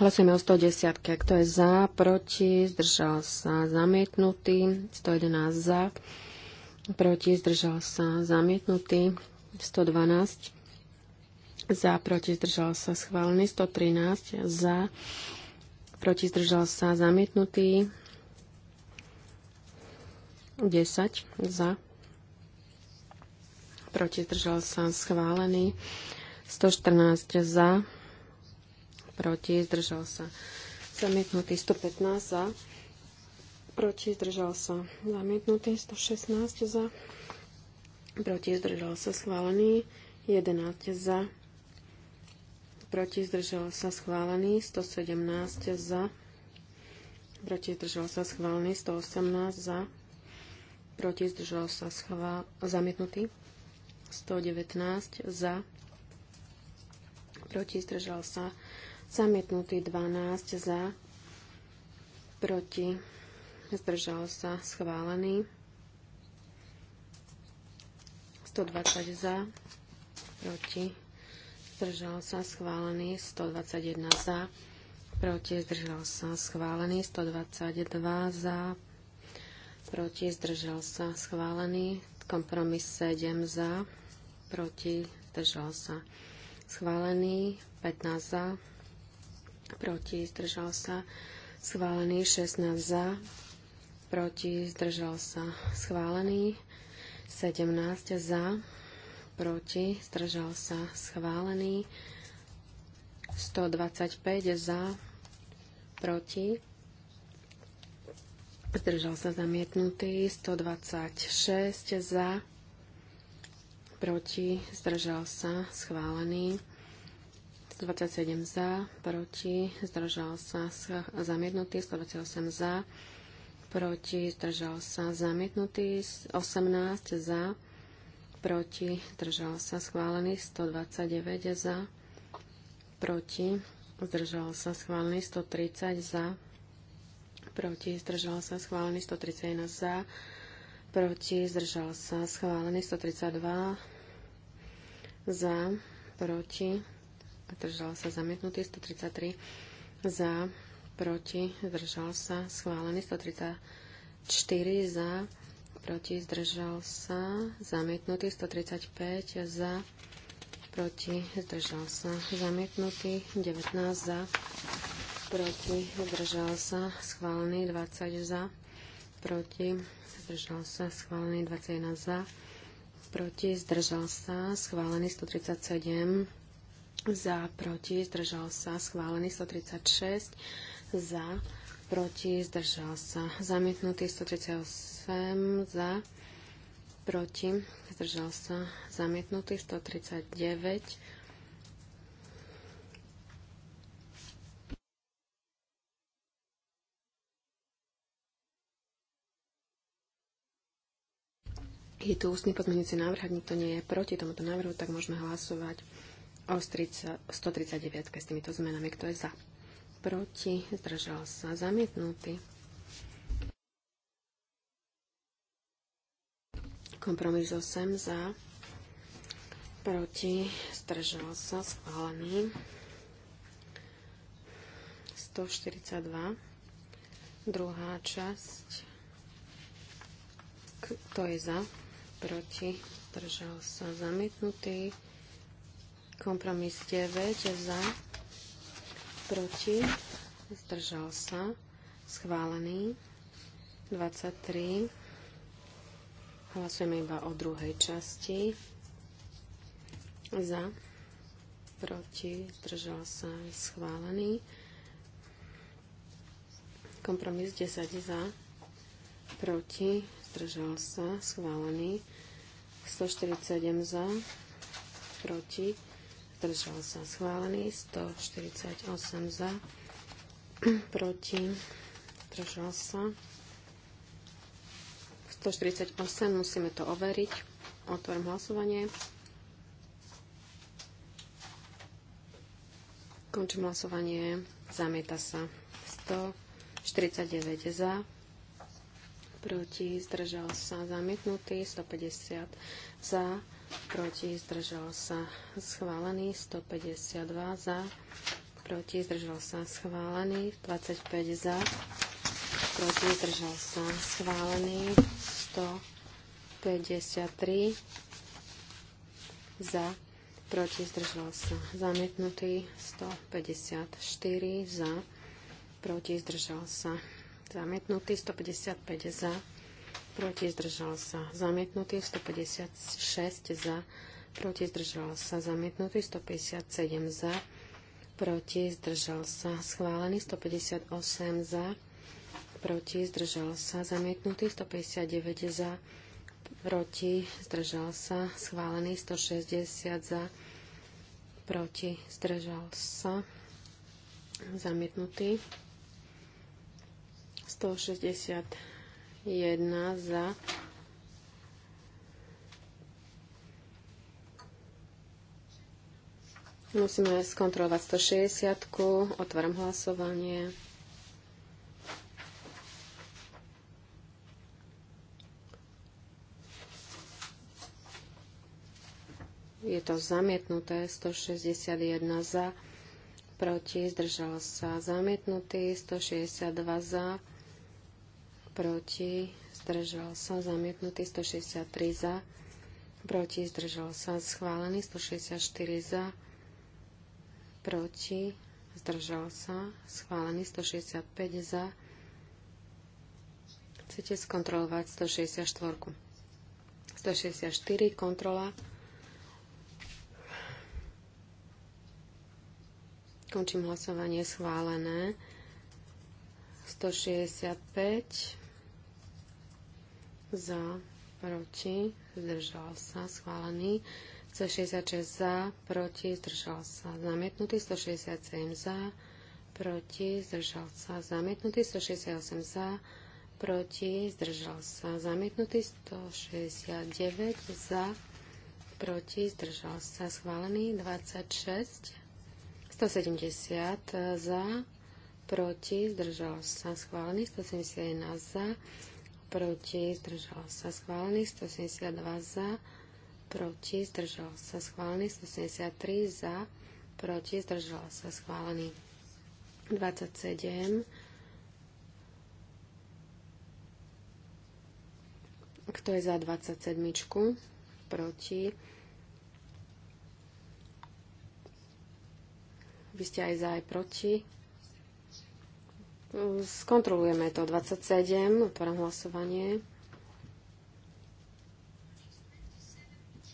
Hlasujeme o 110. Kto je za, proti, zdržal sa, zamietnutý. 111 za, proti, zdržal sa, zamietnutý. 112 za, proti, zdržal sa, schválený. 113 za, proti, zdržal sa, zamietnutý. 10 za. Proti zdržal sa schválený. 114 za. Proti zdržal sa zamietnutý. 115 za. Proti zdržal sa zamietnutý. 116 za. Proti zdržal sa schválený. 11 za. Proti zdržal sa schválený. 117 za. Proti zdržal sa schválený. 118 za proti, zdržal sa schvá, zamietnutý. 119 za, proti, zdržal sa zamietnutý. 12 za, proti, zdržal sa schválený. 120 za, proti, zdržal sa schválený. 121 za, proti, zdržal sa schválený. 122 za, proti, zdržal sa, schválený. Kompromis 7 za, proti, zdržal sa, schválený. 15 za, proti, zdržal sa, schválený. 16 za, proti, zdržal sa, schválený. 17 za, proti, zdržal sa, schválený. 125 za, proti, Zdržal sa zamietnutý. 126 za. Proti. Zdržal sa. Schválený. 127 za. Proti. Zdržal sa. Zamietnutý. 128 za. Proti. Zdržal sa. Zamietnutý. 18 za. Proti. Zdržal sa. Schválený. 129 za. Proti. Zdržal sa. Schválený. 130 za proti, zdržal sa, schválený 131 za, proti, zdržal sa, schválený 132 za, proti, zdržal sa, zamietnutý 133 za, proti, zdržal sa, schválený 134 za, proti, zdržal sa, zamietnutý 135 za, proti, zdržal sa, zamietnutý 19 za, proti, zdržal sa, schválený 20 za, proti, zdržal sa, schválený 21 za, proti, zdržal sa, schválený 137 za, proti, zdržal sa, schválený 136 za, proti, zdržal sa, zamietnutý 138 za, proti, zdržal sa, zamietnutý 139 Je tu ústny pozmeňujúci návrh, ak nikto nie je proti tomuto návrhu, tak môžeme hlasovať o 139 s týmito zmenami. Kto je za? Proti? Zdržal sa? Zamietnutý? Kompromis 8 za. Proti? Zdržal sa? Schválený. 142. Druhá časť. Kto je za? proti, zdržal sa zamietnutý. Kompromis 9 za, proti, zdržal sa, schválený. 23. Hlasujeme iba o druhej časti. Za, proti, zdržal sa, schválený. Kompromis 10 za, proti, zdržal sa, schválený. 147 za, proti, zdržal sa, schválený. 148 za, proti, zdržal sa. 148, musíme to overiť. Otvorím hlasovanie. Končím hlasovanie. Zamieta sa. 149 za, proti, zdržal sa, zamietnutý, 150 za, proti, zdržal sa, schválený, 152 za, proti, zdržal sa, schválený, 25 za, proti, zdržal sa, schválený, 153 za, proti, zdržal sa, zamietnutý, 154 za, proti, zdržal sa, zamietnutý, 155 za, proti zdržal sa, zamietnutý, 156 za, proti zdržal sa, zamietnutý, 157 za, proti zdržal sa, schválený, 158 za, proti zdržal sa, zamietnutý, 159 za, proti zdržal sa, schválený, 160 za, proti zdržal sa, zamietnutý. 161 za. Musíme skontrolovať 160. -ku. Otváram hlasovanie. Je to zamietnuté 161 za, proti zdržalo sa zamietnutý 162 za proti, zdržal sa, zamietnutý 163 za, proti, zdržal sa, schválený 164 za, proti, zdržal sa, schválený 165 za. Chcete skontrolovať 164. 164 kontrola. Končím hlasovanie schválené. 165 za, proti, zdržal sa, schválený. 166 66 za, proti, zdržal sa, zamietnutý. 167 za, proti, zdržal sa, zamietnutý. 168 za, proti, zdržal sa, zamietnutý. 169 za, proti, zdržal sa, schválený. 26, 170 za, proti, zdržal sa, schválený. 171 za, proti, zdržal sa schválených, 172 za, proti, zdržal sa schválených, 173 za, proti, zdržal sa schválený, 27. Kto je za 27? Proti. Vy ste aj za, aj proti. Skontrolujeme to. 27. Otváram hlasovanie.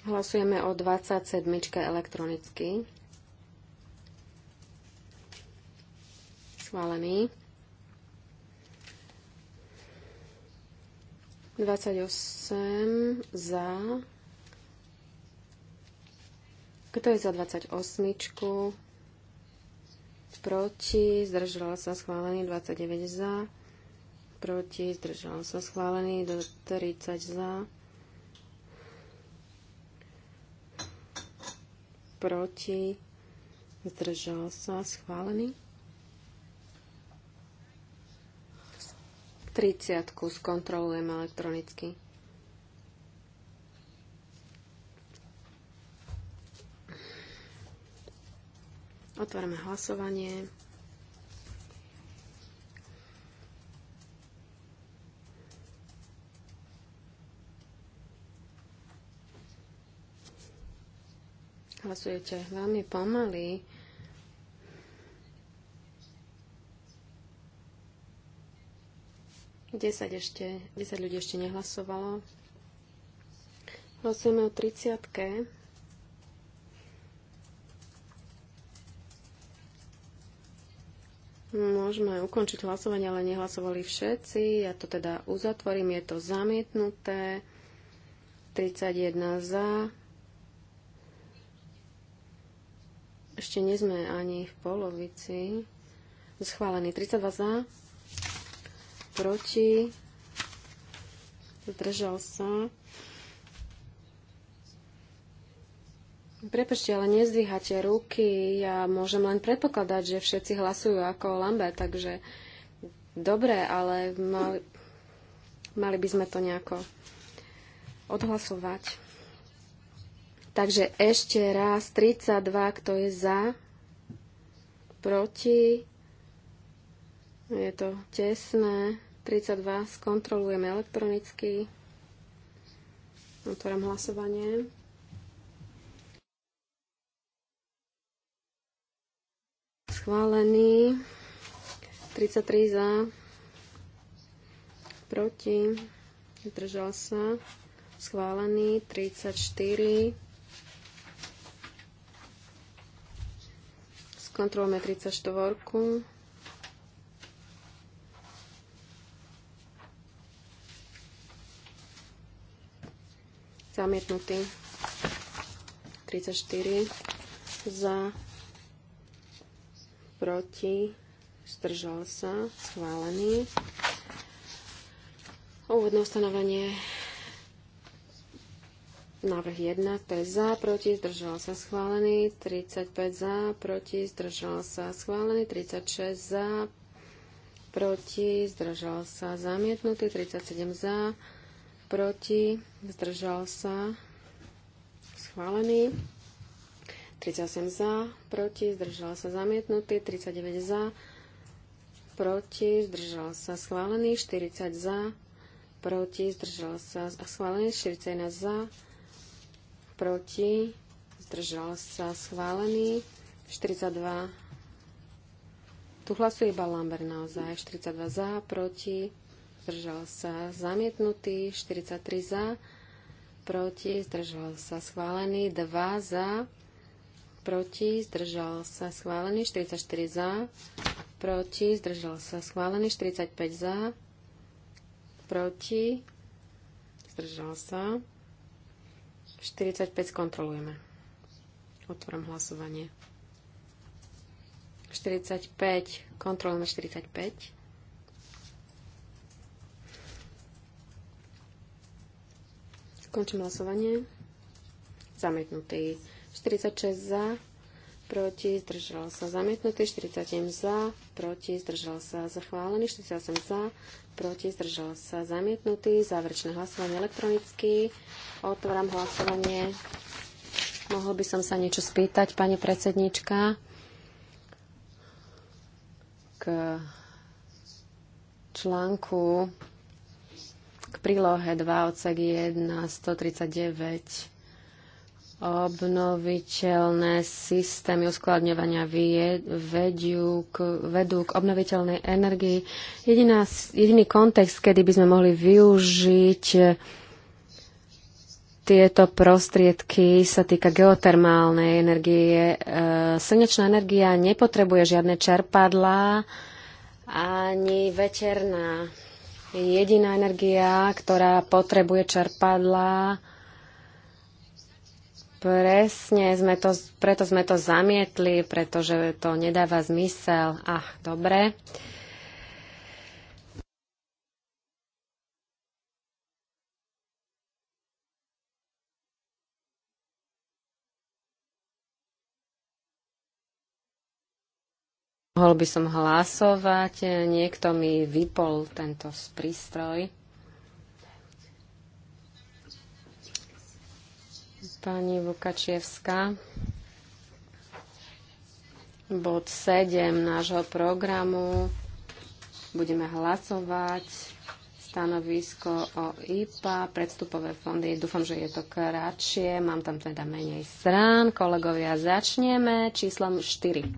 Hlasujeme o 27. elektronicky. Schválený. 28 za. Kto je za 28? proti, zdržala sa schválený, 29 za, proti, zdržala sa schválený, 30 za, proti, zdržal sa schválený. 30 skontrolujem elektronicky. Otvárame hlasovanie. Hlasujete veľmi pomaly. Desať ešte, Desať ľudí ešte nehlasovalo. Hlasujeme o 30. Môžeme ukončiť hlasovanie, ale nehlasovali všetci. Ja to teda uzatvorím. Je to zamietnuté. 31 za. Ešte nie sme ani v polovici. Schválený 32 za. Proti. Zdržal sa. Prepačte, ale nezdvíhate ruky. Ja môžem len predpokladať, že všetci hlasujú ako Lambe, takže dobre, ale mali, mali by sme to nejako odhlasovať. Takže ešte raz 32, kto je za, proti, je to tesné, 32 skontrolujeme elektronicky. Otváram hlasovanie. Schválený. 33 za. Proti. Zdržal sa. Schválený. 34. Skontrolujeme 34. Zamietnutý. 34 za proti, zdržal sa, schválený. Úvodné ustanovenie Návrh 1, to je za, proti, zdržal sa schválený, 35 za, proti, zdržal sa schválený, 36 za, proti, zdržal sa zamietnutý, 37 za, proti, zdržal sa schválený. 38 za, proti, zdržal sa zamietnutý, 39 za, proti, zdržal sa schválený, 40 za, proti, zdržal sa schválený, 41 za, proti, zdržal sa schválený, 42 tu hlasuje iba Lambert naozaj, 42 za, proti, zdržal sa zamietnutý, 43 za, proti, zdržal sa schválený, 2 za, proti, zdržal sa schválený, 44 za, proti, zdržal sa schválený, 45 za, proti, zdržal sa. 45 skontrolujeme. Otvorím hlasovanie. 45, kontrolujeme 45. Končím hlasovanie. Zamietnutý. 46 za, proti, zdržal sa zamietnutý, 47 za, proti, zdržal sa zachválený, 48 za, proti, zdržal sa zamietnutý, záverečné hlasovanie elektronicky, otváram hlasovanie. Mohol by som sa niečo spýtať, pani predsednička, k článku k prílohe 2 odsek 1 139 Obnoviteľné systémy uskladňovania vedú k, vedú k obnoviteľnej energii. Jediná, jediný kontext, kedy by sme mohli využiť tieto prostriedky sa týka geotermálnej energie. E, slnečná energia nepotrebuje žiadne čerpadlá ani veterná. Jediná energia, ktorá potrebuje čerpadlá, Presne, sme to, preto sme to zamietli, pretože to nedáva zmysel. Ach, dobre. Mohol by som hlasovať, niekto mi vypol tento prístroj. Pani Vukačievská. Bod 7 nášho programu. Budeme hlasovať stanovisko o IPA, predstupové fondy. Dúfam, že je to kratšie. Mám tam teda menej strán. Kolegovia, začneme číslom 4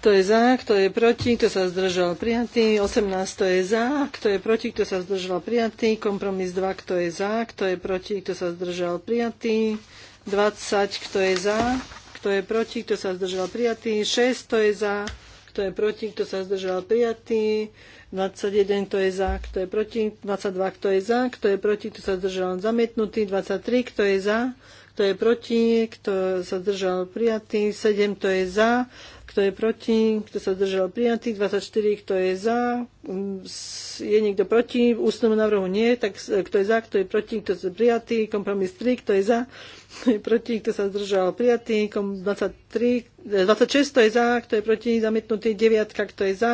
kto je za, kto je proti, kto sa zdržal prijatý, 18, kto je za, kto je proti, kto sa zdržal prijatý, kompromis 2, kto je za, kto je proti, kto sa zdržal prijatý, 20, kto je za, kto je proti, kto sa zdržal prijatý, 6, kto je za, kto je proti, kto sa zdržal prijatý, 21, kto je za, kto je proti, 22, kto je za, kto je proti, kto sa zdržal zamietnutý, 23, kto je za, kto je proti, kto sa zdržal prijatý, 7, kto je za, kto je proti, kto sa zdržal prijatý, 24, kto je za, je niekto proti, ústnom návrhu nie, tak kto je za, kto je proti, kto sa prijatý, kompromis 3, kto je za, kto je proti, kto sa zdržal prijatý, 23, 26, kto je za, kto je proti, zamietnutý, 9, kto je za,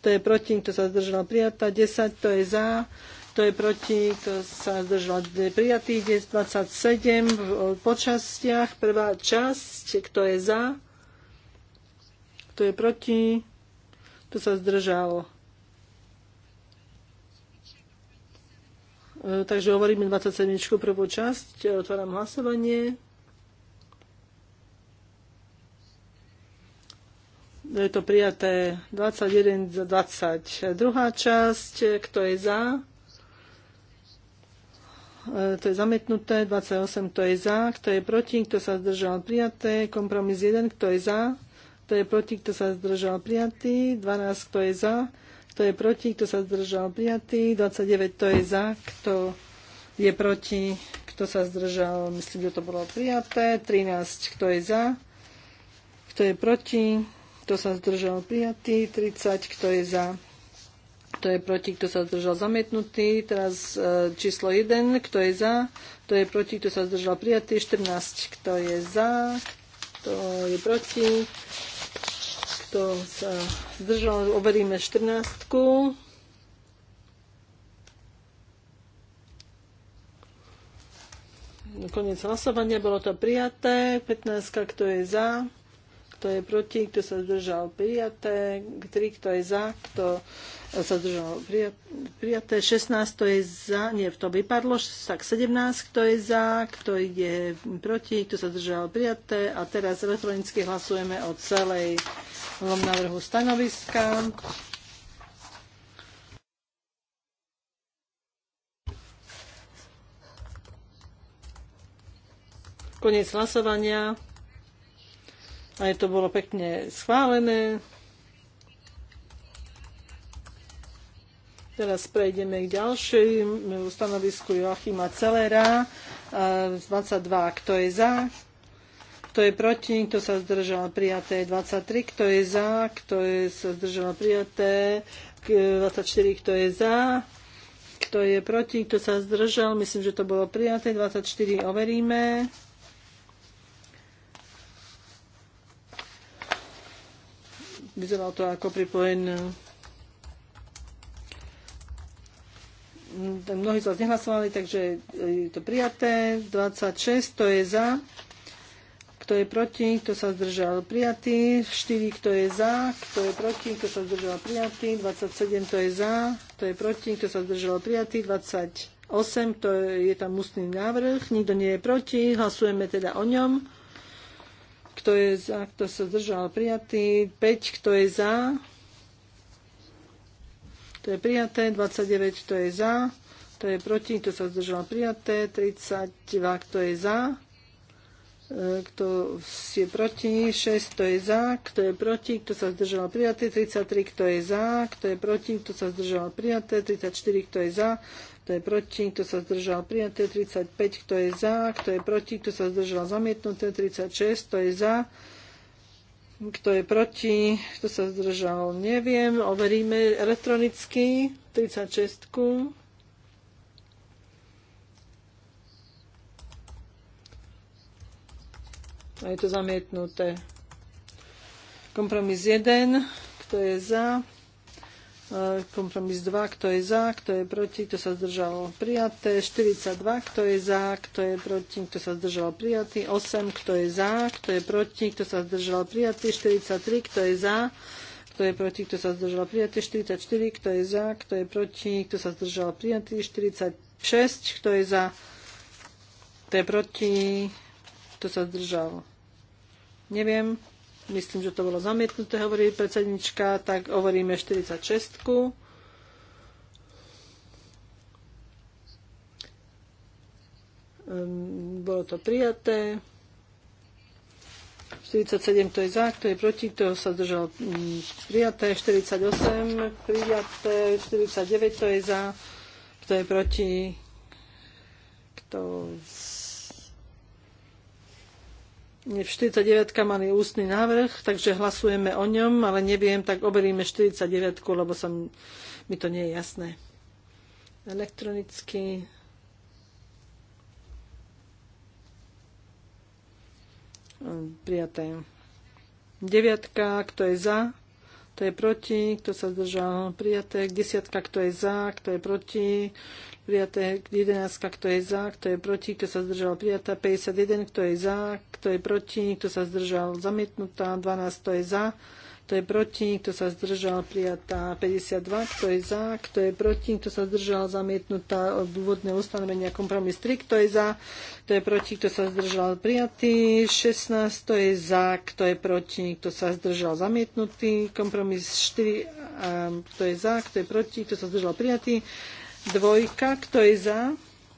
kto je proti, kto sa zdržal prijatá, 10, kto je za, kto je proti, kto sa zdržal prijatý, 27 v počastiach, prvá časť, kto je za, kto je proti? Kto sa zdržal? E, takže hovoríme 27. prvú časť. E, otváram hlasovanie. Je to prijaté 21 za 20. E, druhá časť. Kto je za? To je zametnuté. 28. Kto je za? Kto je proti? Kto sa zdržal? Prijaté. Kompromis 1. Kto je za? kto je proti, kto sa zdržal prijatý, 12, kto je za, kto je proti, kto sa zdržal prijatý, 29, kto je za, kto je proti, kto sa zdržal, myslím, že to bolo prijaté, 13, kto je za, kto je proti, kto sa zdržal prijatý, 30, kto je za, kto je proti, kto sa zdržal zamietnutý, teraz číslo 1, kto je za, kto je proti, kto sa zdržal prijatý, 14, kto je za, kto je proti, kto sa zdržal, overíme 14. Koniec hlasovania, bolo to prijaté. 15. Kto je za? kto je proti, kto sa zdržal prijaté, 3, kto je za, kto sa zdržal prijaté, 16, kto je za, nie, v tom vypadlo, tak 17, kto je za, kto ide proti, kto sa zdržal prijaté a teraz elektronicky hlasujeme o celej návrhu stanoviska. Koniec hlasovania. Aj to bolo pekne schválené. Teraz prejdeme k ďalšiemu stanovisku Joachima Celera. 22. Kto je za? Kto je proti? Kto sa zdržal? Prijaté 23. Kto je za? Kto je sa zdržal? Prijaté 24. Kto je za? Kto je proti? Kto sa zdržal? Myslím, že to bolo prijaté. 24. Overíme. vyzeralo to ako pripojen eh, mnohí z vás nehlasovali, takže eh, je to prijaté. 26, to je za. Kto je proti, kto sa zdržal prijatý. 4, kto je za, kto je proti, kto sa zdržal prijatý. 27, to je za, kto je proti, kto sa zdržal prijatý. 28, to je, je tam ústny návrh, nikto nie je proti, hlasujeme teda o ňom. Kto je za? Kto sa držal? Prijatý. 5. Kto je za? To je prijaté. 29. E, kto je za? Kto je proti? Kto sa zdržal? Prijaté. 32. Kto je za? Kto je proti? 6. Kto je za? Kto je proti? Kto sa zdržal? Prijaté. 33. Kto je za? Kto je proti? Kto sa zdržal? Prijaté. 34. Kto je za? kto je proti, kto sa zdržal prijaté, 35, kto je za, kto je proti, kto sa zdržal zamietnuté, 36, kto je za, kto je proti, kto sa zdržal, neviem, overíme elektronicky, 36. A je to zamietnuté. Kompromis 1, kto je za, kompromis 2, kto je za, kto je proti, kto sa zdržal prijaté, 42, kto je za, kto je proti, kto sa zdržal prijatý, 8, kto je za, kto je proti, kto sa zdržal prijatý, 43, kto je za, kto je proti, kto sa zdržal prijatý, 44, kto je za, kto je proti, kto sa zdržal prijatý, 46, kto je za, kto je proti, kto sa zdržal. Neviem. Myslím, že to bolo zamietnuté, hovorí predsednička, tak hovoríme 46. -ku. Bolo to prijaté. 47, to je za, to je proti, to sa zdržal prijaté, 48 prijaté, 49, to je za, kto je proti, kto 49 mali ústny návrh, takže hlasujeme o ňom, ale neviem, tak overíme 49, lebo som, mi to nie je jasné. Elektronicky. Prijaté. 9, kto je za, kto je proti, kto sa zdržal, prijaté. 10, kto je za, kto je proti, prijaté 11, kto je za, kto je proti, kto sa zdržal prijatá, 51, kto je za, kto je proti, kto sa zdržal zamietnutá, 12, kto je za, kto je proti, kto sa zdržal prijatá, 52, kto je za, kto je proti, kto sa zdržal zamietnutá, dôvodné ustanovenia kompromis 3, kto je za, kto je proti, kto sa zdržal prijatý, 16, kto je za, kto je proti, kto sa zdržal zamietnutý, kompromis 4, kto je za, kto je proti, kto sa zdržal prijatý, Dvojka, kto je za?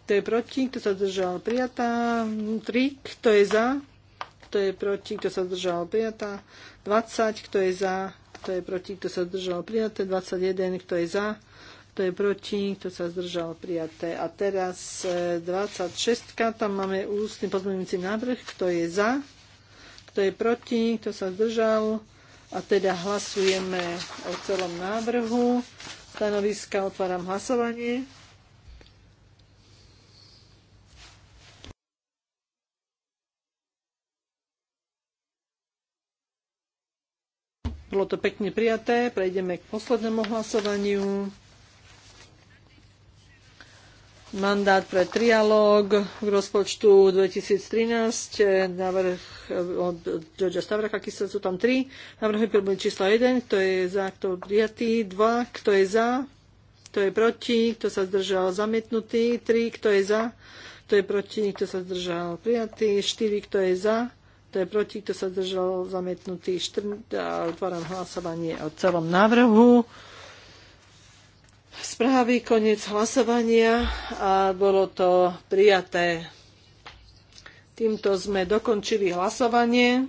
Kto je proti? Kto sa zdržal? Prijatá. tri, Kto je za? Kto je proti? Kto sa zdržal? Prijatá. 20. Kto je za? Kto je proti? Kto sa zdržal? Prijaté. 21. Kto je za? Kto je proti? Kto sa zdržal? Prijaté. A teraz 26. E, tam máme ústny pozmeňujúci návrh. Kto je za? Kto je proti? Kto sa zdržal? A teda hlasujeme o celom návrhu stanoviska. Otváram hlasovanie. Bolo to pekne prijaté. Prejdeme k poslednému hlasovaniu mandát pre trialóg k rozpočtu 2013, eh, návrh eh, od Georgia Stavraka, kysel sú tam tri, návrhy prvý číslo 1, kto je za, kto prijatý, 2, kto je za, kto je proti, kto sa zdržal zamietnutý, 3, kto je za, kto je proti, kto sa zdržal prijatý, 4, kto je za, kto je proti, kto sa zdržal zamietnutý, 4, a otváram hlasovanie o celom návrhu správy, koniec hlasovania a bolo to prijaté. Týmto sme dokončili hlasovanie.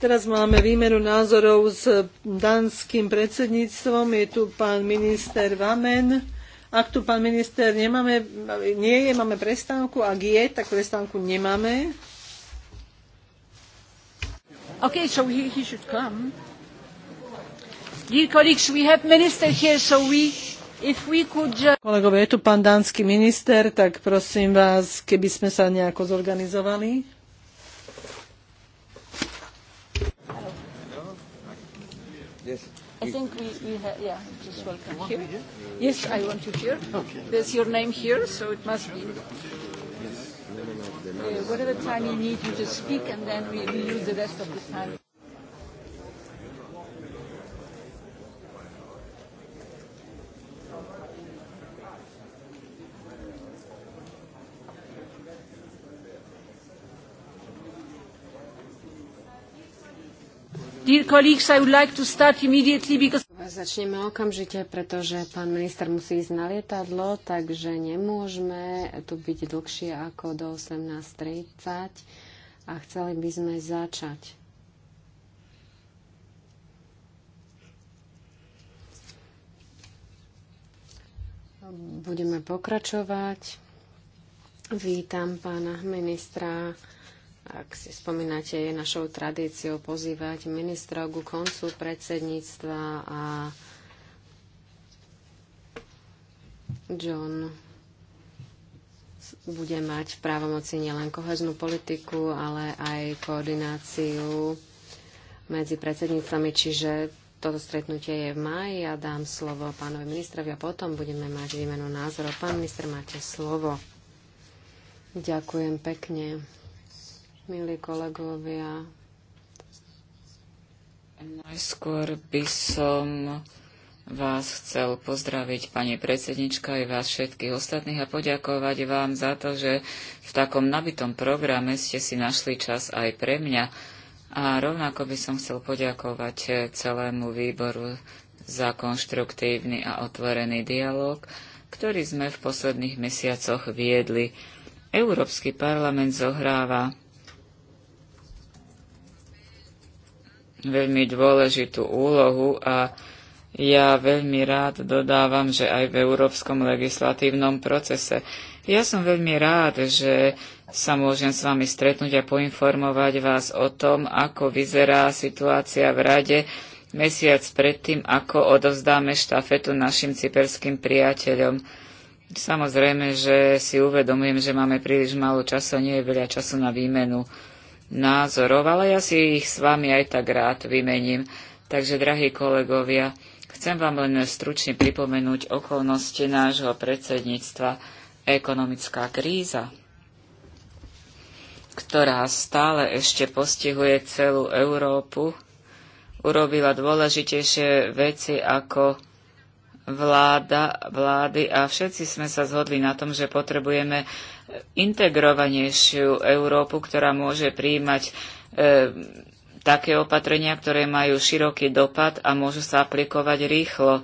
Teraz máme výmenu názorov s danským predsedníctvom. Je tu pán minister Vamen. Ak tu pán minister nemáme, nie je, máme prestávku. Ak je, tak prestávku nemáme. Okay, so he, he should come. Dear colleagues, we have minister here, so we, if we could... Just... Kolegové, je tu pán dánsky minister, tak prosím vás, keby sme sa nejako zorganizovali. Yes. I think we, we have, yeah, just welcome here. Yes, I want you here. There's your name here, so it must be... Uh, whatever time you need, you just speak, and then we, we use the rest of the time. Začneme okamžite, pretože pán minister musí ísť na lietadlo, takže nemôžeme tu byť dlhšie ako do 18.30 a chceli by sme začať. Budeme pokračovať. Vítam pána ministra ak si spomínate, je našou tradíciou pozývať ministrov ku koncu predsedníctva a John bude mať v právomoci nielen koheznú politiku, ale aj koordináciu medzi predsedníctvami, čiže toto stretnutie je v maji. a ja dám slovo pánovi ministrovi a potom budeme mať výmenu názorov. Pán minister, máte slovo. Ďakujem pekne. Milí kolegovia, najskôr by som vás chcel pozdraviť, pani predsednička, aj vás všetkých ostatných a poďakovať vám za to, že v takom nabitom programe ste si našli čas aj pre mňa. A rovnako by som chcel poďakovať celému výboru za konštruktívny a otvorený dialog, ktorý sme v posledných mesiacoch viedli. Európsky parlament zohráva veľmi dôležitú úlohu a ja veľmi rád dodávam, že aj v európskom legislatívnom procese. Ja som veľmi rád, že sa môžem s vami stretnúť a poinformovať vás o tom, ako vyzerá situácia v Rade mesiac predtým, ako odovzdáme štafetu našim cyperským priateľom. Samozrejme, že si uvedomujem, že máme príliš málo času a nie je veľa času na výmenu názorov, ale ja si ich s vami aj tak rád vymením. Takže, drahí kolegovia, chcem vám len stručne pripomenúť okolnosti nášho predsedníctva ekonomická kríza, ktorá stále ešte postihuje celú Európu, urobila dôležitejšie veci ako vláda, vlády a všetci sme sa zhodli na tom, že potrebujeme integrovanejšiu Európu, ktorá môže príjmať e, také opatrenia, ktoré majú široký dopad a môžu sa aplikovať rýchlo.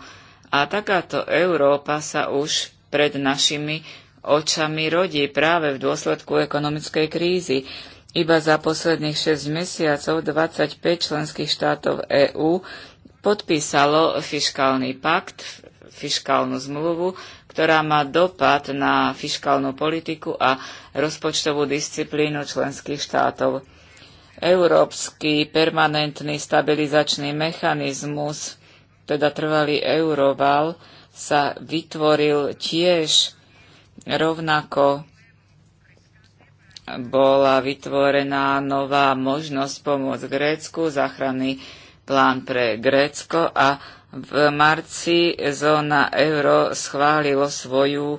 A takáto Európa sa už pred našimi očami rodí práve v dôsledku ekonomickej krízy. Iba za posledných 6 mesiacov 25 členských štátov EÚ podpísalo fiškálny pakt, fiškálnu zmluvu, ktorá má dopad na fiskálnu politiku a rozpočtovú disciplínu členských štátov. Európsky permanentný stabilizačný mechanizmus, teda trvalý euroval, sa vytvoril tiež rovnako bola vytvorená nová možnosť pomôcť Grécku, záchranný plán pre Grécko a v marci zóna euro schválilo svoju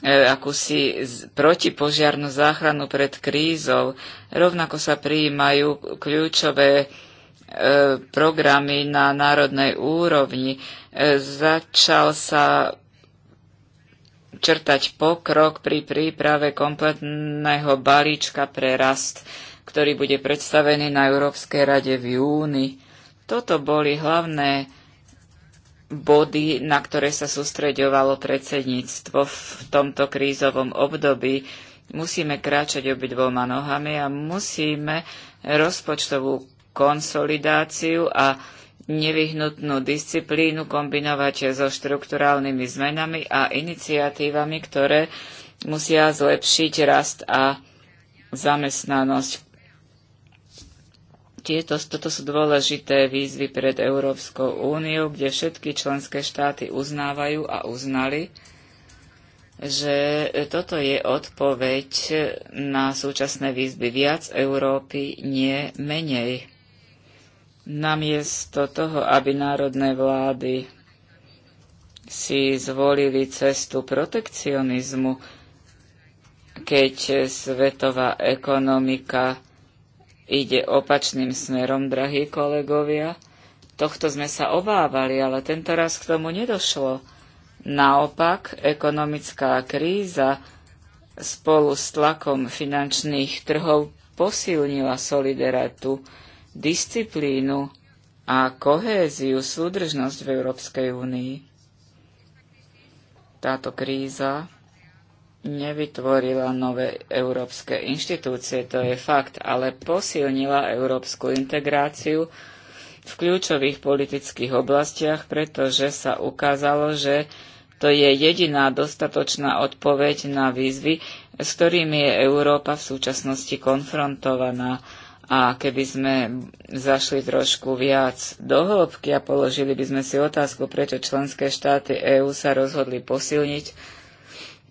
e, akúsi protipožiarnú záchranu pred krízou. Rovnako sa prijímajú kľúčové e, programy na národnej úrovni. E, začal sa črtať pokrok pri príprave kompletného balíčka pre rast, ktorý bude predstavený na Európskej rade v júni. Toto boli hlavné body, na ktoré sa sústreďovalo predsedníctvo v tomto krízovom období. Musíme kráčať obidvoma nohami a musíme rozpočtovú konsolidáciu a nevyhnutnú disciplínu kombinovať so štrukturálnymi zmenami a iniciatívami, ktoré musia zlepšiť rast a zamestnanosť tieto, toto sú dôležité výzvy pred Európskou úniou, kde všetky členské štáty uznávajú a uznali, že toto je odpoveď na súčasné výzvy viac Európy, nie menej. Namiesto toho, aby národné vlády si zvolili cestu protekcionizmu, keď svetová ekonomika ide opačným smerom, drahí kolegovia. Tohto sme sa obávali, ale tento raz k tomu nedošlo. Naopak, ekonomická kríza spolu s tlakom finančných trhov posilnila solidaritu, disciplínu a kohéziu, súdržnosť v Európskej únii. Táto kríza nevytvorila nové európske inštitúcie, to je fakt, ale posilnila európsku integráciu v kľúčových politických oblastiach, pretože sa ukázalo, že to je jediná dostatočná odpoveď na výzvy, s ktorými je Európa v súčasnosti konfrontovaná. A keby sme zašli trošku viac do hĺbky a položili by sme si otázku, prečo členské štáty EÚ sa rozhodli posilniť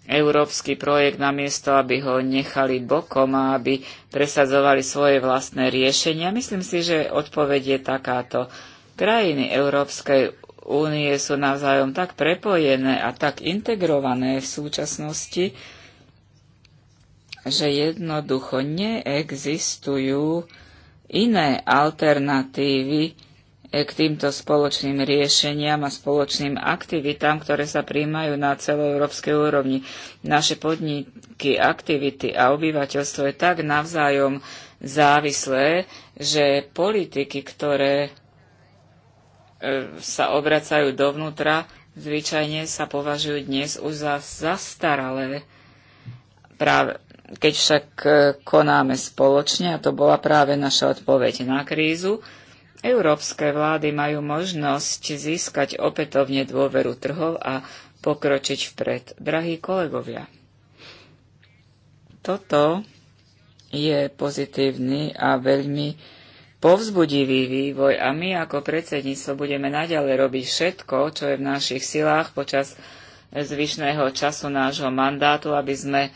európsky projekt namiesto, aby ho nechali bokom a aby presadzovali svoje vlastné riešenia? Myslím si, že odpoveď je takáto. Krajiny Európskej únie sú navzájom tak prepojené a tak integrované v súčasnosti, že jednoducho neexistujú iné alternatívy k týmto spoločným riešeniam a spoločným aktivitám, ktoré sa príjmajú na celoeurópskej úrovni. Naše podniky, aktivity a obyvateľstvo je tak navzájom závislé, že politiky, ktoré e, sa obracajú dovnútra, zvyčajne sa považujú dnes už za zastaralé. Práve, keď však e, konáme spoločne, a to bola práve naša odpoveď na krízu, Európske vlády majú možnosť získať opätovne dôveru trhov a pokročiť vpred. Drahí kolegovia, toto je pozitívny a veľmi povzbudivý vývoj a my ako predsedníctvo budeme naďalej robiť všetko, čo je v našich silách počas zvyšného času nášho mandátu, aby sme e,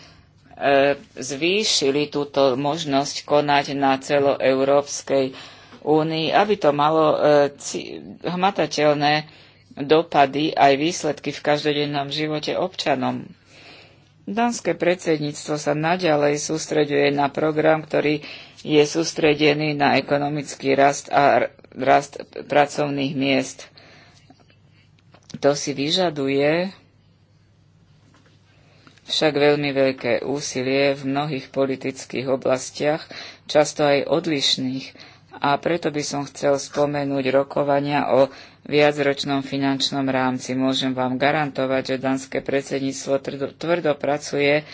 zvýšili túto možnosť konať na celoeurópskej únii, aby to malo e, hmatateľné dopady aj výsledky v každodennom živote občanom. Dánske predsedníctvo sa naďalej sústreďuje na program, ktorý je sústredený na ekonomický rast a rast pracovných miest. To si vyžaduje však veľmi veľké úsilie v mnohých politických oblastiach, často aj odlišných, a preto by som chcel spomenúť rokovania o viacročnom finančnom rámci. Môžem vám garantovať, že danské predsedníctvo tvrdo, pracuje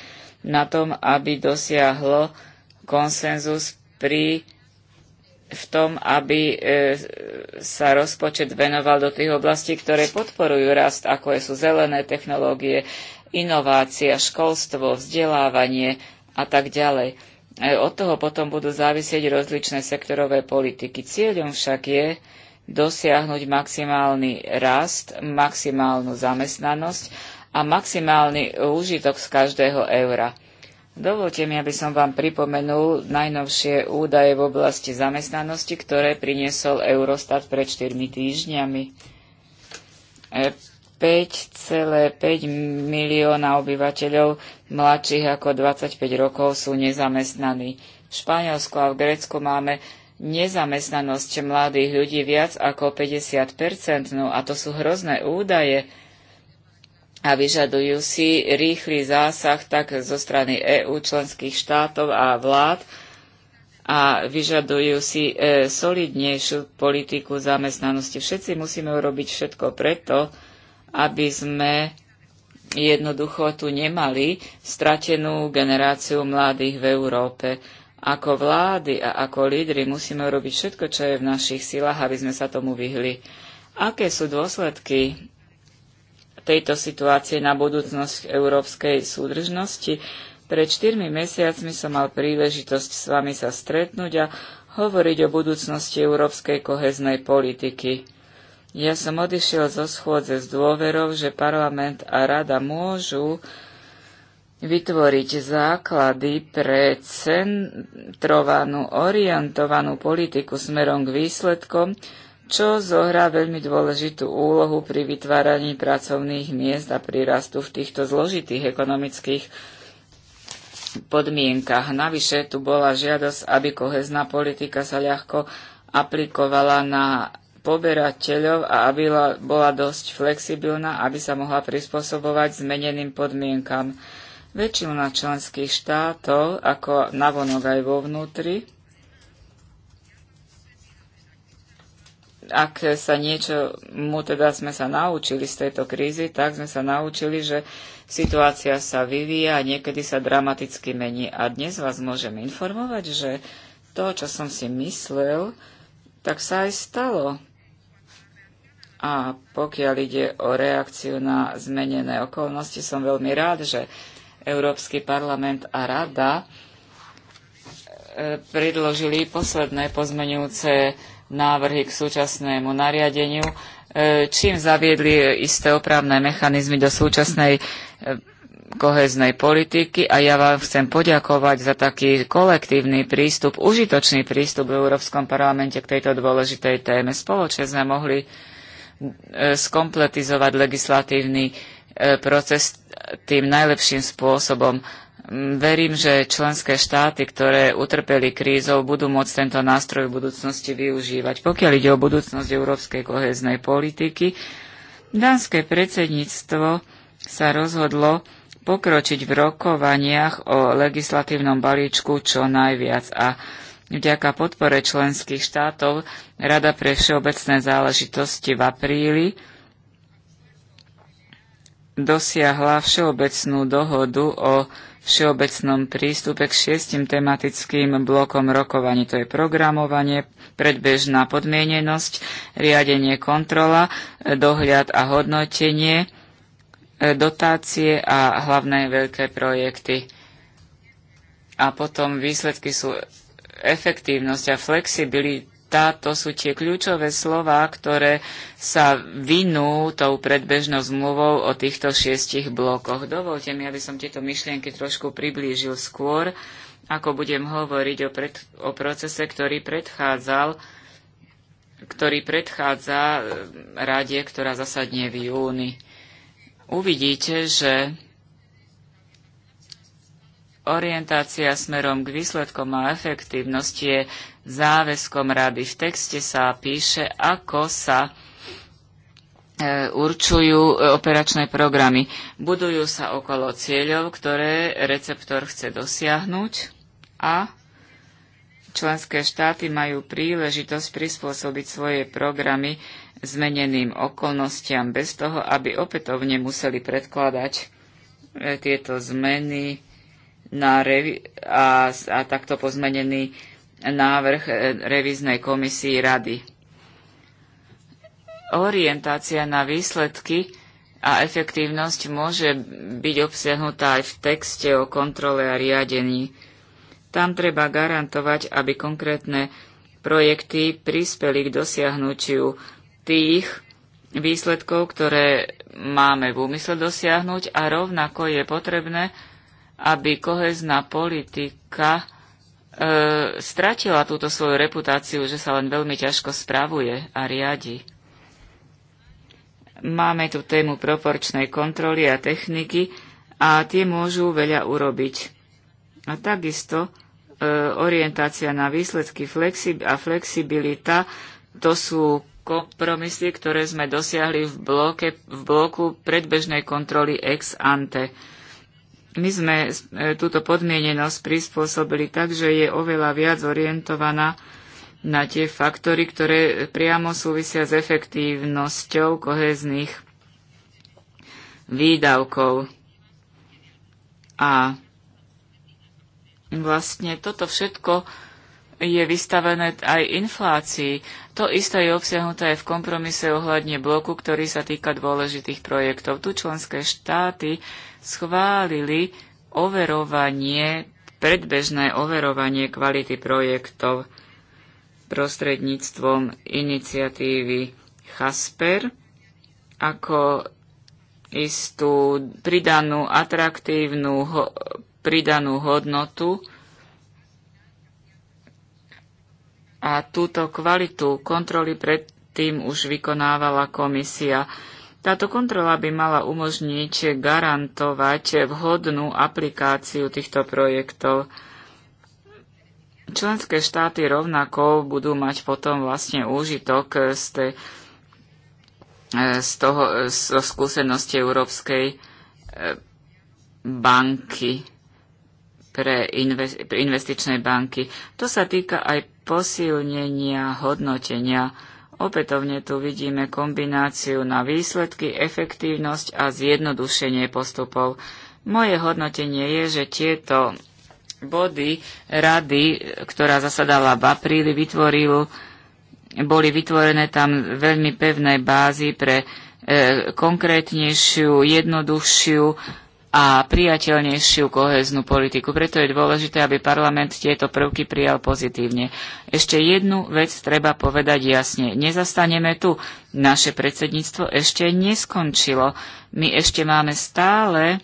na tom, aby dosiahlo konsenzus pri v tom, aby e, sa rozpočet venoval do tých oblastí, ktoré podporujú rast, ako sú zelené technológie, inovácia, školstvo, vzdelávanie a tak ďalej od toho potom budú závisieť rozličné sektorové politiky. Cieľom však je dosiahnuť maximálny rast, maximálnu zamestnanosť a maximálny úžitok z každého eura. Dovolte mi, aby som vám pripomenul najnovšie údaje v oblasti zamestnanosti, ktoré priniesol Eurostat pred 4 týždňami. E, 5,5 milióna obyvateľov mladších ako 25 rokov sú nezamestnaní. V Španielsku a v Grécku máme nezamestnanosť mladých ľudí viac ako 50 no a to sú hrozné údaje a vyžadujú si rýchly zásah tak zo strany EÚ, členských štátov a vlád a vyžadujú si e, solidnejšiu politiku zamestnanosti. Všetci musíme urobiť všetko preto, aby sme jednoducho tu nemali stratenú generáciu mladých v Európe. Ako vlády a ako lídry musíme robiť všetko, čo je v našich silách, aby sme sa tomu vyhli. Aké sú dôsledky tejto situácie na budúcnosť európskej súdržnosti? Pred čtyrmi mesiacmi som mal príležitosť s vami sa stretnúť a hovoriť o budúcnosti európskej koheznej politiky. Ja som odišiel zo schôdze s dôverou, že parlament a rada môžu vytvoriť základy pre centrovanú, orientovanú politiku smerom k výsledkom, čo zohrá veľmi dôležitú úlohu pri vytváraní pracovných miest a prirastu v týchto zložitých ekonomických podmienkach. Navyše tu bola žiadosť, aby kohezná politika sa ľahko aplikovala na poberateľov a aby bola dosť flexibilná, aby sa mohla prispôsobovať zmeneným podmienkam. Väčšina členských štátov, ako navonok aj vo vnútri, ak sa niečo mu teda sme sa naučili z tejto krízy, tak sme sa naučili, že situácia sa vyvíja a niekedy sa dramaticky mení. A dnes vás môžem informovať, že to, čo som si myslel, tak sa aj stalo. A pokiaľ ide o reakciu na zmenené okolnosti, som veľmi rád, že Európsky parlament a Rada e, predložili posledné pozmenujúce návrhy k súčasnému nariadeniu, e, čím zaviedli isté opravné mechanizmy do súčasnej e, koheznej politiky a ja vám chcem poďakovať za taký kolektívny prístup, užitočný prístup v Európskom parlamente k tejto dôležitej téme. Spoločne sme mohli E, skompletizovať legislatívny e, proces tým najlepším spôsobom. Mm, verím, že členské štáty, ktoré utrpeli krízou, budú môcť tento nástroj v budúcnosti využívať. Pokiaľ ide o budúcnosť európskej koheznej politiky, dánske predsedníctvo sa rozhodlo pokročiť v rokovaniach o legislatívnom balíčku čo najviac a Vďaka podpore členských štátov Rada pre všeobecné záležitosti v apríli dosiahla všeobecnú dohodu o všeobecnom prístupe k šiestim tematickým blokom rokovaní. To je programovanie, predbežná podmienenosť, riadenie kontrola, dohľad a hodnotenie, dotácie a hlavné veľké projekty. A potom výsledky sú efektívnosť a flexibilita, to sú tie kľúčové slova, ktoré sa vinú tou predbežnou zmluvou o týchto šiestich blokoch. Dovolte mi, aby som tieto myšlienky trošku priblížil skôr, ako budem hovoriť o, pred, o procese, ktorý predchádzal ktorý predchádza eh, rade, ktorá zasadne v júni. Uvidíte, že Orientácia smerom k výsledkom a efektívnosti je záväzkom rady. V texte sa píše, ako sa e, určujú e, operačné programy. Budujú sa okolo cieľov, ktoré receptor chce dosiahnuť a členské štáty majú príležitosť prispôsobiť svoje programy zmeneným okolnostiam bez toho, aby opätovne museli predkladať e, tieto zmeny na revi- a, a takto pozmenený návrh e, revíznej komisii rady. Orientácia na výsledky a efektívnosť môže byť obsiahnutá aj v texte o kontrole a riadení. Tam treba garantovať, aby konkrétne projekty prispeli k dosiahnutiu tých výsledkov, ktoré máme v úmysle dosiahnuť a rovnako je potrebné, aby kohezná politika e, stratila túto svoju reputáciu, že sa len veľmi ťažko spravuje a riadi. Máme tu tému proporčnej kontroly a techniky a tie môžu veľa urobiť. A takisto e, orientácia na výsledky flexib- a flexibilita to sú kompromisy, ktoré sme dosiahli v, bloke, v bloku predbežnej kontroly ex ante my sme e, túto podmienenosť prispôsobili tak, že je oveľa viac orientovaná na tie faktory, ktoré priamo súvisia s efektívnosťou kohezných výdavkov. A vlastne toto všetko je vystavené aj inflácii. To isté je obsiahnuté aj v kompromise ohľadne bloku, ktorý sa týka dôležitých projektov. Tu členské štáty schválili overovanie, predbežné overovanie kvality projektov prostredníctvom iniciatívy Hasper ako istú pridanú atraktívnu ho, pridanú hodnotu A túto kvalitu kontroly predtým už vykonávala komisia. Táto kontrola by mala umožniť garantovať vhodnú aplikáciu týchto projektov. Členské štáty rovnako budú mať potom vlastne úžitok z, te, z toho z skúsenosti Európskej e, banky pre, investičnej pre investičné banky. To sa týka aj posilnenia hodnotenia. Opätovne tu vidíme kombináciu na výsledky, efektívnosť a zjednodušenie postupov. Moje hodnotenie je, že tieto body rady, ktorá zasadala v apríli, vytvorilo, boli vytvorené tam veľmi pevné bázy pre e, konkrétnejšiu, jednoduchšiu a priateľnejšiu koheznú politiku. Preto je dôležité, aby parlament tieto prvky prijal pozitívne. Ešte jednu vec treba povedať jasne. Nezastaneme tu. Naše predsedníctvo ešte neskončilo. My ešte máme stále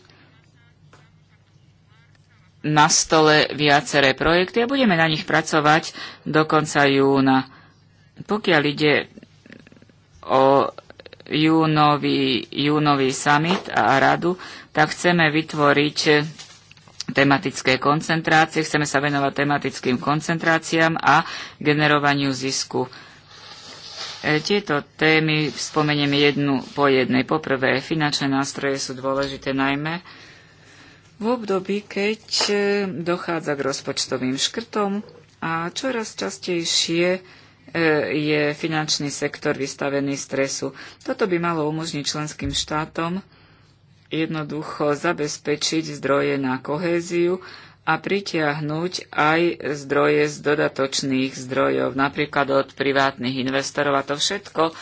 na stole viaceré projekty a budeme na nich pracovať do konca júna. Pokiaľ ide o júnový, júnový summit a radu, tak chceme vytvoriť tematické koncentrácie, chceme sa venovať tematickým koncentráciám a generovaniu zisku. E, tieto témy spomeniem jednu po jednej. Poprvé, finančné nástroje sú dôležité najmä v období, keď e, dochádza k rozpočtovým škrtom a čoraz častejšie e, je finančný sektor vystavený stresu. Toto by malo umožniť členským štátom jednoducho zabezpečiť zdroje na kohéziu a pritiahnuť aj zdroje z dodatočných zdrojov, napríklad od privátnych investorov a to všetko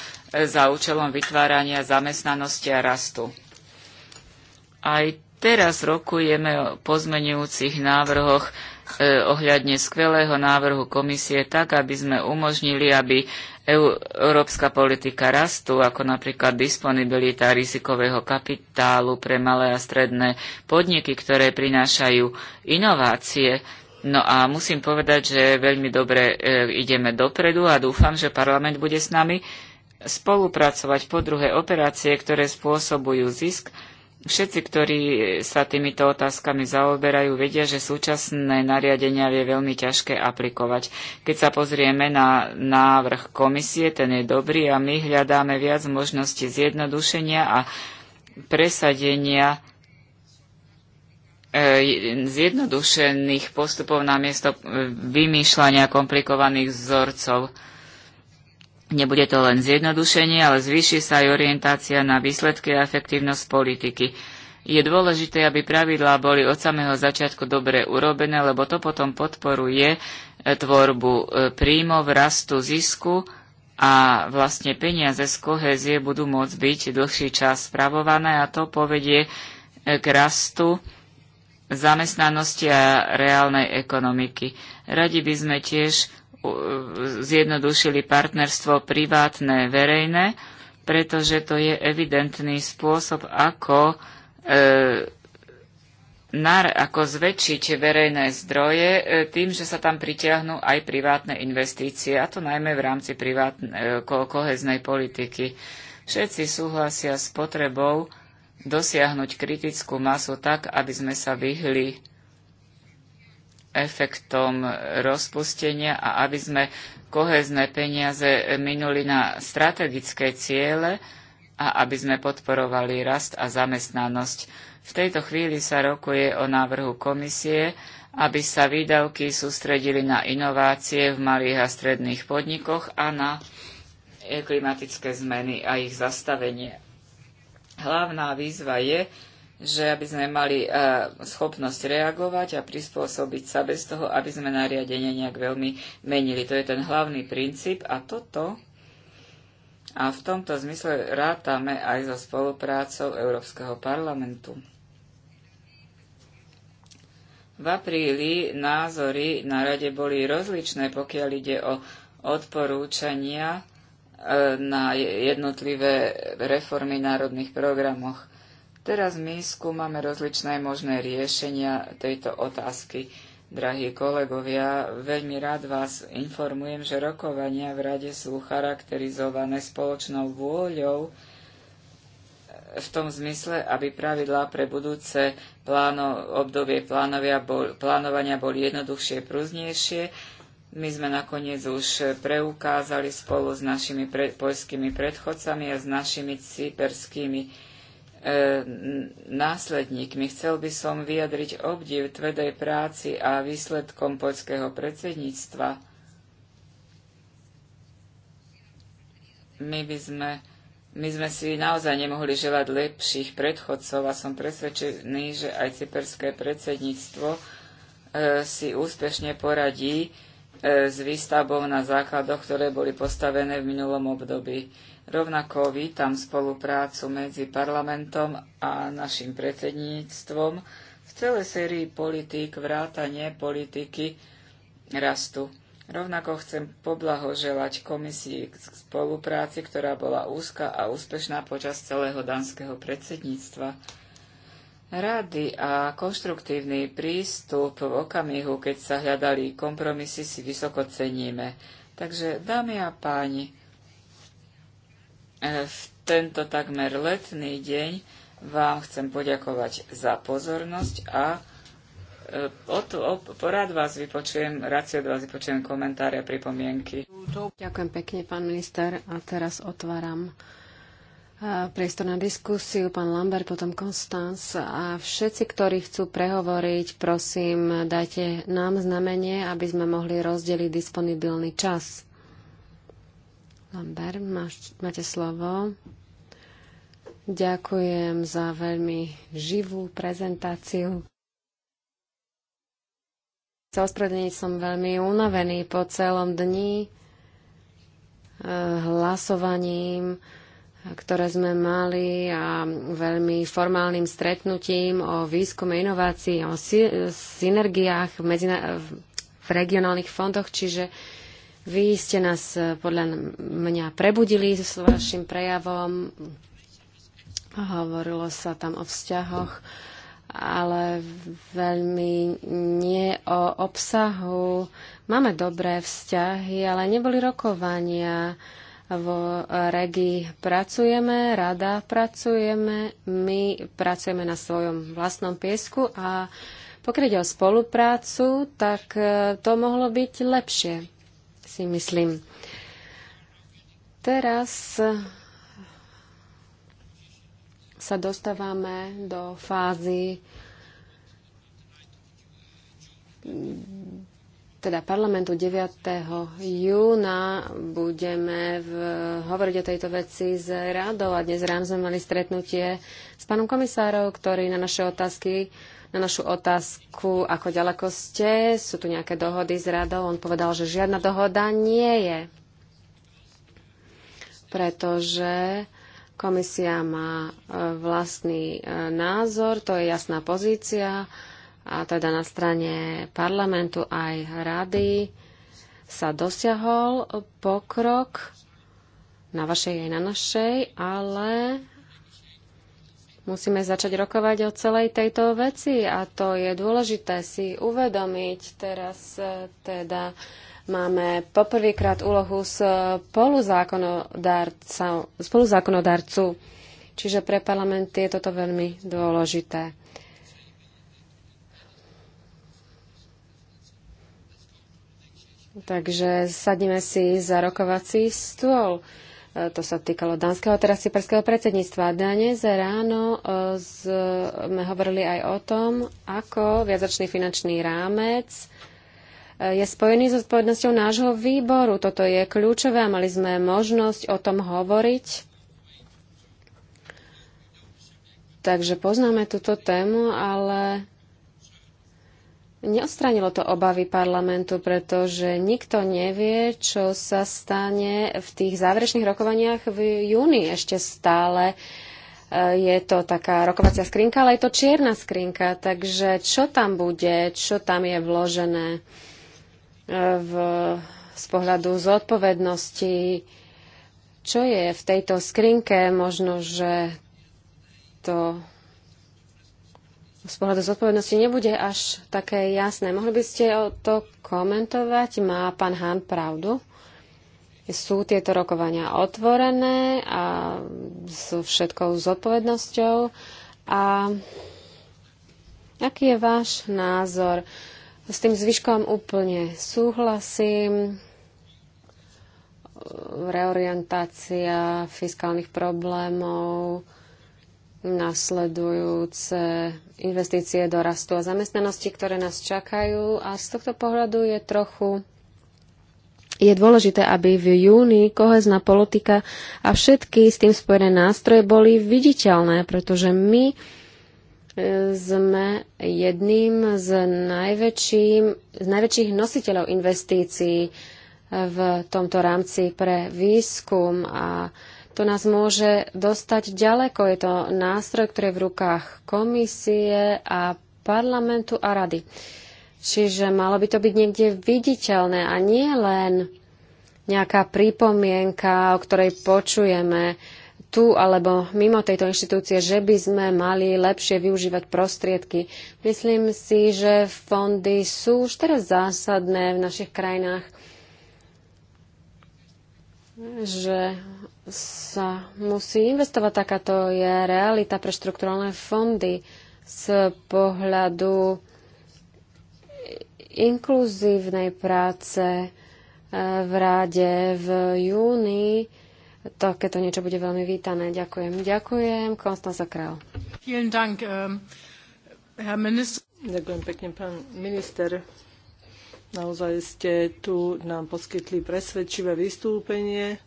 za účelom vytvárania zamestnanosti a rastu. Aj teraz rokujeme o pozmenujúcich návrhoch E, ohľadne skvelého návrhu komisie tak, aby sme umožnili, aby európska politika rastu, ako napríklad disponibilita rizikového kapitálu pre malé a stredné podniky, ktoré prinášajú inovácie. No a musím povedať, že veľmi dobre e, ideme dopredu a dúfam, že parlament bude s nami spolupracovať. Po druhé, operácie, ktoré spôsobujú zisk, Všetci, ktorí sa týmito otázkami zaoberajú, vedia, že súčasné nariadenia je veľmi ťažké aplikovať. Keď sa pozrieme na návrh komisie, ten je dobrý a my hľadáme viac možností zjednodušenia a presadenia e, zjednodušených postupov namiesto e, vymýšľania komplikovaných vzorcov. Nebude to len zjednodušenie, ale zvýši sa aj orientácia na výsledky a efektívnosť politiky. Je dôležité, aby pravidlá boli od samého začiatku dobre urobené, lebo to potom podporuje e, tvorbu e, príjmov, rastu, zisku a vlastne peniaze z kohézie budú môcť byť dlhší čas spravované a to povedie e, k rastu zamestnanosti a reálnej ekonomiky. Radi by sme tiež zjednodušili partnerstvo privátne verejné, pretože to je evidentný spôsob, ako, e, nar, ako zväčšiť verejné zdroje e, tým, že sa tam pritiahnú aj privátne investície, a to najmä v rámci privátne, e, ko- koheznej politiky. Všetci súhlasia s potrebou dosiahnuť kritickú masu tak, aby sme sa vyhli efektom rozpustenia a aby sme kohezné peniaze minuli na strategické ciele a aby sme podporovali rast a zamestnanosť. V tejto chvíli sa rokuje o návrhu komisie, aby sa výdavky sústredili na inovácie v malých a stredných podnikoch a na klimatické zmeny a ich zastavenie. Hlavná výzva je, že aby sme mali e, schopnosť reagovať a prispôsobiť sa bez toho, aby sme nariadenie nejak veľmi menili. To je ten hlavný princíp a toto a v tomto zmysle rátame aj so spoluprácou Európskeho parlamentu. V apríli názory na rade boli rozličné, pokiaľ ide o odporúčania e, na jednotlivé reformy národných programoch. Teraz my skúmame rozličné možné riešenia tejto otázky. Drahí kolegovia, veľmi rád vás informujem, že rokovania v Rade sú charakterizované spoločnou vôľou v tom zmysle, aby pravidlá pre budúce pláno, obdobie bol, plánovania boli jednoduchšie, prúznejšie. My sme nakoniec už preukázali spolu s našimi pre, poľskými predchodcami a s našimi cyperskými E, následníkmi. Chcel by som vyjadriť obdiv tvrdej práci a výsledkom poľského predsedníctva. My by sme, my sme si naozaj nemohli želať lepších predchodcov a som presvedčený, že aj cyperské predsedníctvo e, si úspešne poradí E, s výstavbou na základoch, ktoré boli postavené v minulom období. Rovnako vítam spoluprácu medzi parlamentom a našim predsedníctvom v celej sérii politík vrátanie politiky rastu. Rovnako chcem poblahoželať komisii k spolupráci, ktorá bola úzka a úspešná počas celého danského predsedníctva. Rady a konštruktívny prístup v okamihu, keď sa hľadali kompromisy, si vysoko ceníme. Takže, dámy a páni, eh, v tento takmer letný deň vám chcem poďakovať za pozornosť a eh, porad vás vypočujem, rád si od vás vypočujem komentáre a pripomienky. Ďakujem pekne, pán minister, a teraz otváram priestor na diskusiu, pán Lambert, potom Konstanc a všetci, ktorí chcú prehovoriť, prosím, dajte nám znamenie, aby sme mohli rozdeliť disponibilný čas. Lambert, máš, máte slovo. Ďakujem za veľmi živú prezentáciu. Chcel som veľmi unavený po celom dni eh, hlasovaním ktoré sme mali a veľmi formálnym stretnutím o výskume inovácií, o sy- synergiách v, medzina- v regionálnych fondoch, čiže vy ste nás podľa mňa prebudili s vašim prejavom. Hovorilo sa tam o vzťahoch, ale veľmi nie o obsahu. Máme dobré vzťahy, ale neboli rokovania v regii pracujeme, rada pracujeme, my pracujeme na svojom vlastnom piesku a pokiaľ ide o spoluprácu, tak e, to mohlo byť lepšie, si myslím. Teraz e, sa dostávame do fázy teda parlamentu 9. júna budeme v, hovoriť o tejto veci s radou a dnes ráno sme mali stretnutie s pánom komisárov, ktorý na naše otázky na našu otázku, ako ďaleko ste, sú tu nejaké dohody s radou. On povedal, že žiadna dohoda nie je, pretože komisia má e, vlastný e, názor, to je jasná pozícia a teda na strane parlamentu aj rady sa dosiahol pokrok na vašej aj na našej, ale musíme začať rokovať o celej tejto veci a to je dôležité si uvedomiť. Teraz e, teda máme poprvýkrát úlohu spoluzákonodarcu, spoluzákonodarcu, čiže pre parlament je toto veľmi dôležité. Takže sadíme si za rokovací stôl. E, to sa týkalo dánskeho, teraz cyperského predsedníctva. Dnes ráno e, sme hovorili aj o tom, ako viacročný finančný rámec e, je spojený so spovednosťou nášho výboru. Toto je kľúčové a mali sme možnosť o tom hovoriť. Takže poznáme túto tému, ale Neodstránilo to obavy parlamentu, pretože nikto nevie, čo sa stane v tých záverečných rokovaniach v júni. Ešte stále e, je to taká rokovacia skrinka, ale je to čierna skrinka, takže čo tam bude, čo tam je vložené e, v, z pohľadu zodpovednosti, čo je v tejto skrinke, možno, že to z pohľadu zodpovednosti nebude až také jasné. Mohli by ste o to komentovať? Má pán Hán pravdu? Sú tieto rokovania otvorené a s všetkou zodpovednosťou? A aký je váš názor? S tým zvyškom úplne súhlasím. Reorientácia fiskálnych problémov, nasledujúce investície do rastu a zamestnanosti, ktoré nás čakajú. A z tohto pohľadu je trochu je dôležité, aby v júni kohezná politika a všetky s tým spojené nástroje boli viditeľné, pretože my e, sme jedným z, najväčším, z najväčších nositeľov investícií v tomto rámci pre výskum a to nás môže dostať ďaleko. Je to nástroj, ktorý je v rukách komisie a parlamentu a rady. Čiže malo by to byť niekde viditeľné a nie len nejaká pripomienka, o ktorej počujeme tu alebo mimo tejto inštitúcie, že by sme mali lepšie využívať prostriedky. Myslím si, že fondy sú už teraz zásadné v našich krajinách, že sa musí investovať. Takáto je realita pre štrukturálne fondy z pohľadu inkluzívnej práce eh, v ráde v júni. Takéto niečo bude veľmi vítané. Ďakujem. Ďakujem. Konstanza Král. Ehm, Ďakujem pekne, pán minister. Naozaj ste tu nám poskytli presvedčivé vystúpenie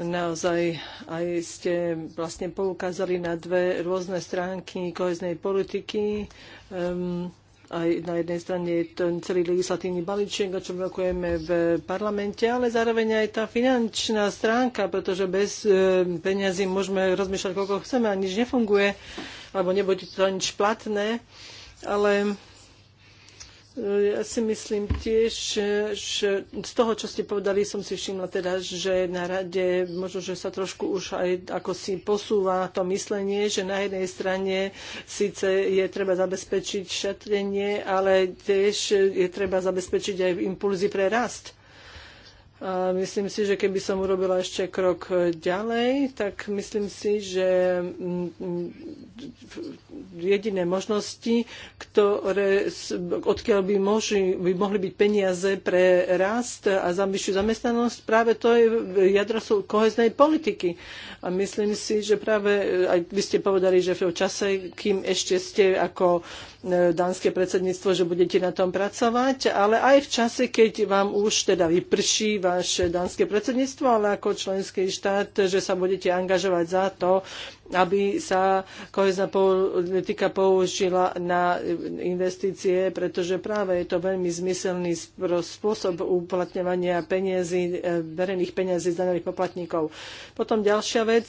naozaj aj ste vlastne poukázali na dve rôzne stránky koheznej politiky. Um, aj na jednej strane je ten celý legislatívny balíček, o čom rokujeme v parlamente, ale zároveň aj tá finančná stránka, pretože bez e, peňazí môžeme rozmýšľať, koľko chceme a nič nefunguje, alebo nebude to nič platné. Ale E, ja si myslím tiež, e, že z toho, čo ste povedali, som si všimla teda, že na rade možno, že sa trošku už aj ako si posúva to myslenie, že na jednej strane síce je treba zabezpečiť šetrenie, ale tiež je treba zabezpečiť aj impulzy pre rast myslím si, že keby som urobila ešte krok ďalej, tak myslím si, že mm, jediné možnosti, ktoré, odkiaľ by, moži, by mohli byť peniaze pre rast a za vyššiu zamestnanosť, práve to je jadro koheznej politiky. A myslím si, že práve aj vy ste povedali, že v čase, kým ešte ste ako E, dánske predsedníctvo, že budete na tom pracovať, ale aj v čase, keď vám už teda vyprší vaše dánske predsedníctvo, ale ako členský štát, že sa budete angažovať za to, aby sa kohezná politika použila na investície, pretože práve je to veľmi zmyselný spôsob uplatňovania peniazy, e, verejných peniazí z daných poplatníkov. Potom ďalšia vec,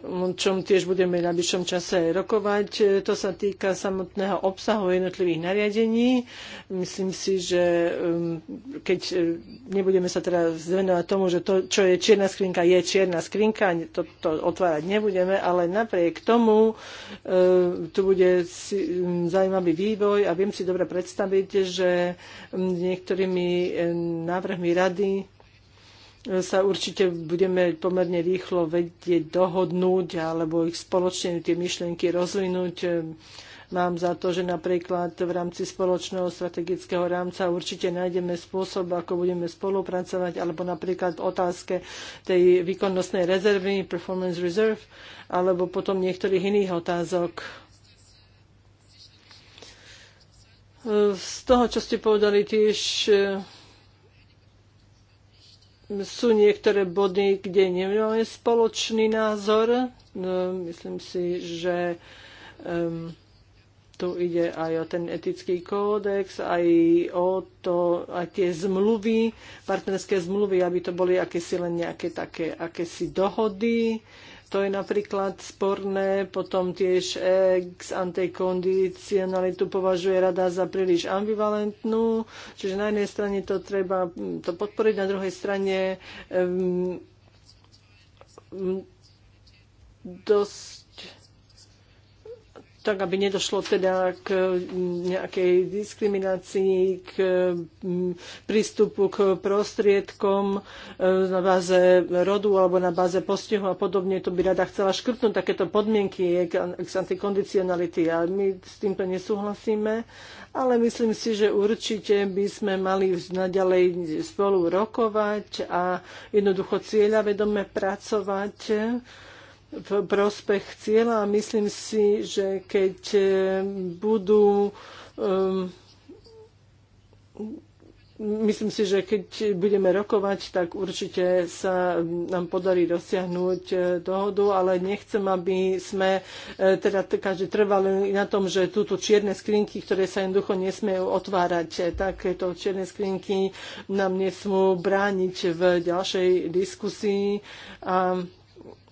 o čom tiež budeme na najbližšom čase rokovať. E, to sa týka samotného obsahu jednotlivých nariadení. Myslím si, že um, keď e, nebudeme sa teraz zvenovať tomu, že to, čo je čierna skrinka, je čierna skrinka, to, to otvárať nebudeme, ale napriek tomu e, tu bude um, zaujímavý vývoj a viem si dobre predstaviť, že um, niektorými návrhmi rady sa určite budeme pomerne rýchlo vedieť dohodnúť alebo ich spoločne tie myšlienky rozvinúť. Mám za to, že napríklad v rámci spoločného strategického rámca určite nájdeme spôsob, ako budeme spolupracovať, alebo napríklad v otázke tej výkonnostnej rezervy, performance reserve, alebo potom niektorých iných otázok. Z toho, čo ste povedali tiež, sú niektoré body, kde nemáme spoločný názor. No, myslím si, že um, tu ide aj o ten etický kódex, aj o to, aj tie zmluvy, partnerské zmluvy, aby to boli akési len nejaké také akési dohody, to je napríklad sporné, potom tiež ex ante kondicionalitu považuje rada za príliš ambivalentnú, čiže na jednej strane to treba mm, to podporiť, na druhej strane um, dosť tak aby nedošlo teda k mm, nejakej diskriminácii, k mm, prístupu k prostriedkom e, na báze rodu alebo na báze postihu a podobne. To by rada chcela škrtnúť takéto podmienky k antikondicionality a my s týmto nesúhlasíme, ale myslím si, že určite by sme mali naďalej spolu rokovať a jednoducho cieľa vedome pracovať v prospech cieľa a myslím si, že keď eh, budú um, myslím si, že keď budeme rokovať, tak určite sa nám podarí dosiahnuť eh, dohodu, ale nechcem, aby sme eh, teda každý trvali na tom, že túto čierne skrinky, ktoré sa jednoducho nesmejú otvárať, takéto čierne skrinky nám nesmú brániť v ďalšej diskusii. A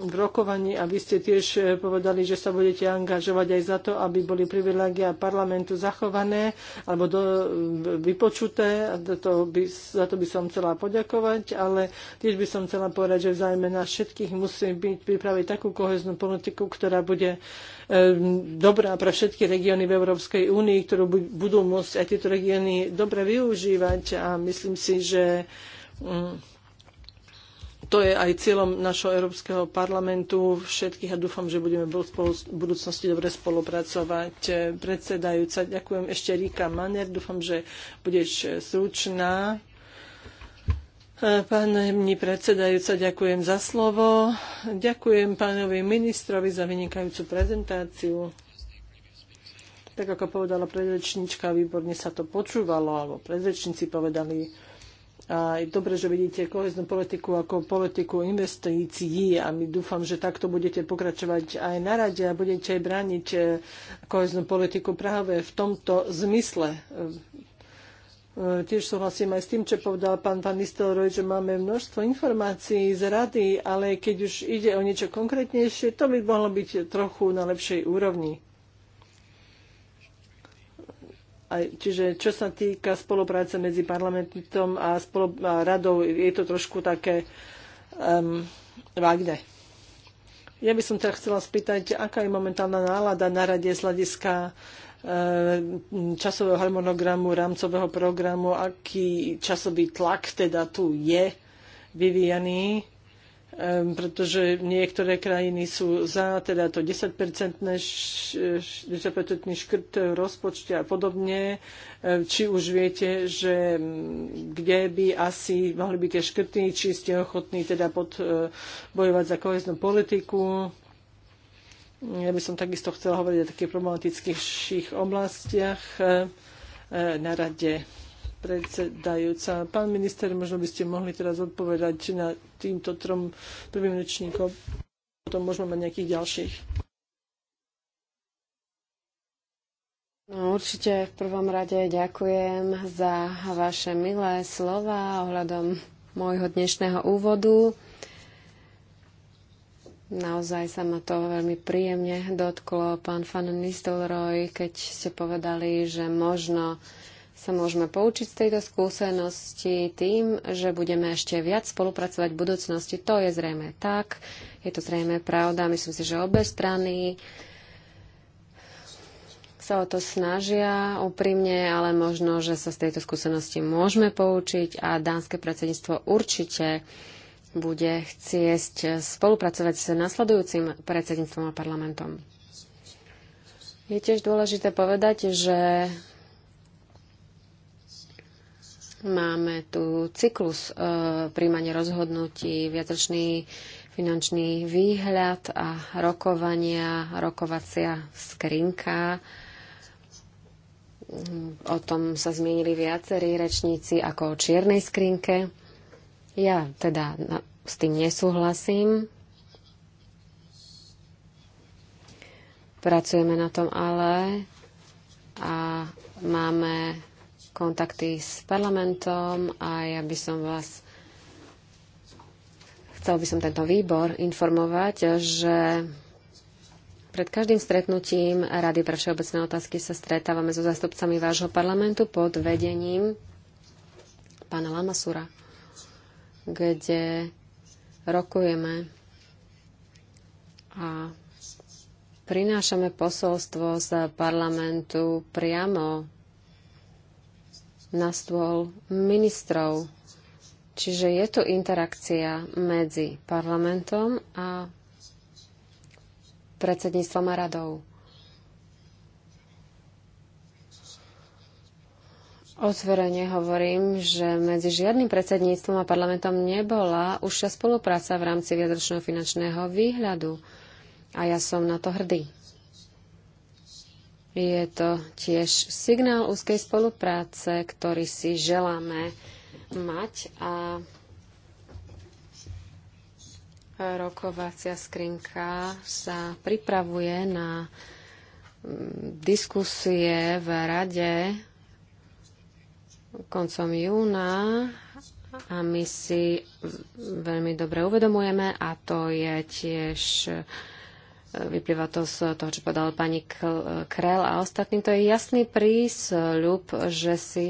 v rokovaní a vy ste tiež e, povedali, že sa budete angažovať aj za to, aby boli privilegia parlamentu zachované alebo do, e, vypočuté. A to by, za to by som chcela poďakovať, ale tiež by som chcela povedať, že vzájme nás všetkých musí byť pripraviť takú koheznú politiku, ktorá bude e, dobrá pre všetky regióny v Európskej únii, ktorú budú môcť aj tieto regióny dobre využívať a myslím si, že mm, to je aj cieľom našho Európskeho parlamentu všetkých a dúfam, že budeme v budúcnosti dobre spolupracovať. Predsedajúca, ďakujem ešte Ríka Maner, dúfam, že budeš stručná. Pani predsedajúca, ďakujem za slovo. Ďakujem pánovi ministrovi za vynikajúcu prezentáciu. Tak ako povedala predrečnička, výborne sa to počúvalo, alebo predrečníci povedali, a je dobre, že vidíte koheznú politiku ako politiku investícií a my dúfam, že takto budete pokračovať aj na rade a budete aj brániť e, koheznú politiku práve v tomto zmysle. E, e, tiež súhlasím aj s tým, čo povedal pán pán Nistelroj, že máme množstvo informácií z rady, ale keď už ide o niečo konkrétnejšie, to by mohlo byť trochu na lepšej úrovni. Aj, čiže čo sa týka spolupráce medzi parlamentom a, spolu, a radou, je to trošku také um, vágne. Ja by som teda chcela spýtať, aká je momentálna nálada na rade z hľadiska eh, časového harmonogramu, rámcového programu, aký časový tlak teda tu je vyvíjaný pretože niektoré krajiny sú za teda to 10-percentný 10 škrt v rozpočte a podobne. Či už viete, že kde by asi mohli byť tie škrty, či ste ochotní teda pod, e, bojovať za koheznú politiku. Ja by som takisto chcela hovoriť o takých problematických oblastiach e, na rade predsedajúca. Pán minister, možno by ste mohli teraz odpovedať na týmto trom prvým ročníkom. Potom možno mať nejakých ďalších. No, určite v prvom rade ďakujem za vaše milé slova ohľadom môjho dnešného úvodu. Naozaj sa ma to veľmi príjemne dotklo, pán Fan Nistelroj, keď ste povedali, že možno sa môžeme poučiť z tejto skúsenosti tým, že budeme ešte viac spolupracovať v budúcnosti. To je zrejme tak, je to zrejme pravda. Myslím si, že obe strany sa o to snažia úprimne, ale možno, že sa z tejto skúsenosti môžeme poučiť a dánske predsedníctvo určite bude chcieť spolupracovať s nasledujúcim predsedníctvom a parlamentom. Je tiež dôležité povedať, že Máme tu cyklus e, príjmania rozhodnutí, viacročný finančný výhľad a rokovania, rokovacia skrinka. O tom sa zmienili viacerí rečníci ako o čiernej skrinke. Ja teda na, s tým nesúhlasím. Pracujeme na tom ale a máme kontakty s parlamentom a ja by som vás chcel by som tento výbor informovať, že pred každým stretnutím Rady pre všeobecné otázky sa stretávame so zastupcami vášho parlamentu pod vedením pána Lamasura, kde rokujeme a prinášame posolstvo z parlamentu priamo na stôl ministrov. Čiže je tu interakcia medzi parlamentom a predsedníctvom a radou. Otvorene hovorím, že medzi žiadnym predsedníctvom a parlamentom nebola užšia spolupráca v rámci viadročného finančného výhľadu. A ja som na to hrdý. Je to tiež signál úzkej spolupráce, ktorý si želáme mať a rokovacia skrinka sa pripravuje na mm, diskusie v rade koncom júna a my si veľmi dobre uvedomujeme a to je tiež Vyplýva to z toho, čo povedal pani Krell a ostatní. To je jasný prísľub, že si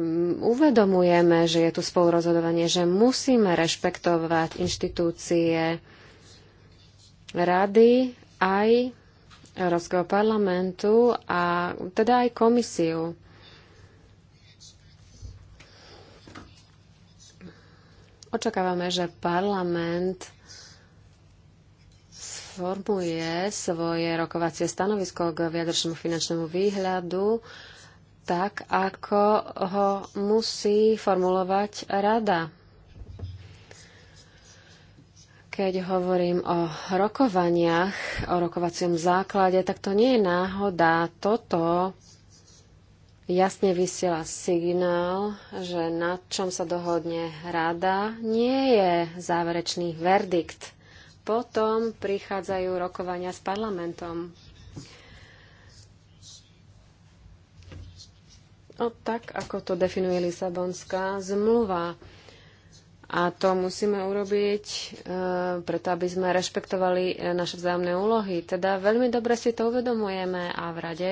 mm, uvedomujeme, že je tu spolurozhodovanie, že musíme rešpektovať inštitúcie rady aj Európskeho parlamentu a teda aj komisiu. Očakávame, že parlament formuje svoje rokovacie stanovisko k viadršnému finančnému výhľadu tak, ako ho musí formulovať rada. Keď hovorím o rokovaniach, o rokovacom základe, tak to nie je náhoda. Toto jasne vysiela signál, že na čom sa dohodne rada, nie je záverečný verdikt potom prichádzajú rokovania s parlamentom. No, tak, ako to definuje Lisabonská zmluva. A to musíme urobiť e, preto, aby sme rešpektovali e, naše vzájomné úlohy. Teda veľmi dobre si to uvedomujeme a v rade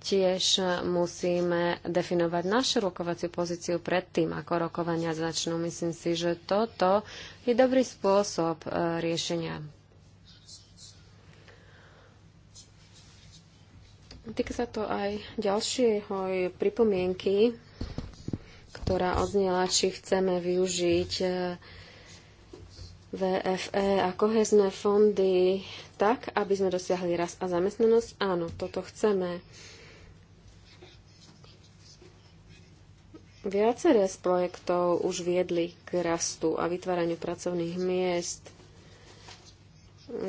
Tiež musíme definovať našu rokovaciu pozíciu pred tým, ako rokovania začnú. Myslím si, že toto je dobrý spôsob e, riešenia. Týka sa to aj ďalšieho pripomienky, ktorá odznela, či chceme využiť VFE e a kohezné fondy tak, aby sme dosiahli rast a zamestnanosť? Áno, toto chceme. Viaceré z projektov už viedli k rastu a vytváraniu pracovných miest.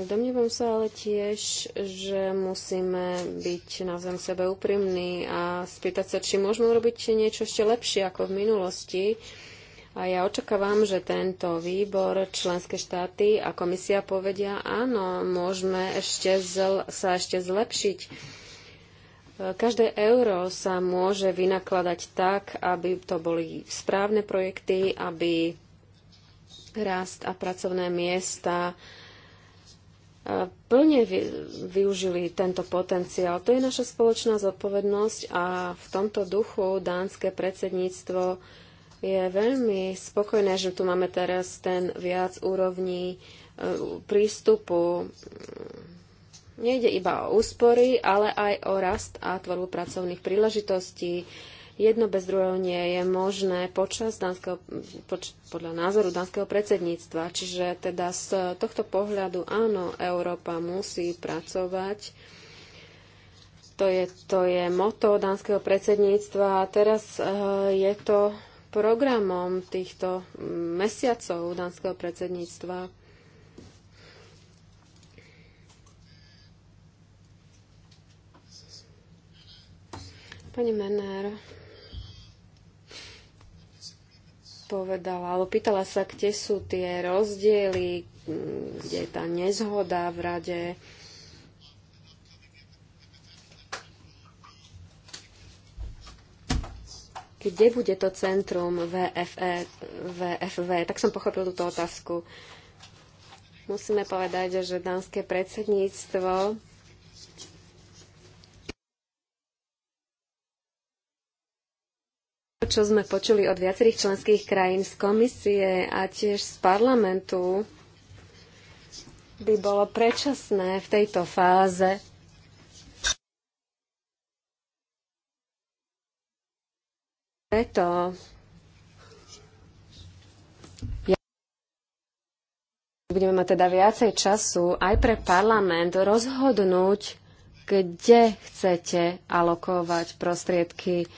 Domnievam sa ale tiež, že musíme byť navzájom sebe úprimní a spýtať sa, či môžeme urobiť niečo ešte lepšie ako v minulosti. A ja očakávam, že tento výbor, členské štáty a komisia povedia, áno, môžeme ešte zl- sa ešte zlepšiť Každé euro sa môže vynakladať tak, aby to boli správne projekty, aby rast a pracovné miesta e, plne využili tento potenciál. To je naša spoločná zodpovednosť a v tomto duchu dánske predsedníctvo je veľmi spokojné, že tu máme teraz ten viac úrovní e, prístupu Nejde iba o úspory, ale aj o rast a tvorbu pracovných príležitostí. Jedno bez druhého nie je možné počas danského, poč, podľa názoru danského predsedníctva. Čiže teda z tohto pohľadu áno, Európa musí pracovať. To je, to je moto dánskeho predsedníctva a teraz e, je to programom týchto mm, mesiacov danského predsedníctva Pani Menár povedala, alebo pýtala sa, kde sú tie rozdiely, kde je tá nezhoda v rade. Kde bude to centrum VFE, VFV? Tak som pochopil túto otázku. Musíme povedať, že dánske predsedníctvo čo sme počuli od viacerých členských krajín z komisie a tiež z parlamentu, by bolo predčasné v tejto fáze Preto budeme mať teda viacej času aj pre parlament rozhodnúť, kde chcete alokovať prostriedky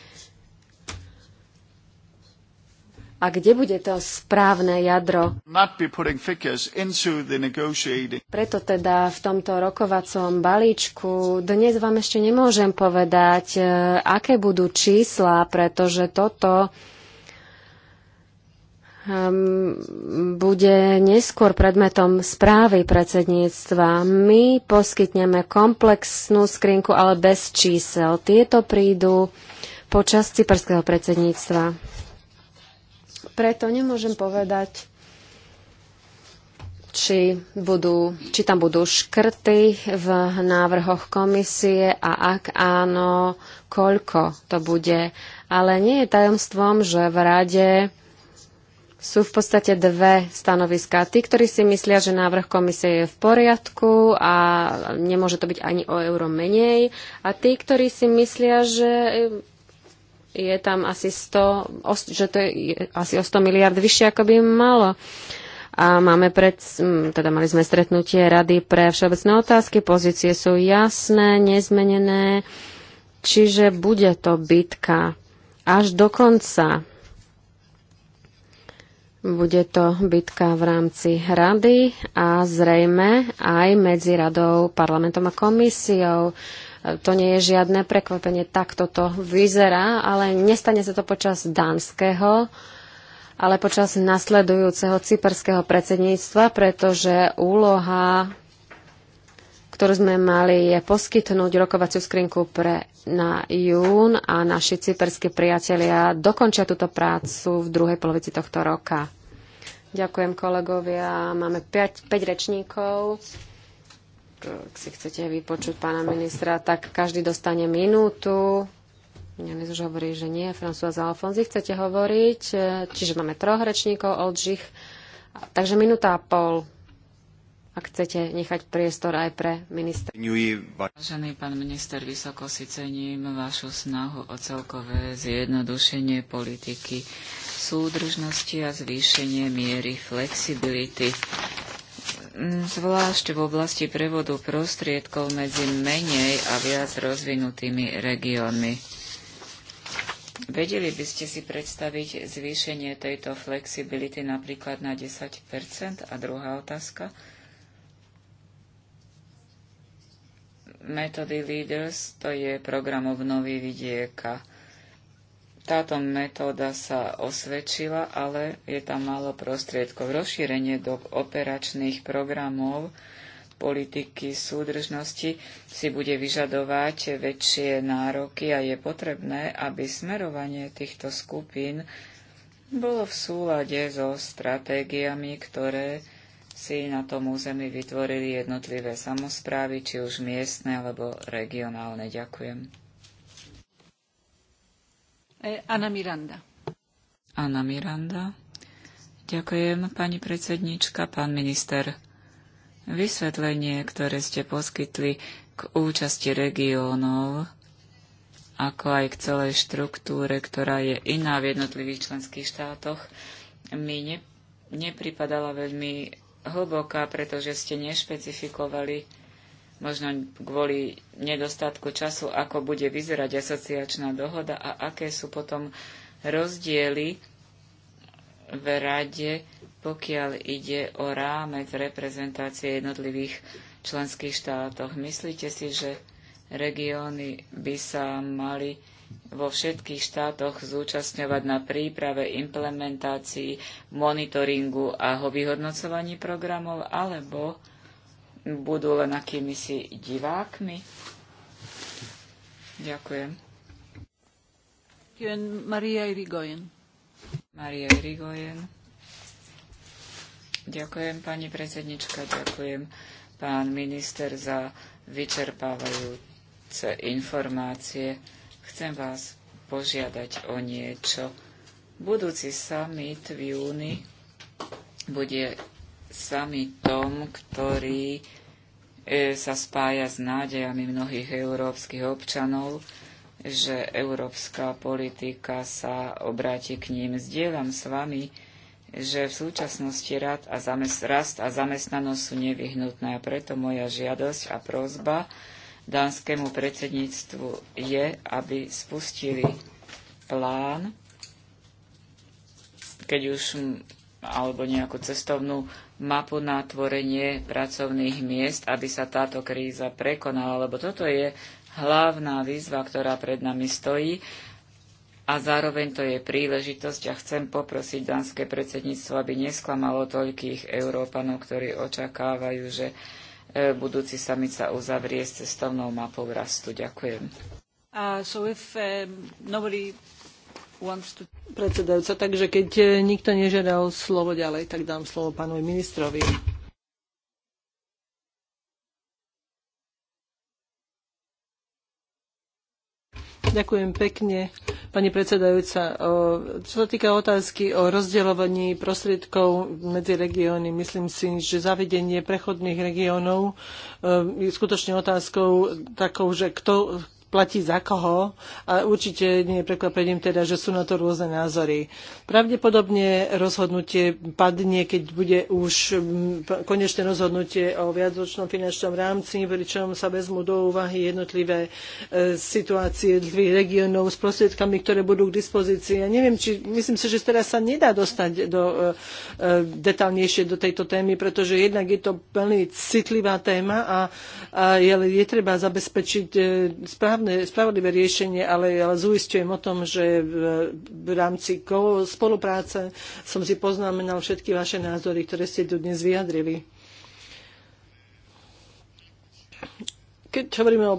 a kde bude to správne jadro. Preto teda v tomto rokovacom balíčku dnes vám ešte nemôžem povedať, e, aké budú čísla, pretože toto ehm, bude neskôr predmetom správy predsedníctva. My poskytneme komplexnú skrinku, ale bez čísel. Tieto prídu počas cyperského predsedníctva. Preto nemôžem povedať, či, budú, či tam budú škrty v návrhoch komisie a ak áno, koľko to bude. Ale nie je tajomstvom, že v rade sú v podstate dve stanoviská. Tí, ktorí si myslia, že návrh komisie je v poriadku a nemôže to byť ani o euro menej. A tí, ktorí si myslia, že je tam asi 100, že to je asi o 100 miliard vyššie, ako by malo. A máme pred, teda mali sme stretnutie rady pre všeobecné otázky, pozície sú jasné, nezmenené, čiže bude to bitka až do konca. Bude to bitka v rámci rady a zrejme aj medzi radou, parlamentom a komisiou. To nie je žiadne prekvapenie, takto to vyzerá, ale nestane sa to počas dánskeho, ale počas nasledujúceho cyperského predsedníctva, pretože úloha ktorú sme mali, je poskytnúť rokovaciu skrinku pre, na jún a naši cyperskí priatelia dokončia túto prácu v druhej polovici tohto roka. Ďakujem kolegovia. Máme 5, 5 rečníkov ak si chcete vypočuť pána ministra, tak každý dostane minútu. Dnes už hovorí, že nie. François Alfonzi, chcete hovoriť? Čiže máme troch rečníkov, Oldžich. Takže minúta a pol, ak chcete nechať priestor aj pre ministra. Vážený pán minister, vysoko si cením vašu snahu o celkové zjednodušenie politiky súdržnosti a zvýšenie miery flexibility zvlášť v oblasti prevodu prostriedkov medzi menej a viac rozvinutými regiónmi. Vedeli by ste si predstaviť zvýšenie tejto flexibility napríklad na 10 A druhá otázka. Metody Leaders to je program obnovy vidieka táto metóda sa osvedčila, ale je tam málo prostriedkov. Rozšírenie do operačných programov politiky súdržnosti si bude vyžadovať väčšie nároky a je potrebné, aby smerovanie týchto skupín bolo v súlade so stratégiami, ktoré si na tom území vytvorili jednotlivé samozprávy, či už miestne alebo regionálne. Ďakujem. E, Ana Miranda. Miranda. Ďakujem, pani predsednička, pán minister. Vysvetlenie, ktoré ste poskytli k účasti regiónov, ako aj k celej štruktúre, ktorá je iná v jednotlivých členských štátoch, mi ne, nepripadala veľmi hlboká, pretože ste nešpecifikovali možno kvôli nedostatku času, ako bude vyzerať asociačná dohoda a aké sú potom rozdiely v rade, pokiaľ ide o rámec reprezentácie jednotlivých členských štátoch. Myslíte si, že regióny by sa mali vo všetkých štátoch zúčastňovať na príprave, implementácii, monitoringu a vyhodnocovaní programov, alebo budú len akýmisi divákmi. Ďakujem. Maria Irigoyen. Maria Irigoyen. Ďakujem, pani predsednička, ďakujem, pán minister, za vyčerpávajúce informácie. Chcem vás požiadať o niečo. Budúci summit v júni bude tom, ktorý e, sa spája s nádejami mnohých európskych občanov, že európska politika sa obráti k ním. Zdieľam s vami, že v súčasnosti rad a zamest- rast a zamestnanosť sú nevyhnutné a preto moja žiadosť a prozba dánskému predsedníctvu je, aby spustili plán, keď už alebo nejakú cestovnú mapu na tvorenie pracovných miest, aby sa táto kríza prekonala, lebo toto je hlavná výzva, ktorá pred nami stojí a zároveň to je príležitosť a chcem poprosiť danské predsedníctvo, aby nesklamalo toľkých Európanov, ktorí očakávajú, že e, budúci summit sa uzavrie s cestovnou mapou rastu. Ďakujem. Uh, so if, um, nobody Predsedajúca, takže keď eh, nikto nežiadal slovo ďalej, tak dám slovo pánovi ministrovi. Ďakujem pekne, pani predsedajúca. Čo sa týka otázky o rozdeľovaní prostriedkov medzi regióny, myslím si, že zavedenie prechodných regiónov eh, je skutočne otázkou takou, že kto platí za koho a určite nie je prekvapením teda, že sú na to rôzne názory. Pravdepodobne rozhodnutie padne, keď bude už mm, konečné rozhodnutie o viacročnom finančnom rámci, pričom sa vezmu do úvahy jednotlivé e, situácie jednotlivých regiónov s prostriedkami, ktoré budú k dispozícii. Ja neviem, či myslím si, že teraz sa nedá dostať do, e, e, detálnejšie do tejto témy, pretože jednak je to veľmi citlivá téma a, a je, je treba zabezpečiť správne správne, spravodlivé riešenie, ale, ja zúistujem o tom, že v, v rámci spolupráce som si poznamenal všetky vaše názory, ktoré ste tu dnes vyjadrili. Keď hovoríme o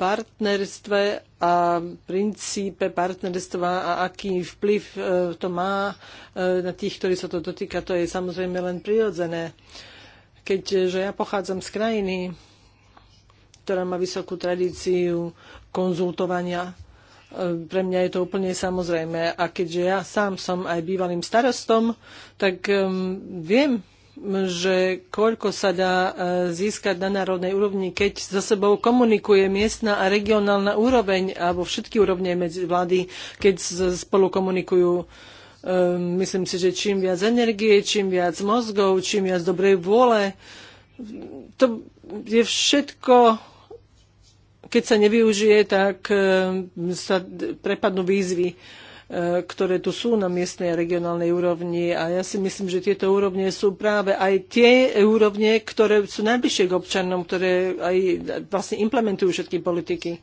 partnerstve a princípe partnerstva a aký vplyv e, to má e, na tých, ktorí sa to dotýka, to je samozrejme len prirodzené. Keďže ja pochádzam z krajiny, ktorá má vysokú tradíciu konzultovania. E, pre mňa je to úplne samozrejme. A keďže ja sám som aj bývalým starostom, tak viem, že koľko sa dá e, získať na národnej úrovni, keď za sebou komunikuje miestna a regionálna úroveň alebo všetky úrovne medzi vlády, keď spolu komunikujú. Myslím si, že čím viac energie, čím viac mozgov, čím viac dobrej vôle, to je všetko keď sa nevyužije, tak e, sa prepadnú výzvy e, ktoré tu sú na miestnej a regionálnej úrovni. A ja si myslím, že tieto úrovne sú práve aj tie úrovne, ktoré sú najbližšie k občanom, ktoré aj vlastne implementujú všetky politiky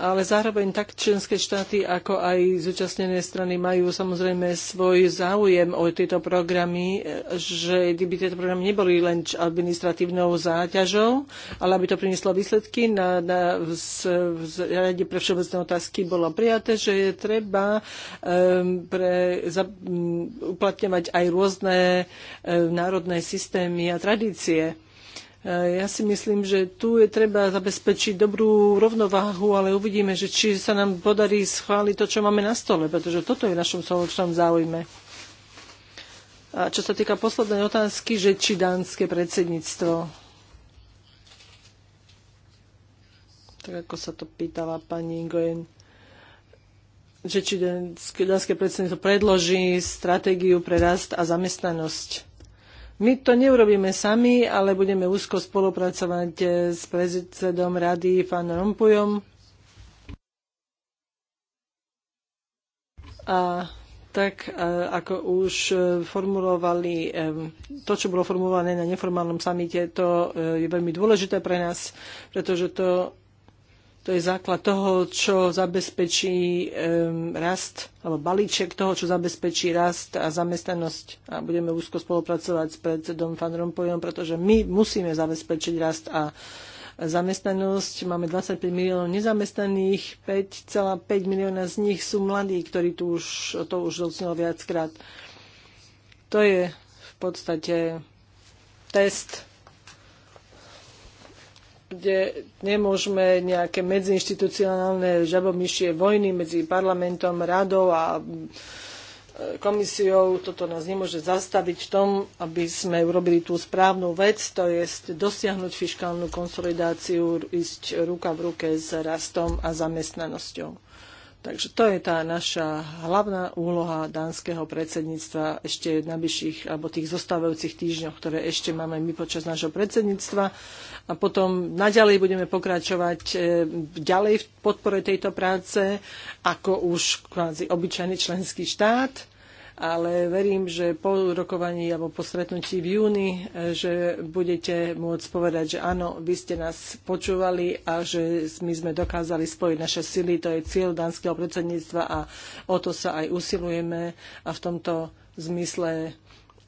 ale zároveň tak členské štáty, ako aj zúčastnené strany majú samozrejme svoj záujem o tieto programy, že by tieto programy neboli len administratívnou záťažou, ale aby to prinieslo výsledky. Na, na z, z rade pre všeobecné otázky bolo prijaté, že je treba um, pre, za, um, uplatňovať aj rôzne um, národné systémy a tradície Eh, ja si myslím, že tu je treba zabezpečiť dobrú rovnováhu, ale uvidíme, že či sa nám podarí schváliť to, čo máme na stole, pretože toto je v našom spoločnom záujme. A čo sa týka poslednej otázky, že či dánske predsedníctvo. Tak ako sa to pýtala pani Ingojen že či dánske predsedníctvo predloží stratégiu pre rast a zamestnanosť. My to neurobíme sami, ale budeme úzko spolupracovať eh, s predsedom rady, pánom Rompujom. A tak eh, ako už eh, formulovali to, čo bolo formulované na neformálnom samite, to je veľmi dôležité pre nás, pretože to to je základ toho, čo zabezpečí um, rast, alebo balíček toho, čo zabezpečí rast a zamestnanosť. A budeme úzko spolupracovať s predsedom Van Rompuyom, pretože my musíme zabezpečiť rast a zamestnanosť. Máme 25 miliónov nezamestnaných, 5,5 milióna z nich sú mladí, ktorí tu už, to už docnilo viackrát. To je v podstate test kde nemôžeme nejaké medziinstitucionálne žabomyšie vojny medzi parlamentom, radou a e, komisiou. Toto nás nemôže zastaviť v tom, aby sme urobili tú správnu vec, to je dosiahnuť fiskálnu konsolidáciu, ísť ruka v ruke s rastom a zamestnanosťou. Takže to je tá naša hlavná úloha dánskeho predsedníctva ešte na najbližších alebo tých zostávajúcich týždňoch, ktoré ešte máme my počas nášho predsedníctva. A potom naďalej budeme pokračovať e, ďalej v podpore tejto práce, ako už kvázi obyčajný členský štát ale verím, že po rokovaní alebo po stretnutí v júni, e, že budete môcť povedať, že áno, vy ste nás počúvali a že my sme dokázali spojiť naše sily. To je cieľ dánskeho predsedníctva a o to sa aj usilujeme a v tomto zmysle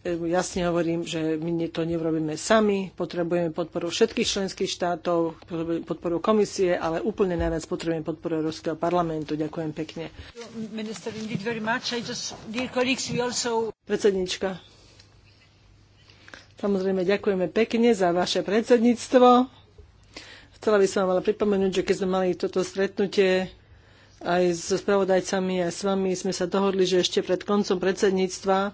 E, jasne hovorím, že my to neurobíme sami, potrebujeme podporu všetkých členských štátov, podporu komisie, ale úplne najviac potrebujeme podporu Európskeho parlamentu. Ďakujem pekne. Predsedníčka. Predsednička. Samozrejme, ďakujeme pekne za vaše predsedníctvo. Chcela by som vám ale pripomenúť, že keď sme mali toto stretnutie aj so spravodajcami, aj s vami, sme sa dohodli, že ešte pred koncom predsedníctva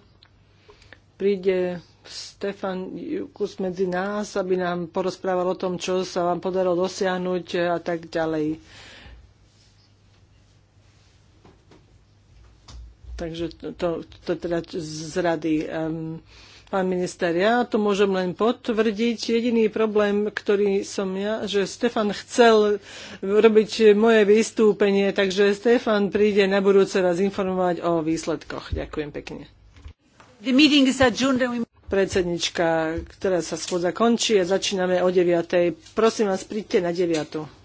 príde Stefan Jukus medzi nás, aby nám porozprával o tom, čo sa vám podarilo dosiahnuť a tak ďalej. Takže to, to, to teda z rady. Um, pán minister, ja to môžem len potvrdiť. Jediný problém, ktorý som ja, že Stefan chcel robiť moje vystúpenie, takže Stefan príde na budúce vás informovať o výsledkoch. Ďakujem pekne. Predsednička, ktorá sa schôdza končí a začíname o deviatej. Prosím vás, príďte na 9.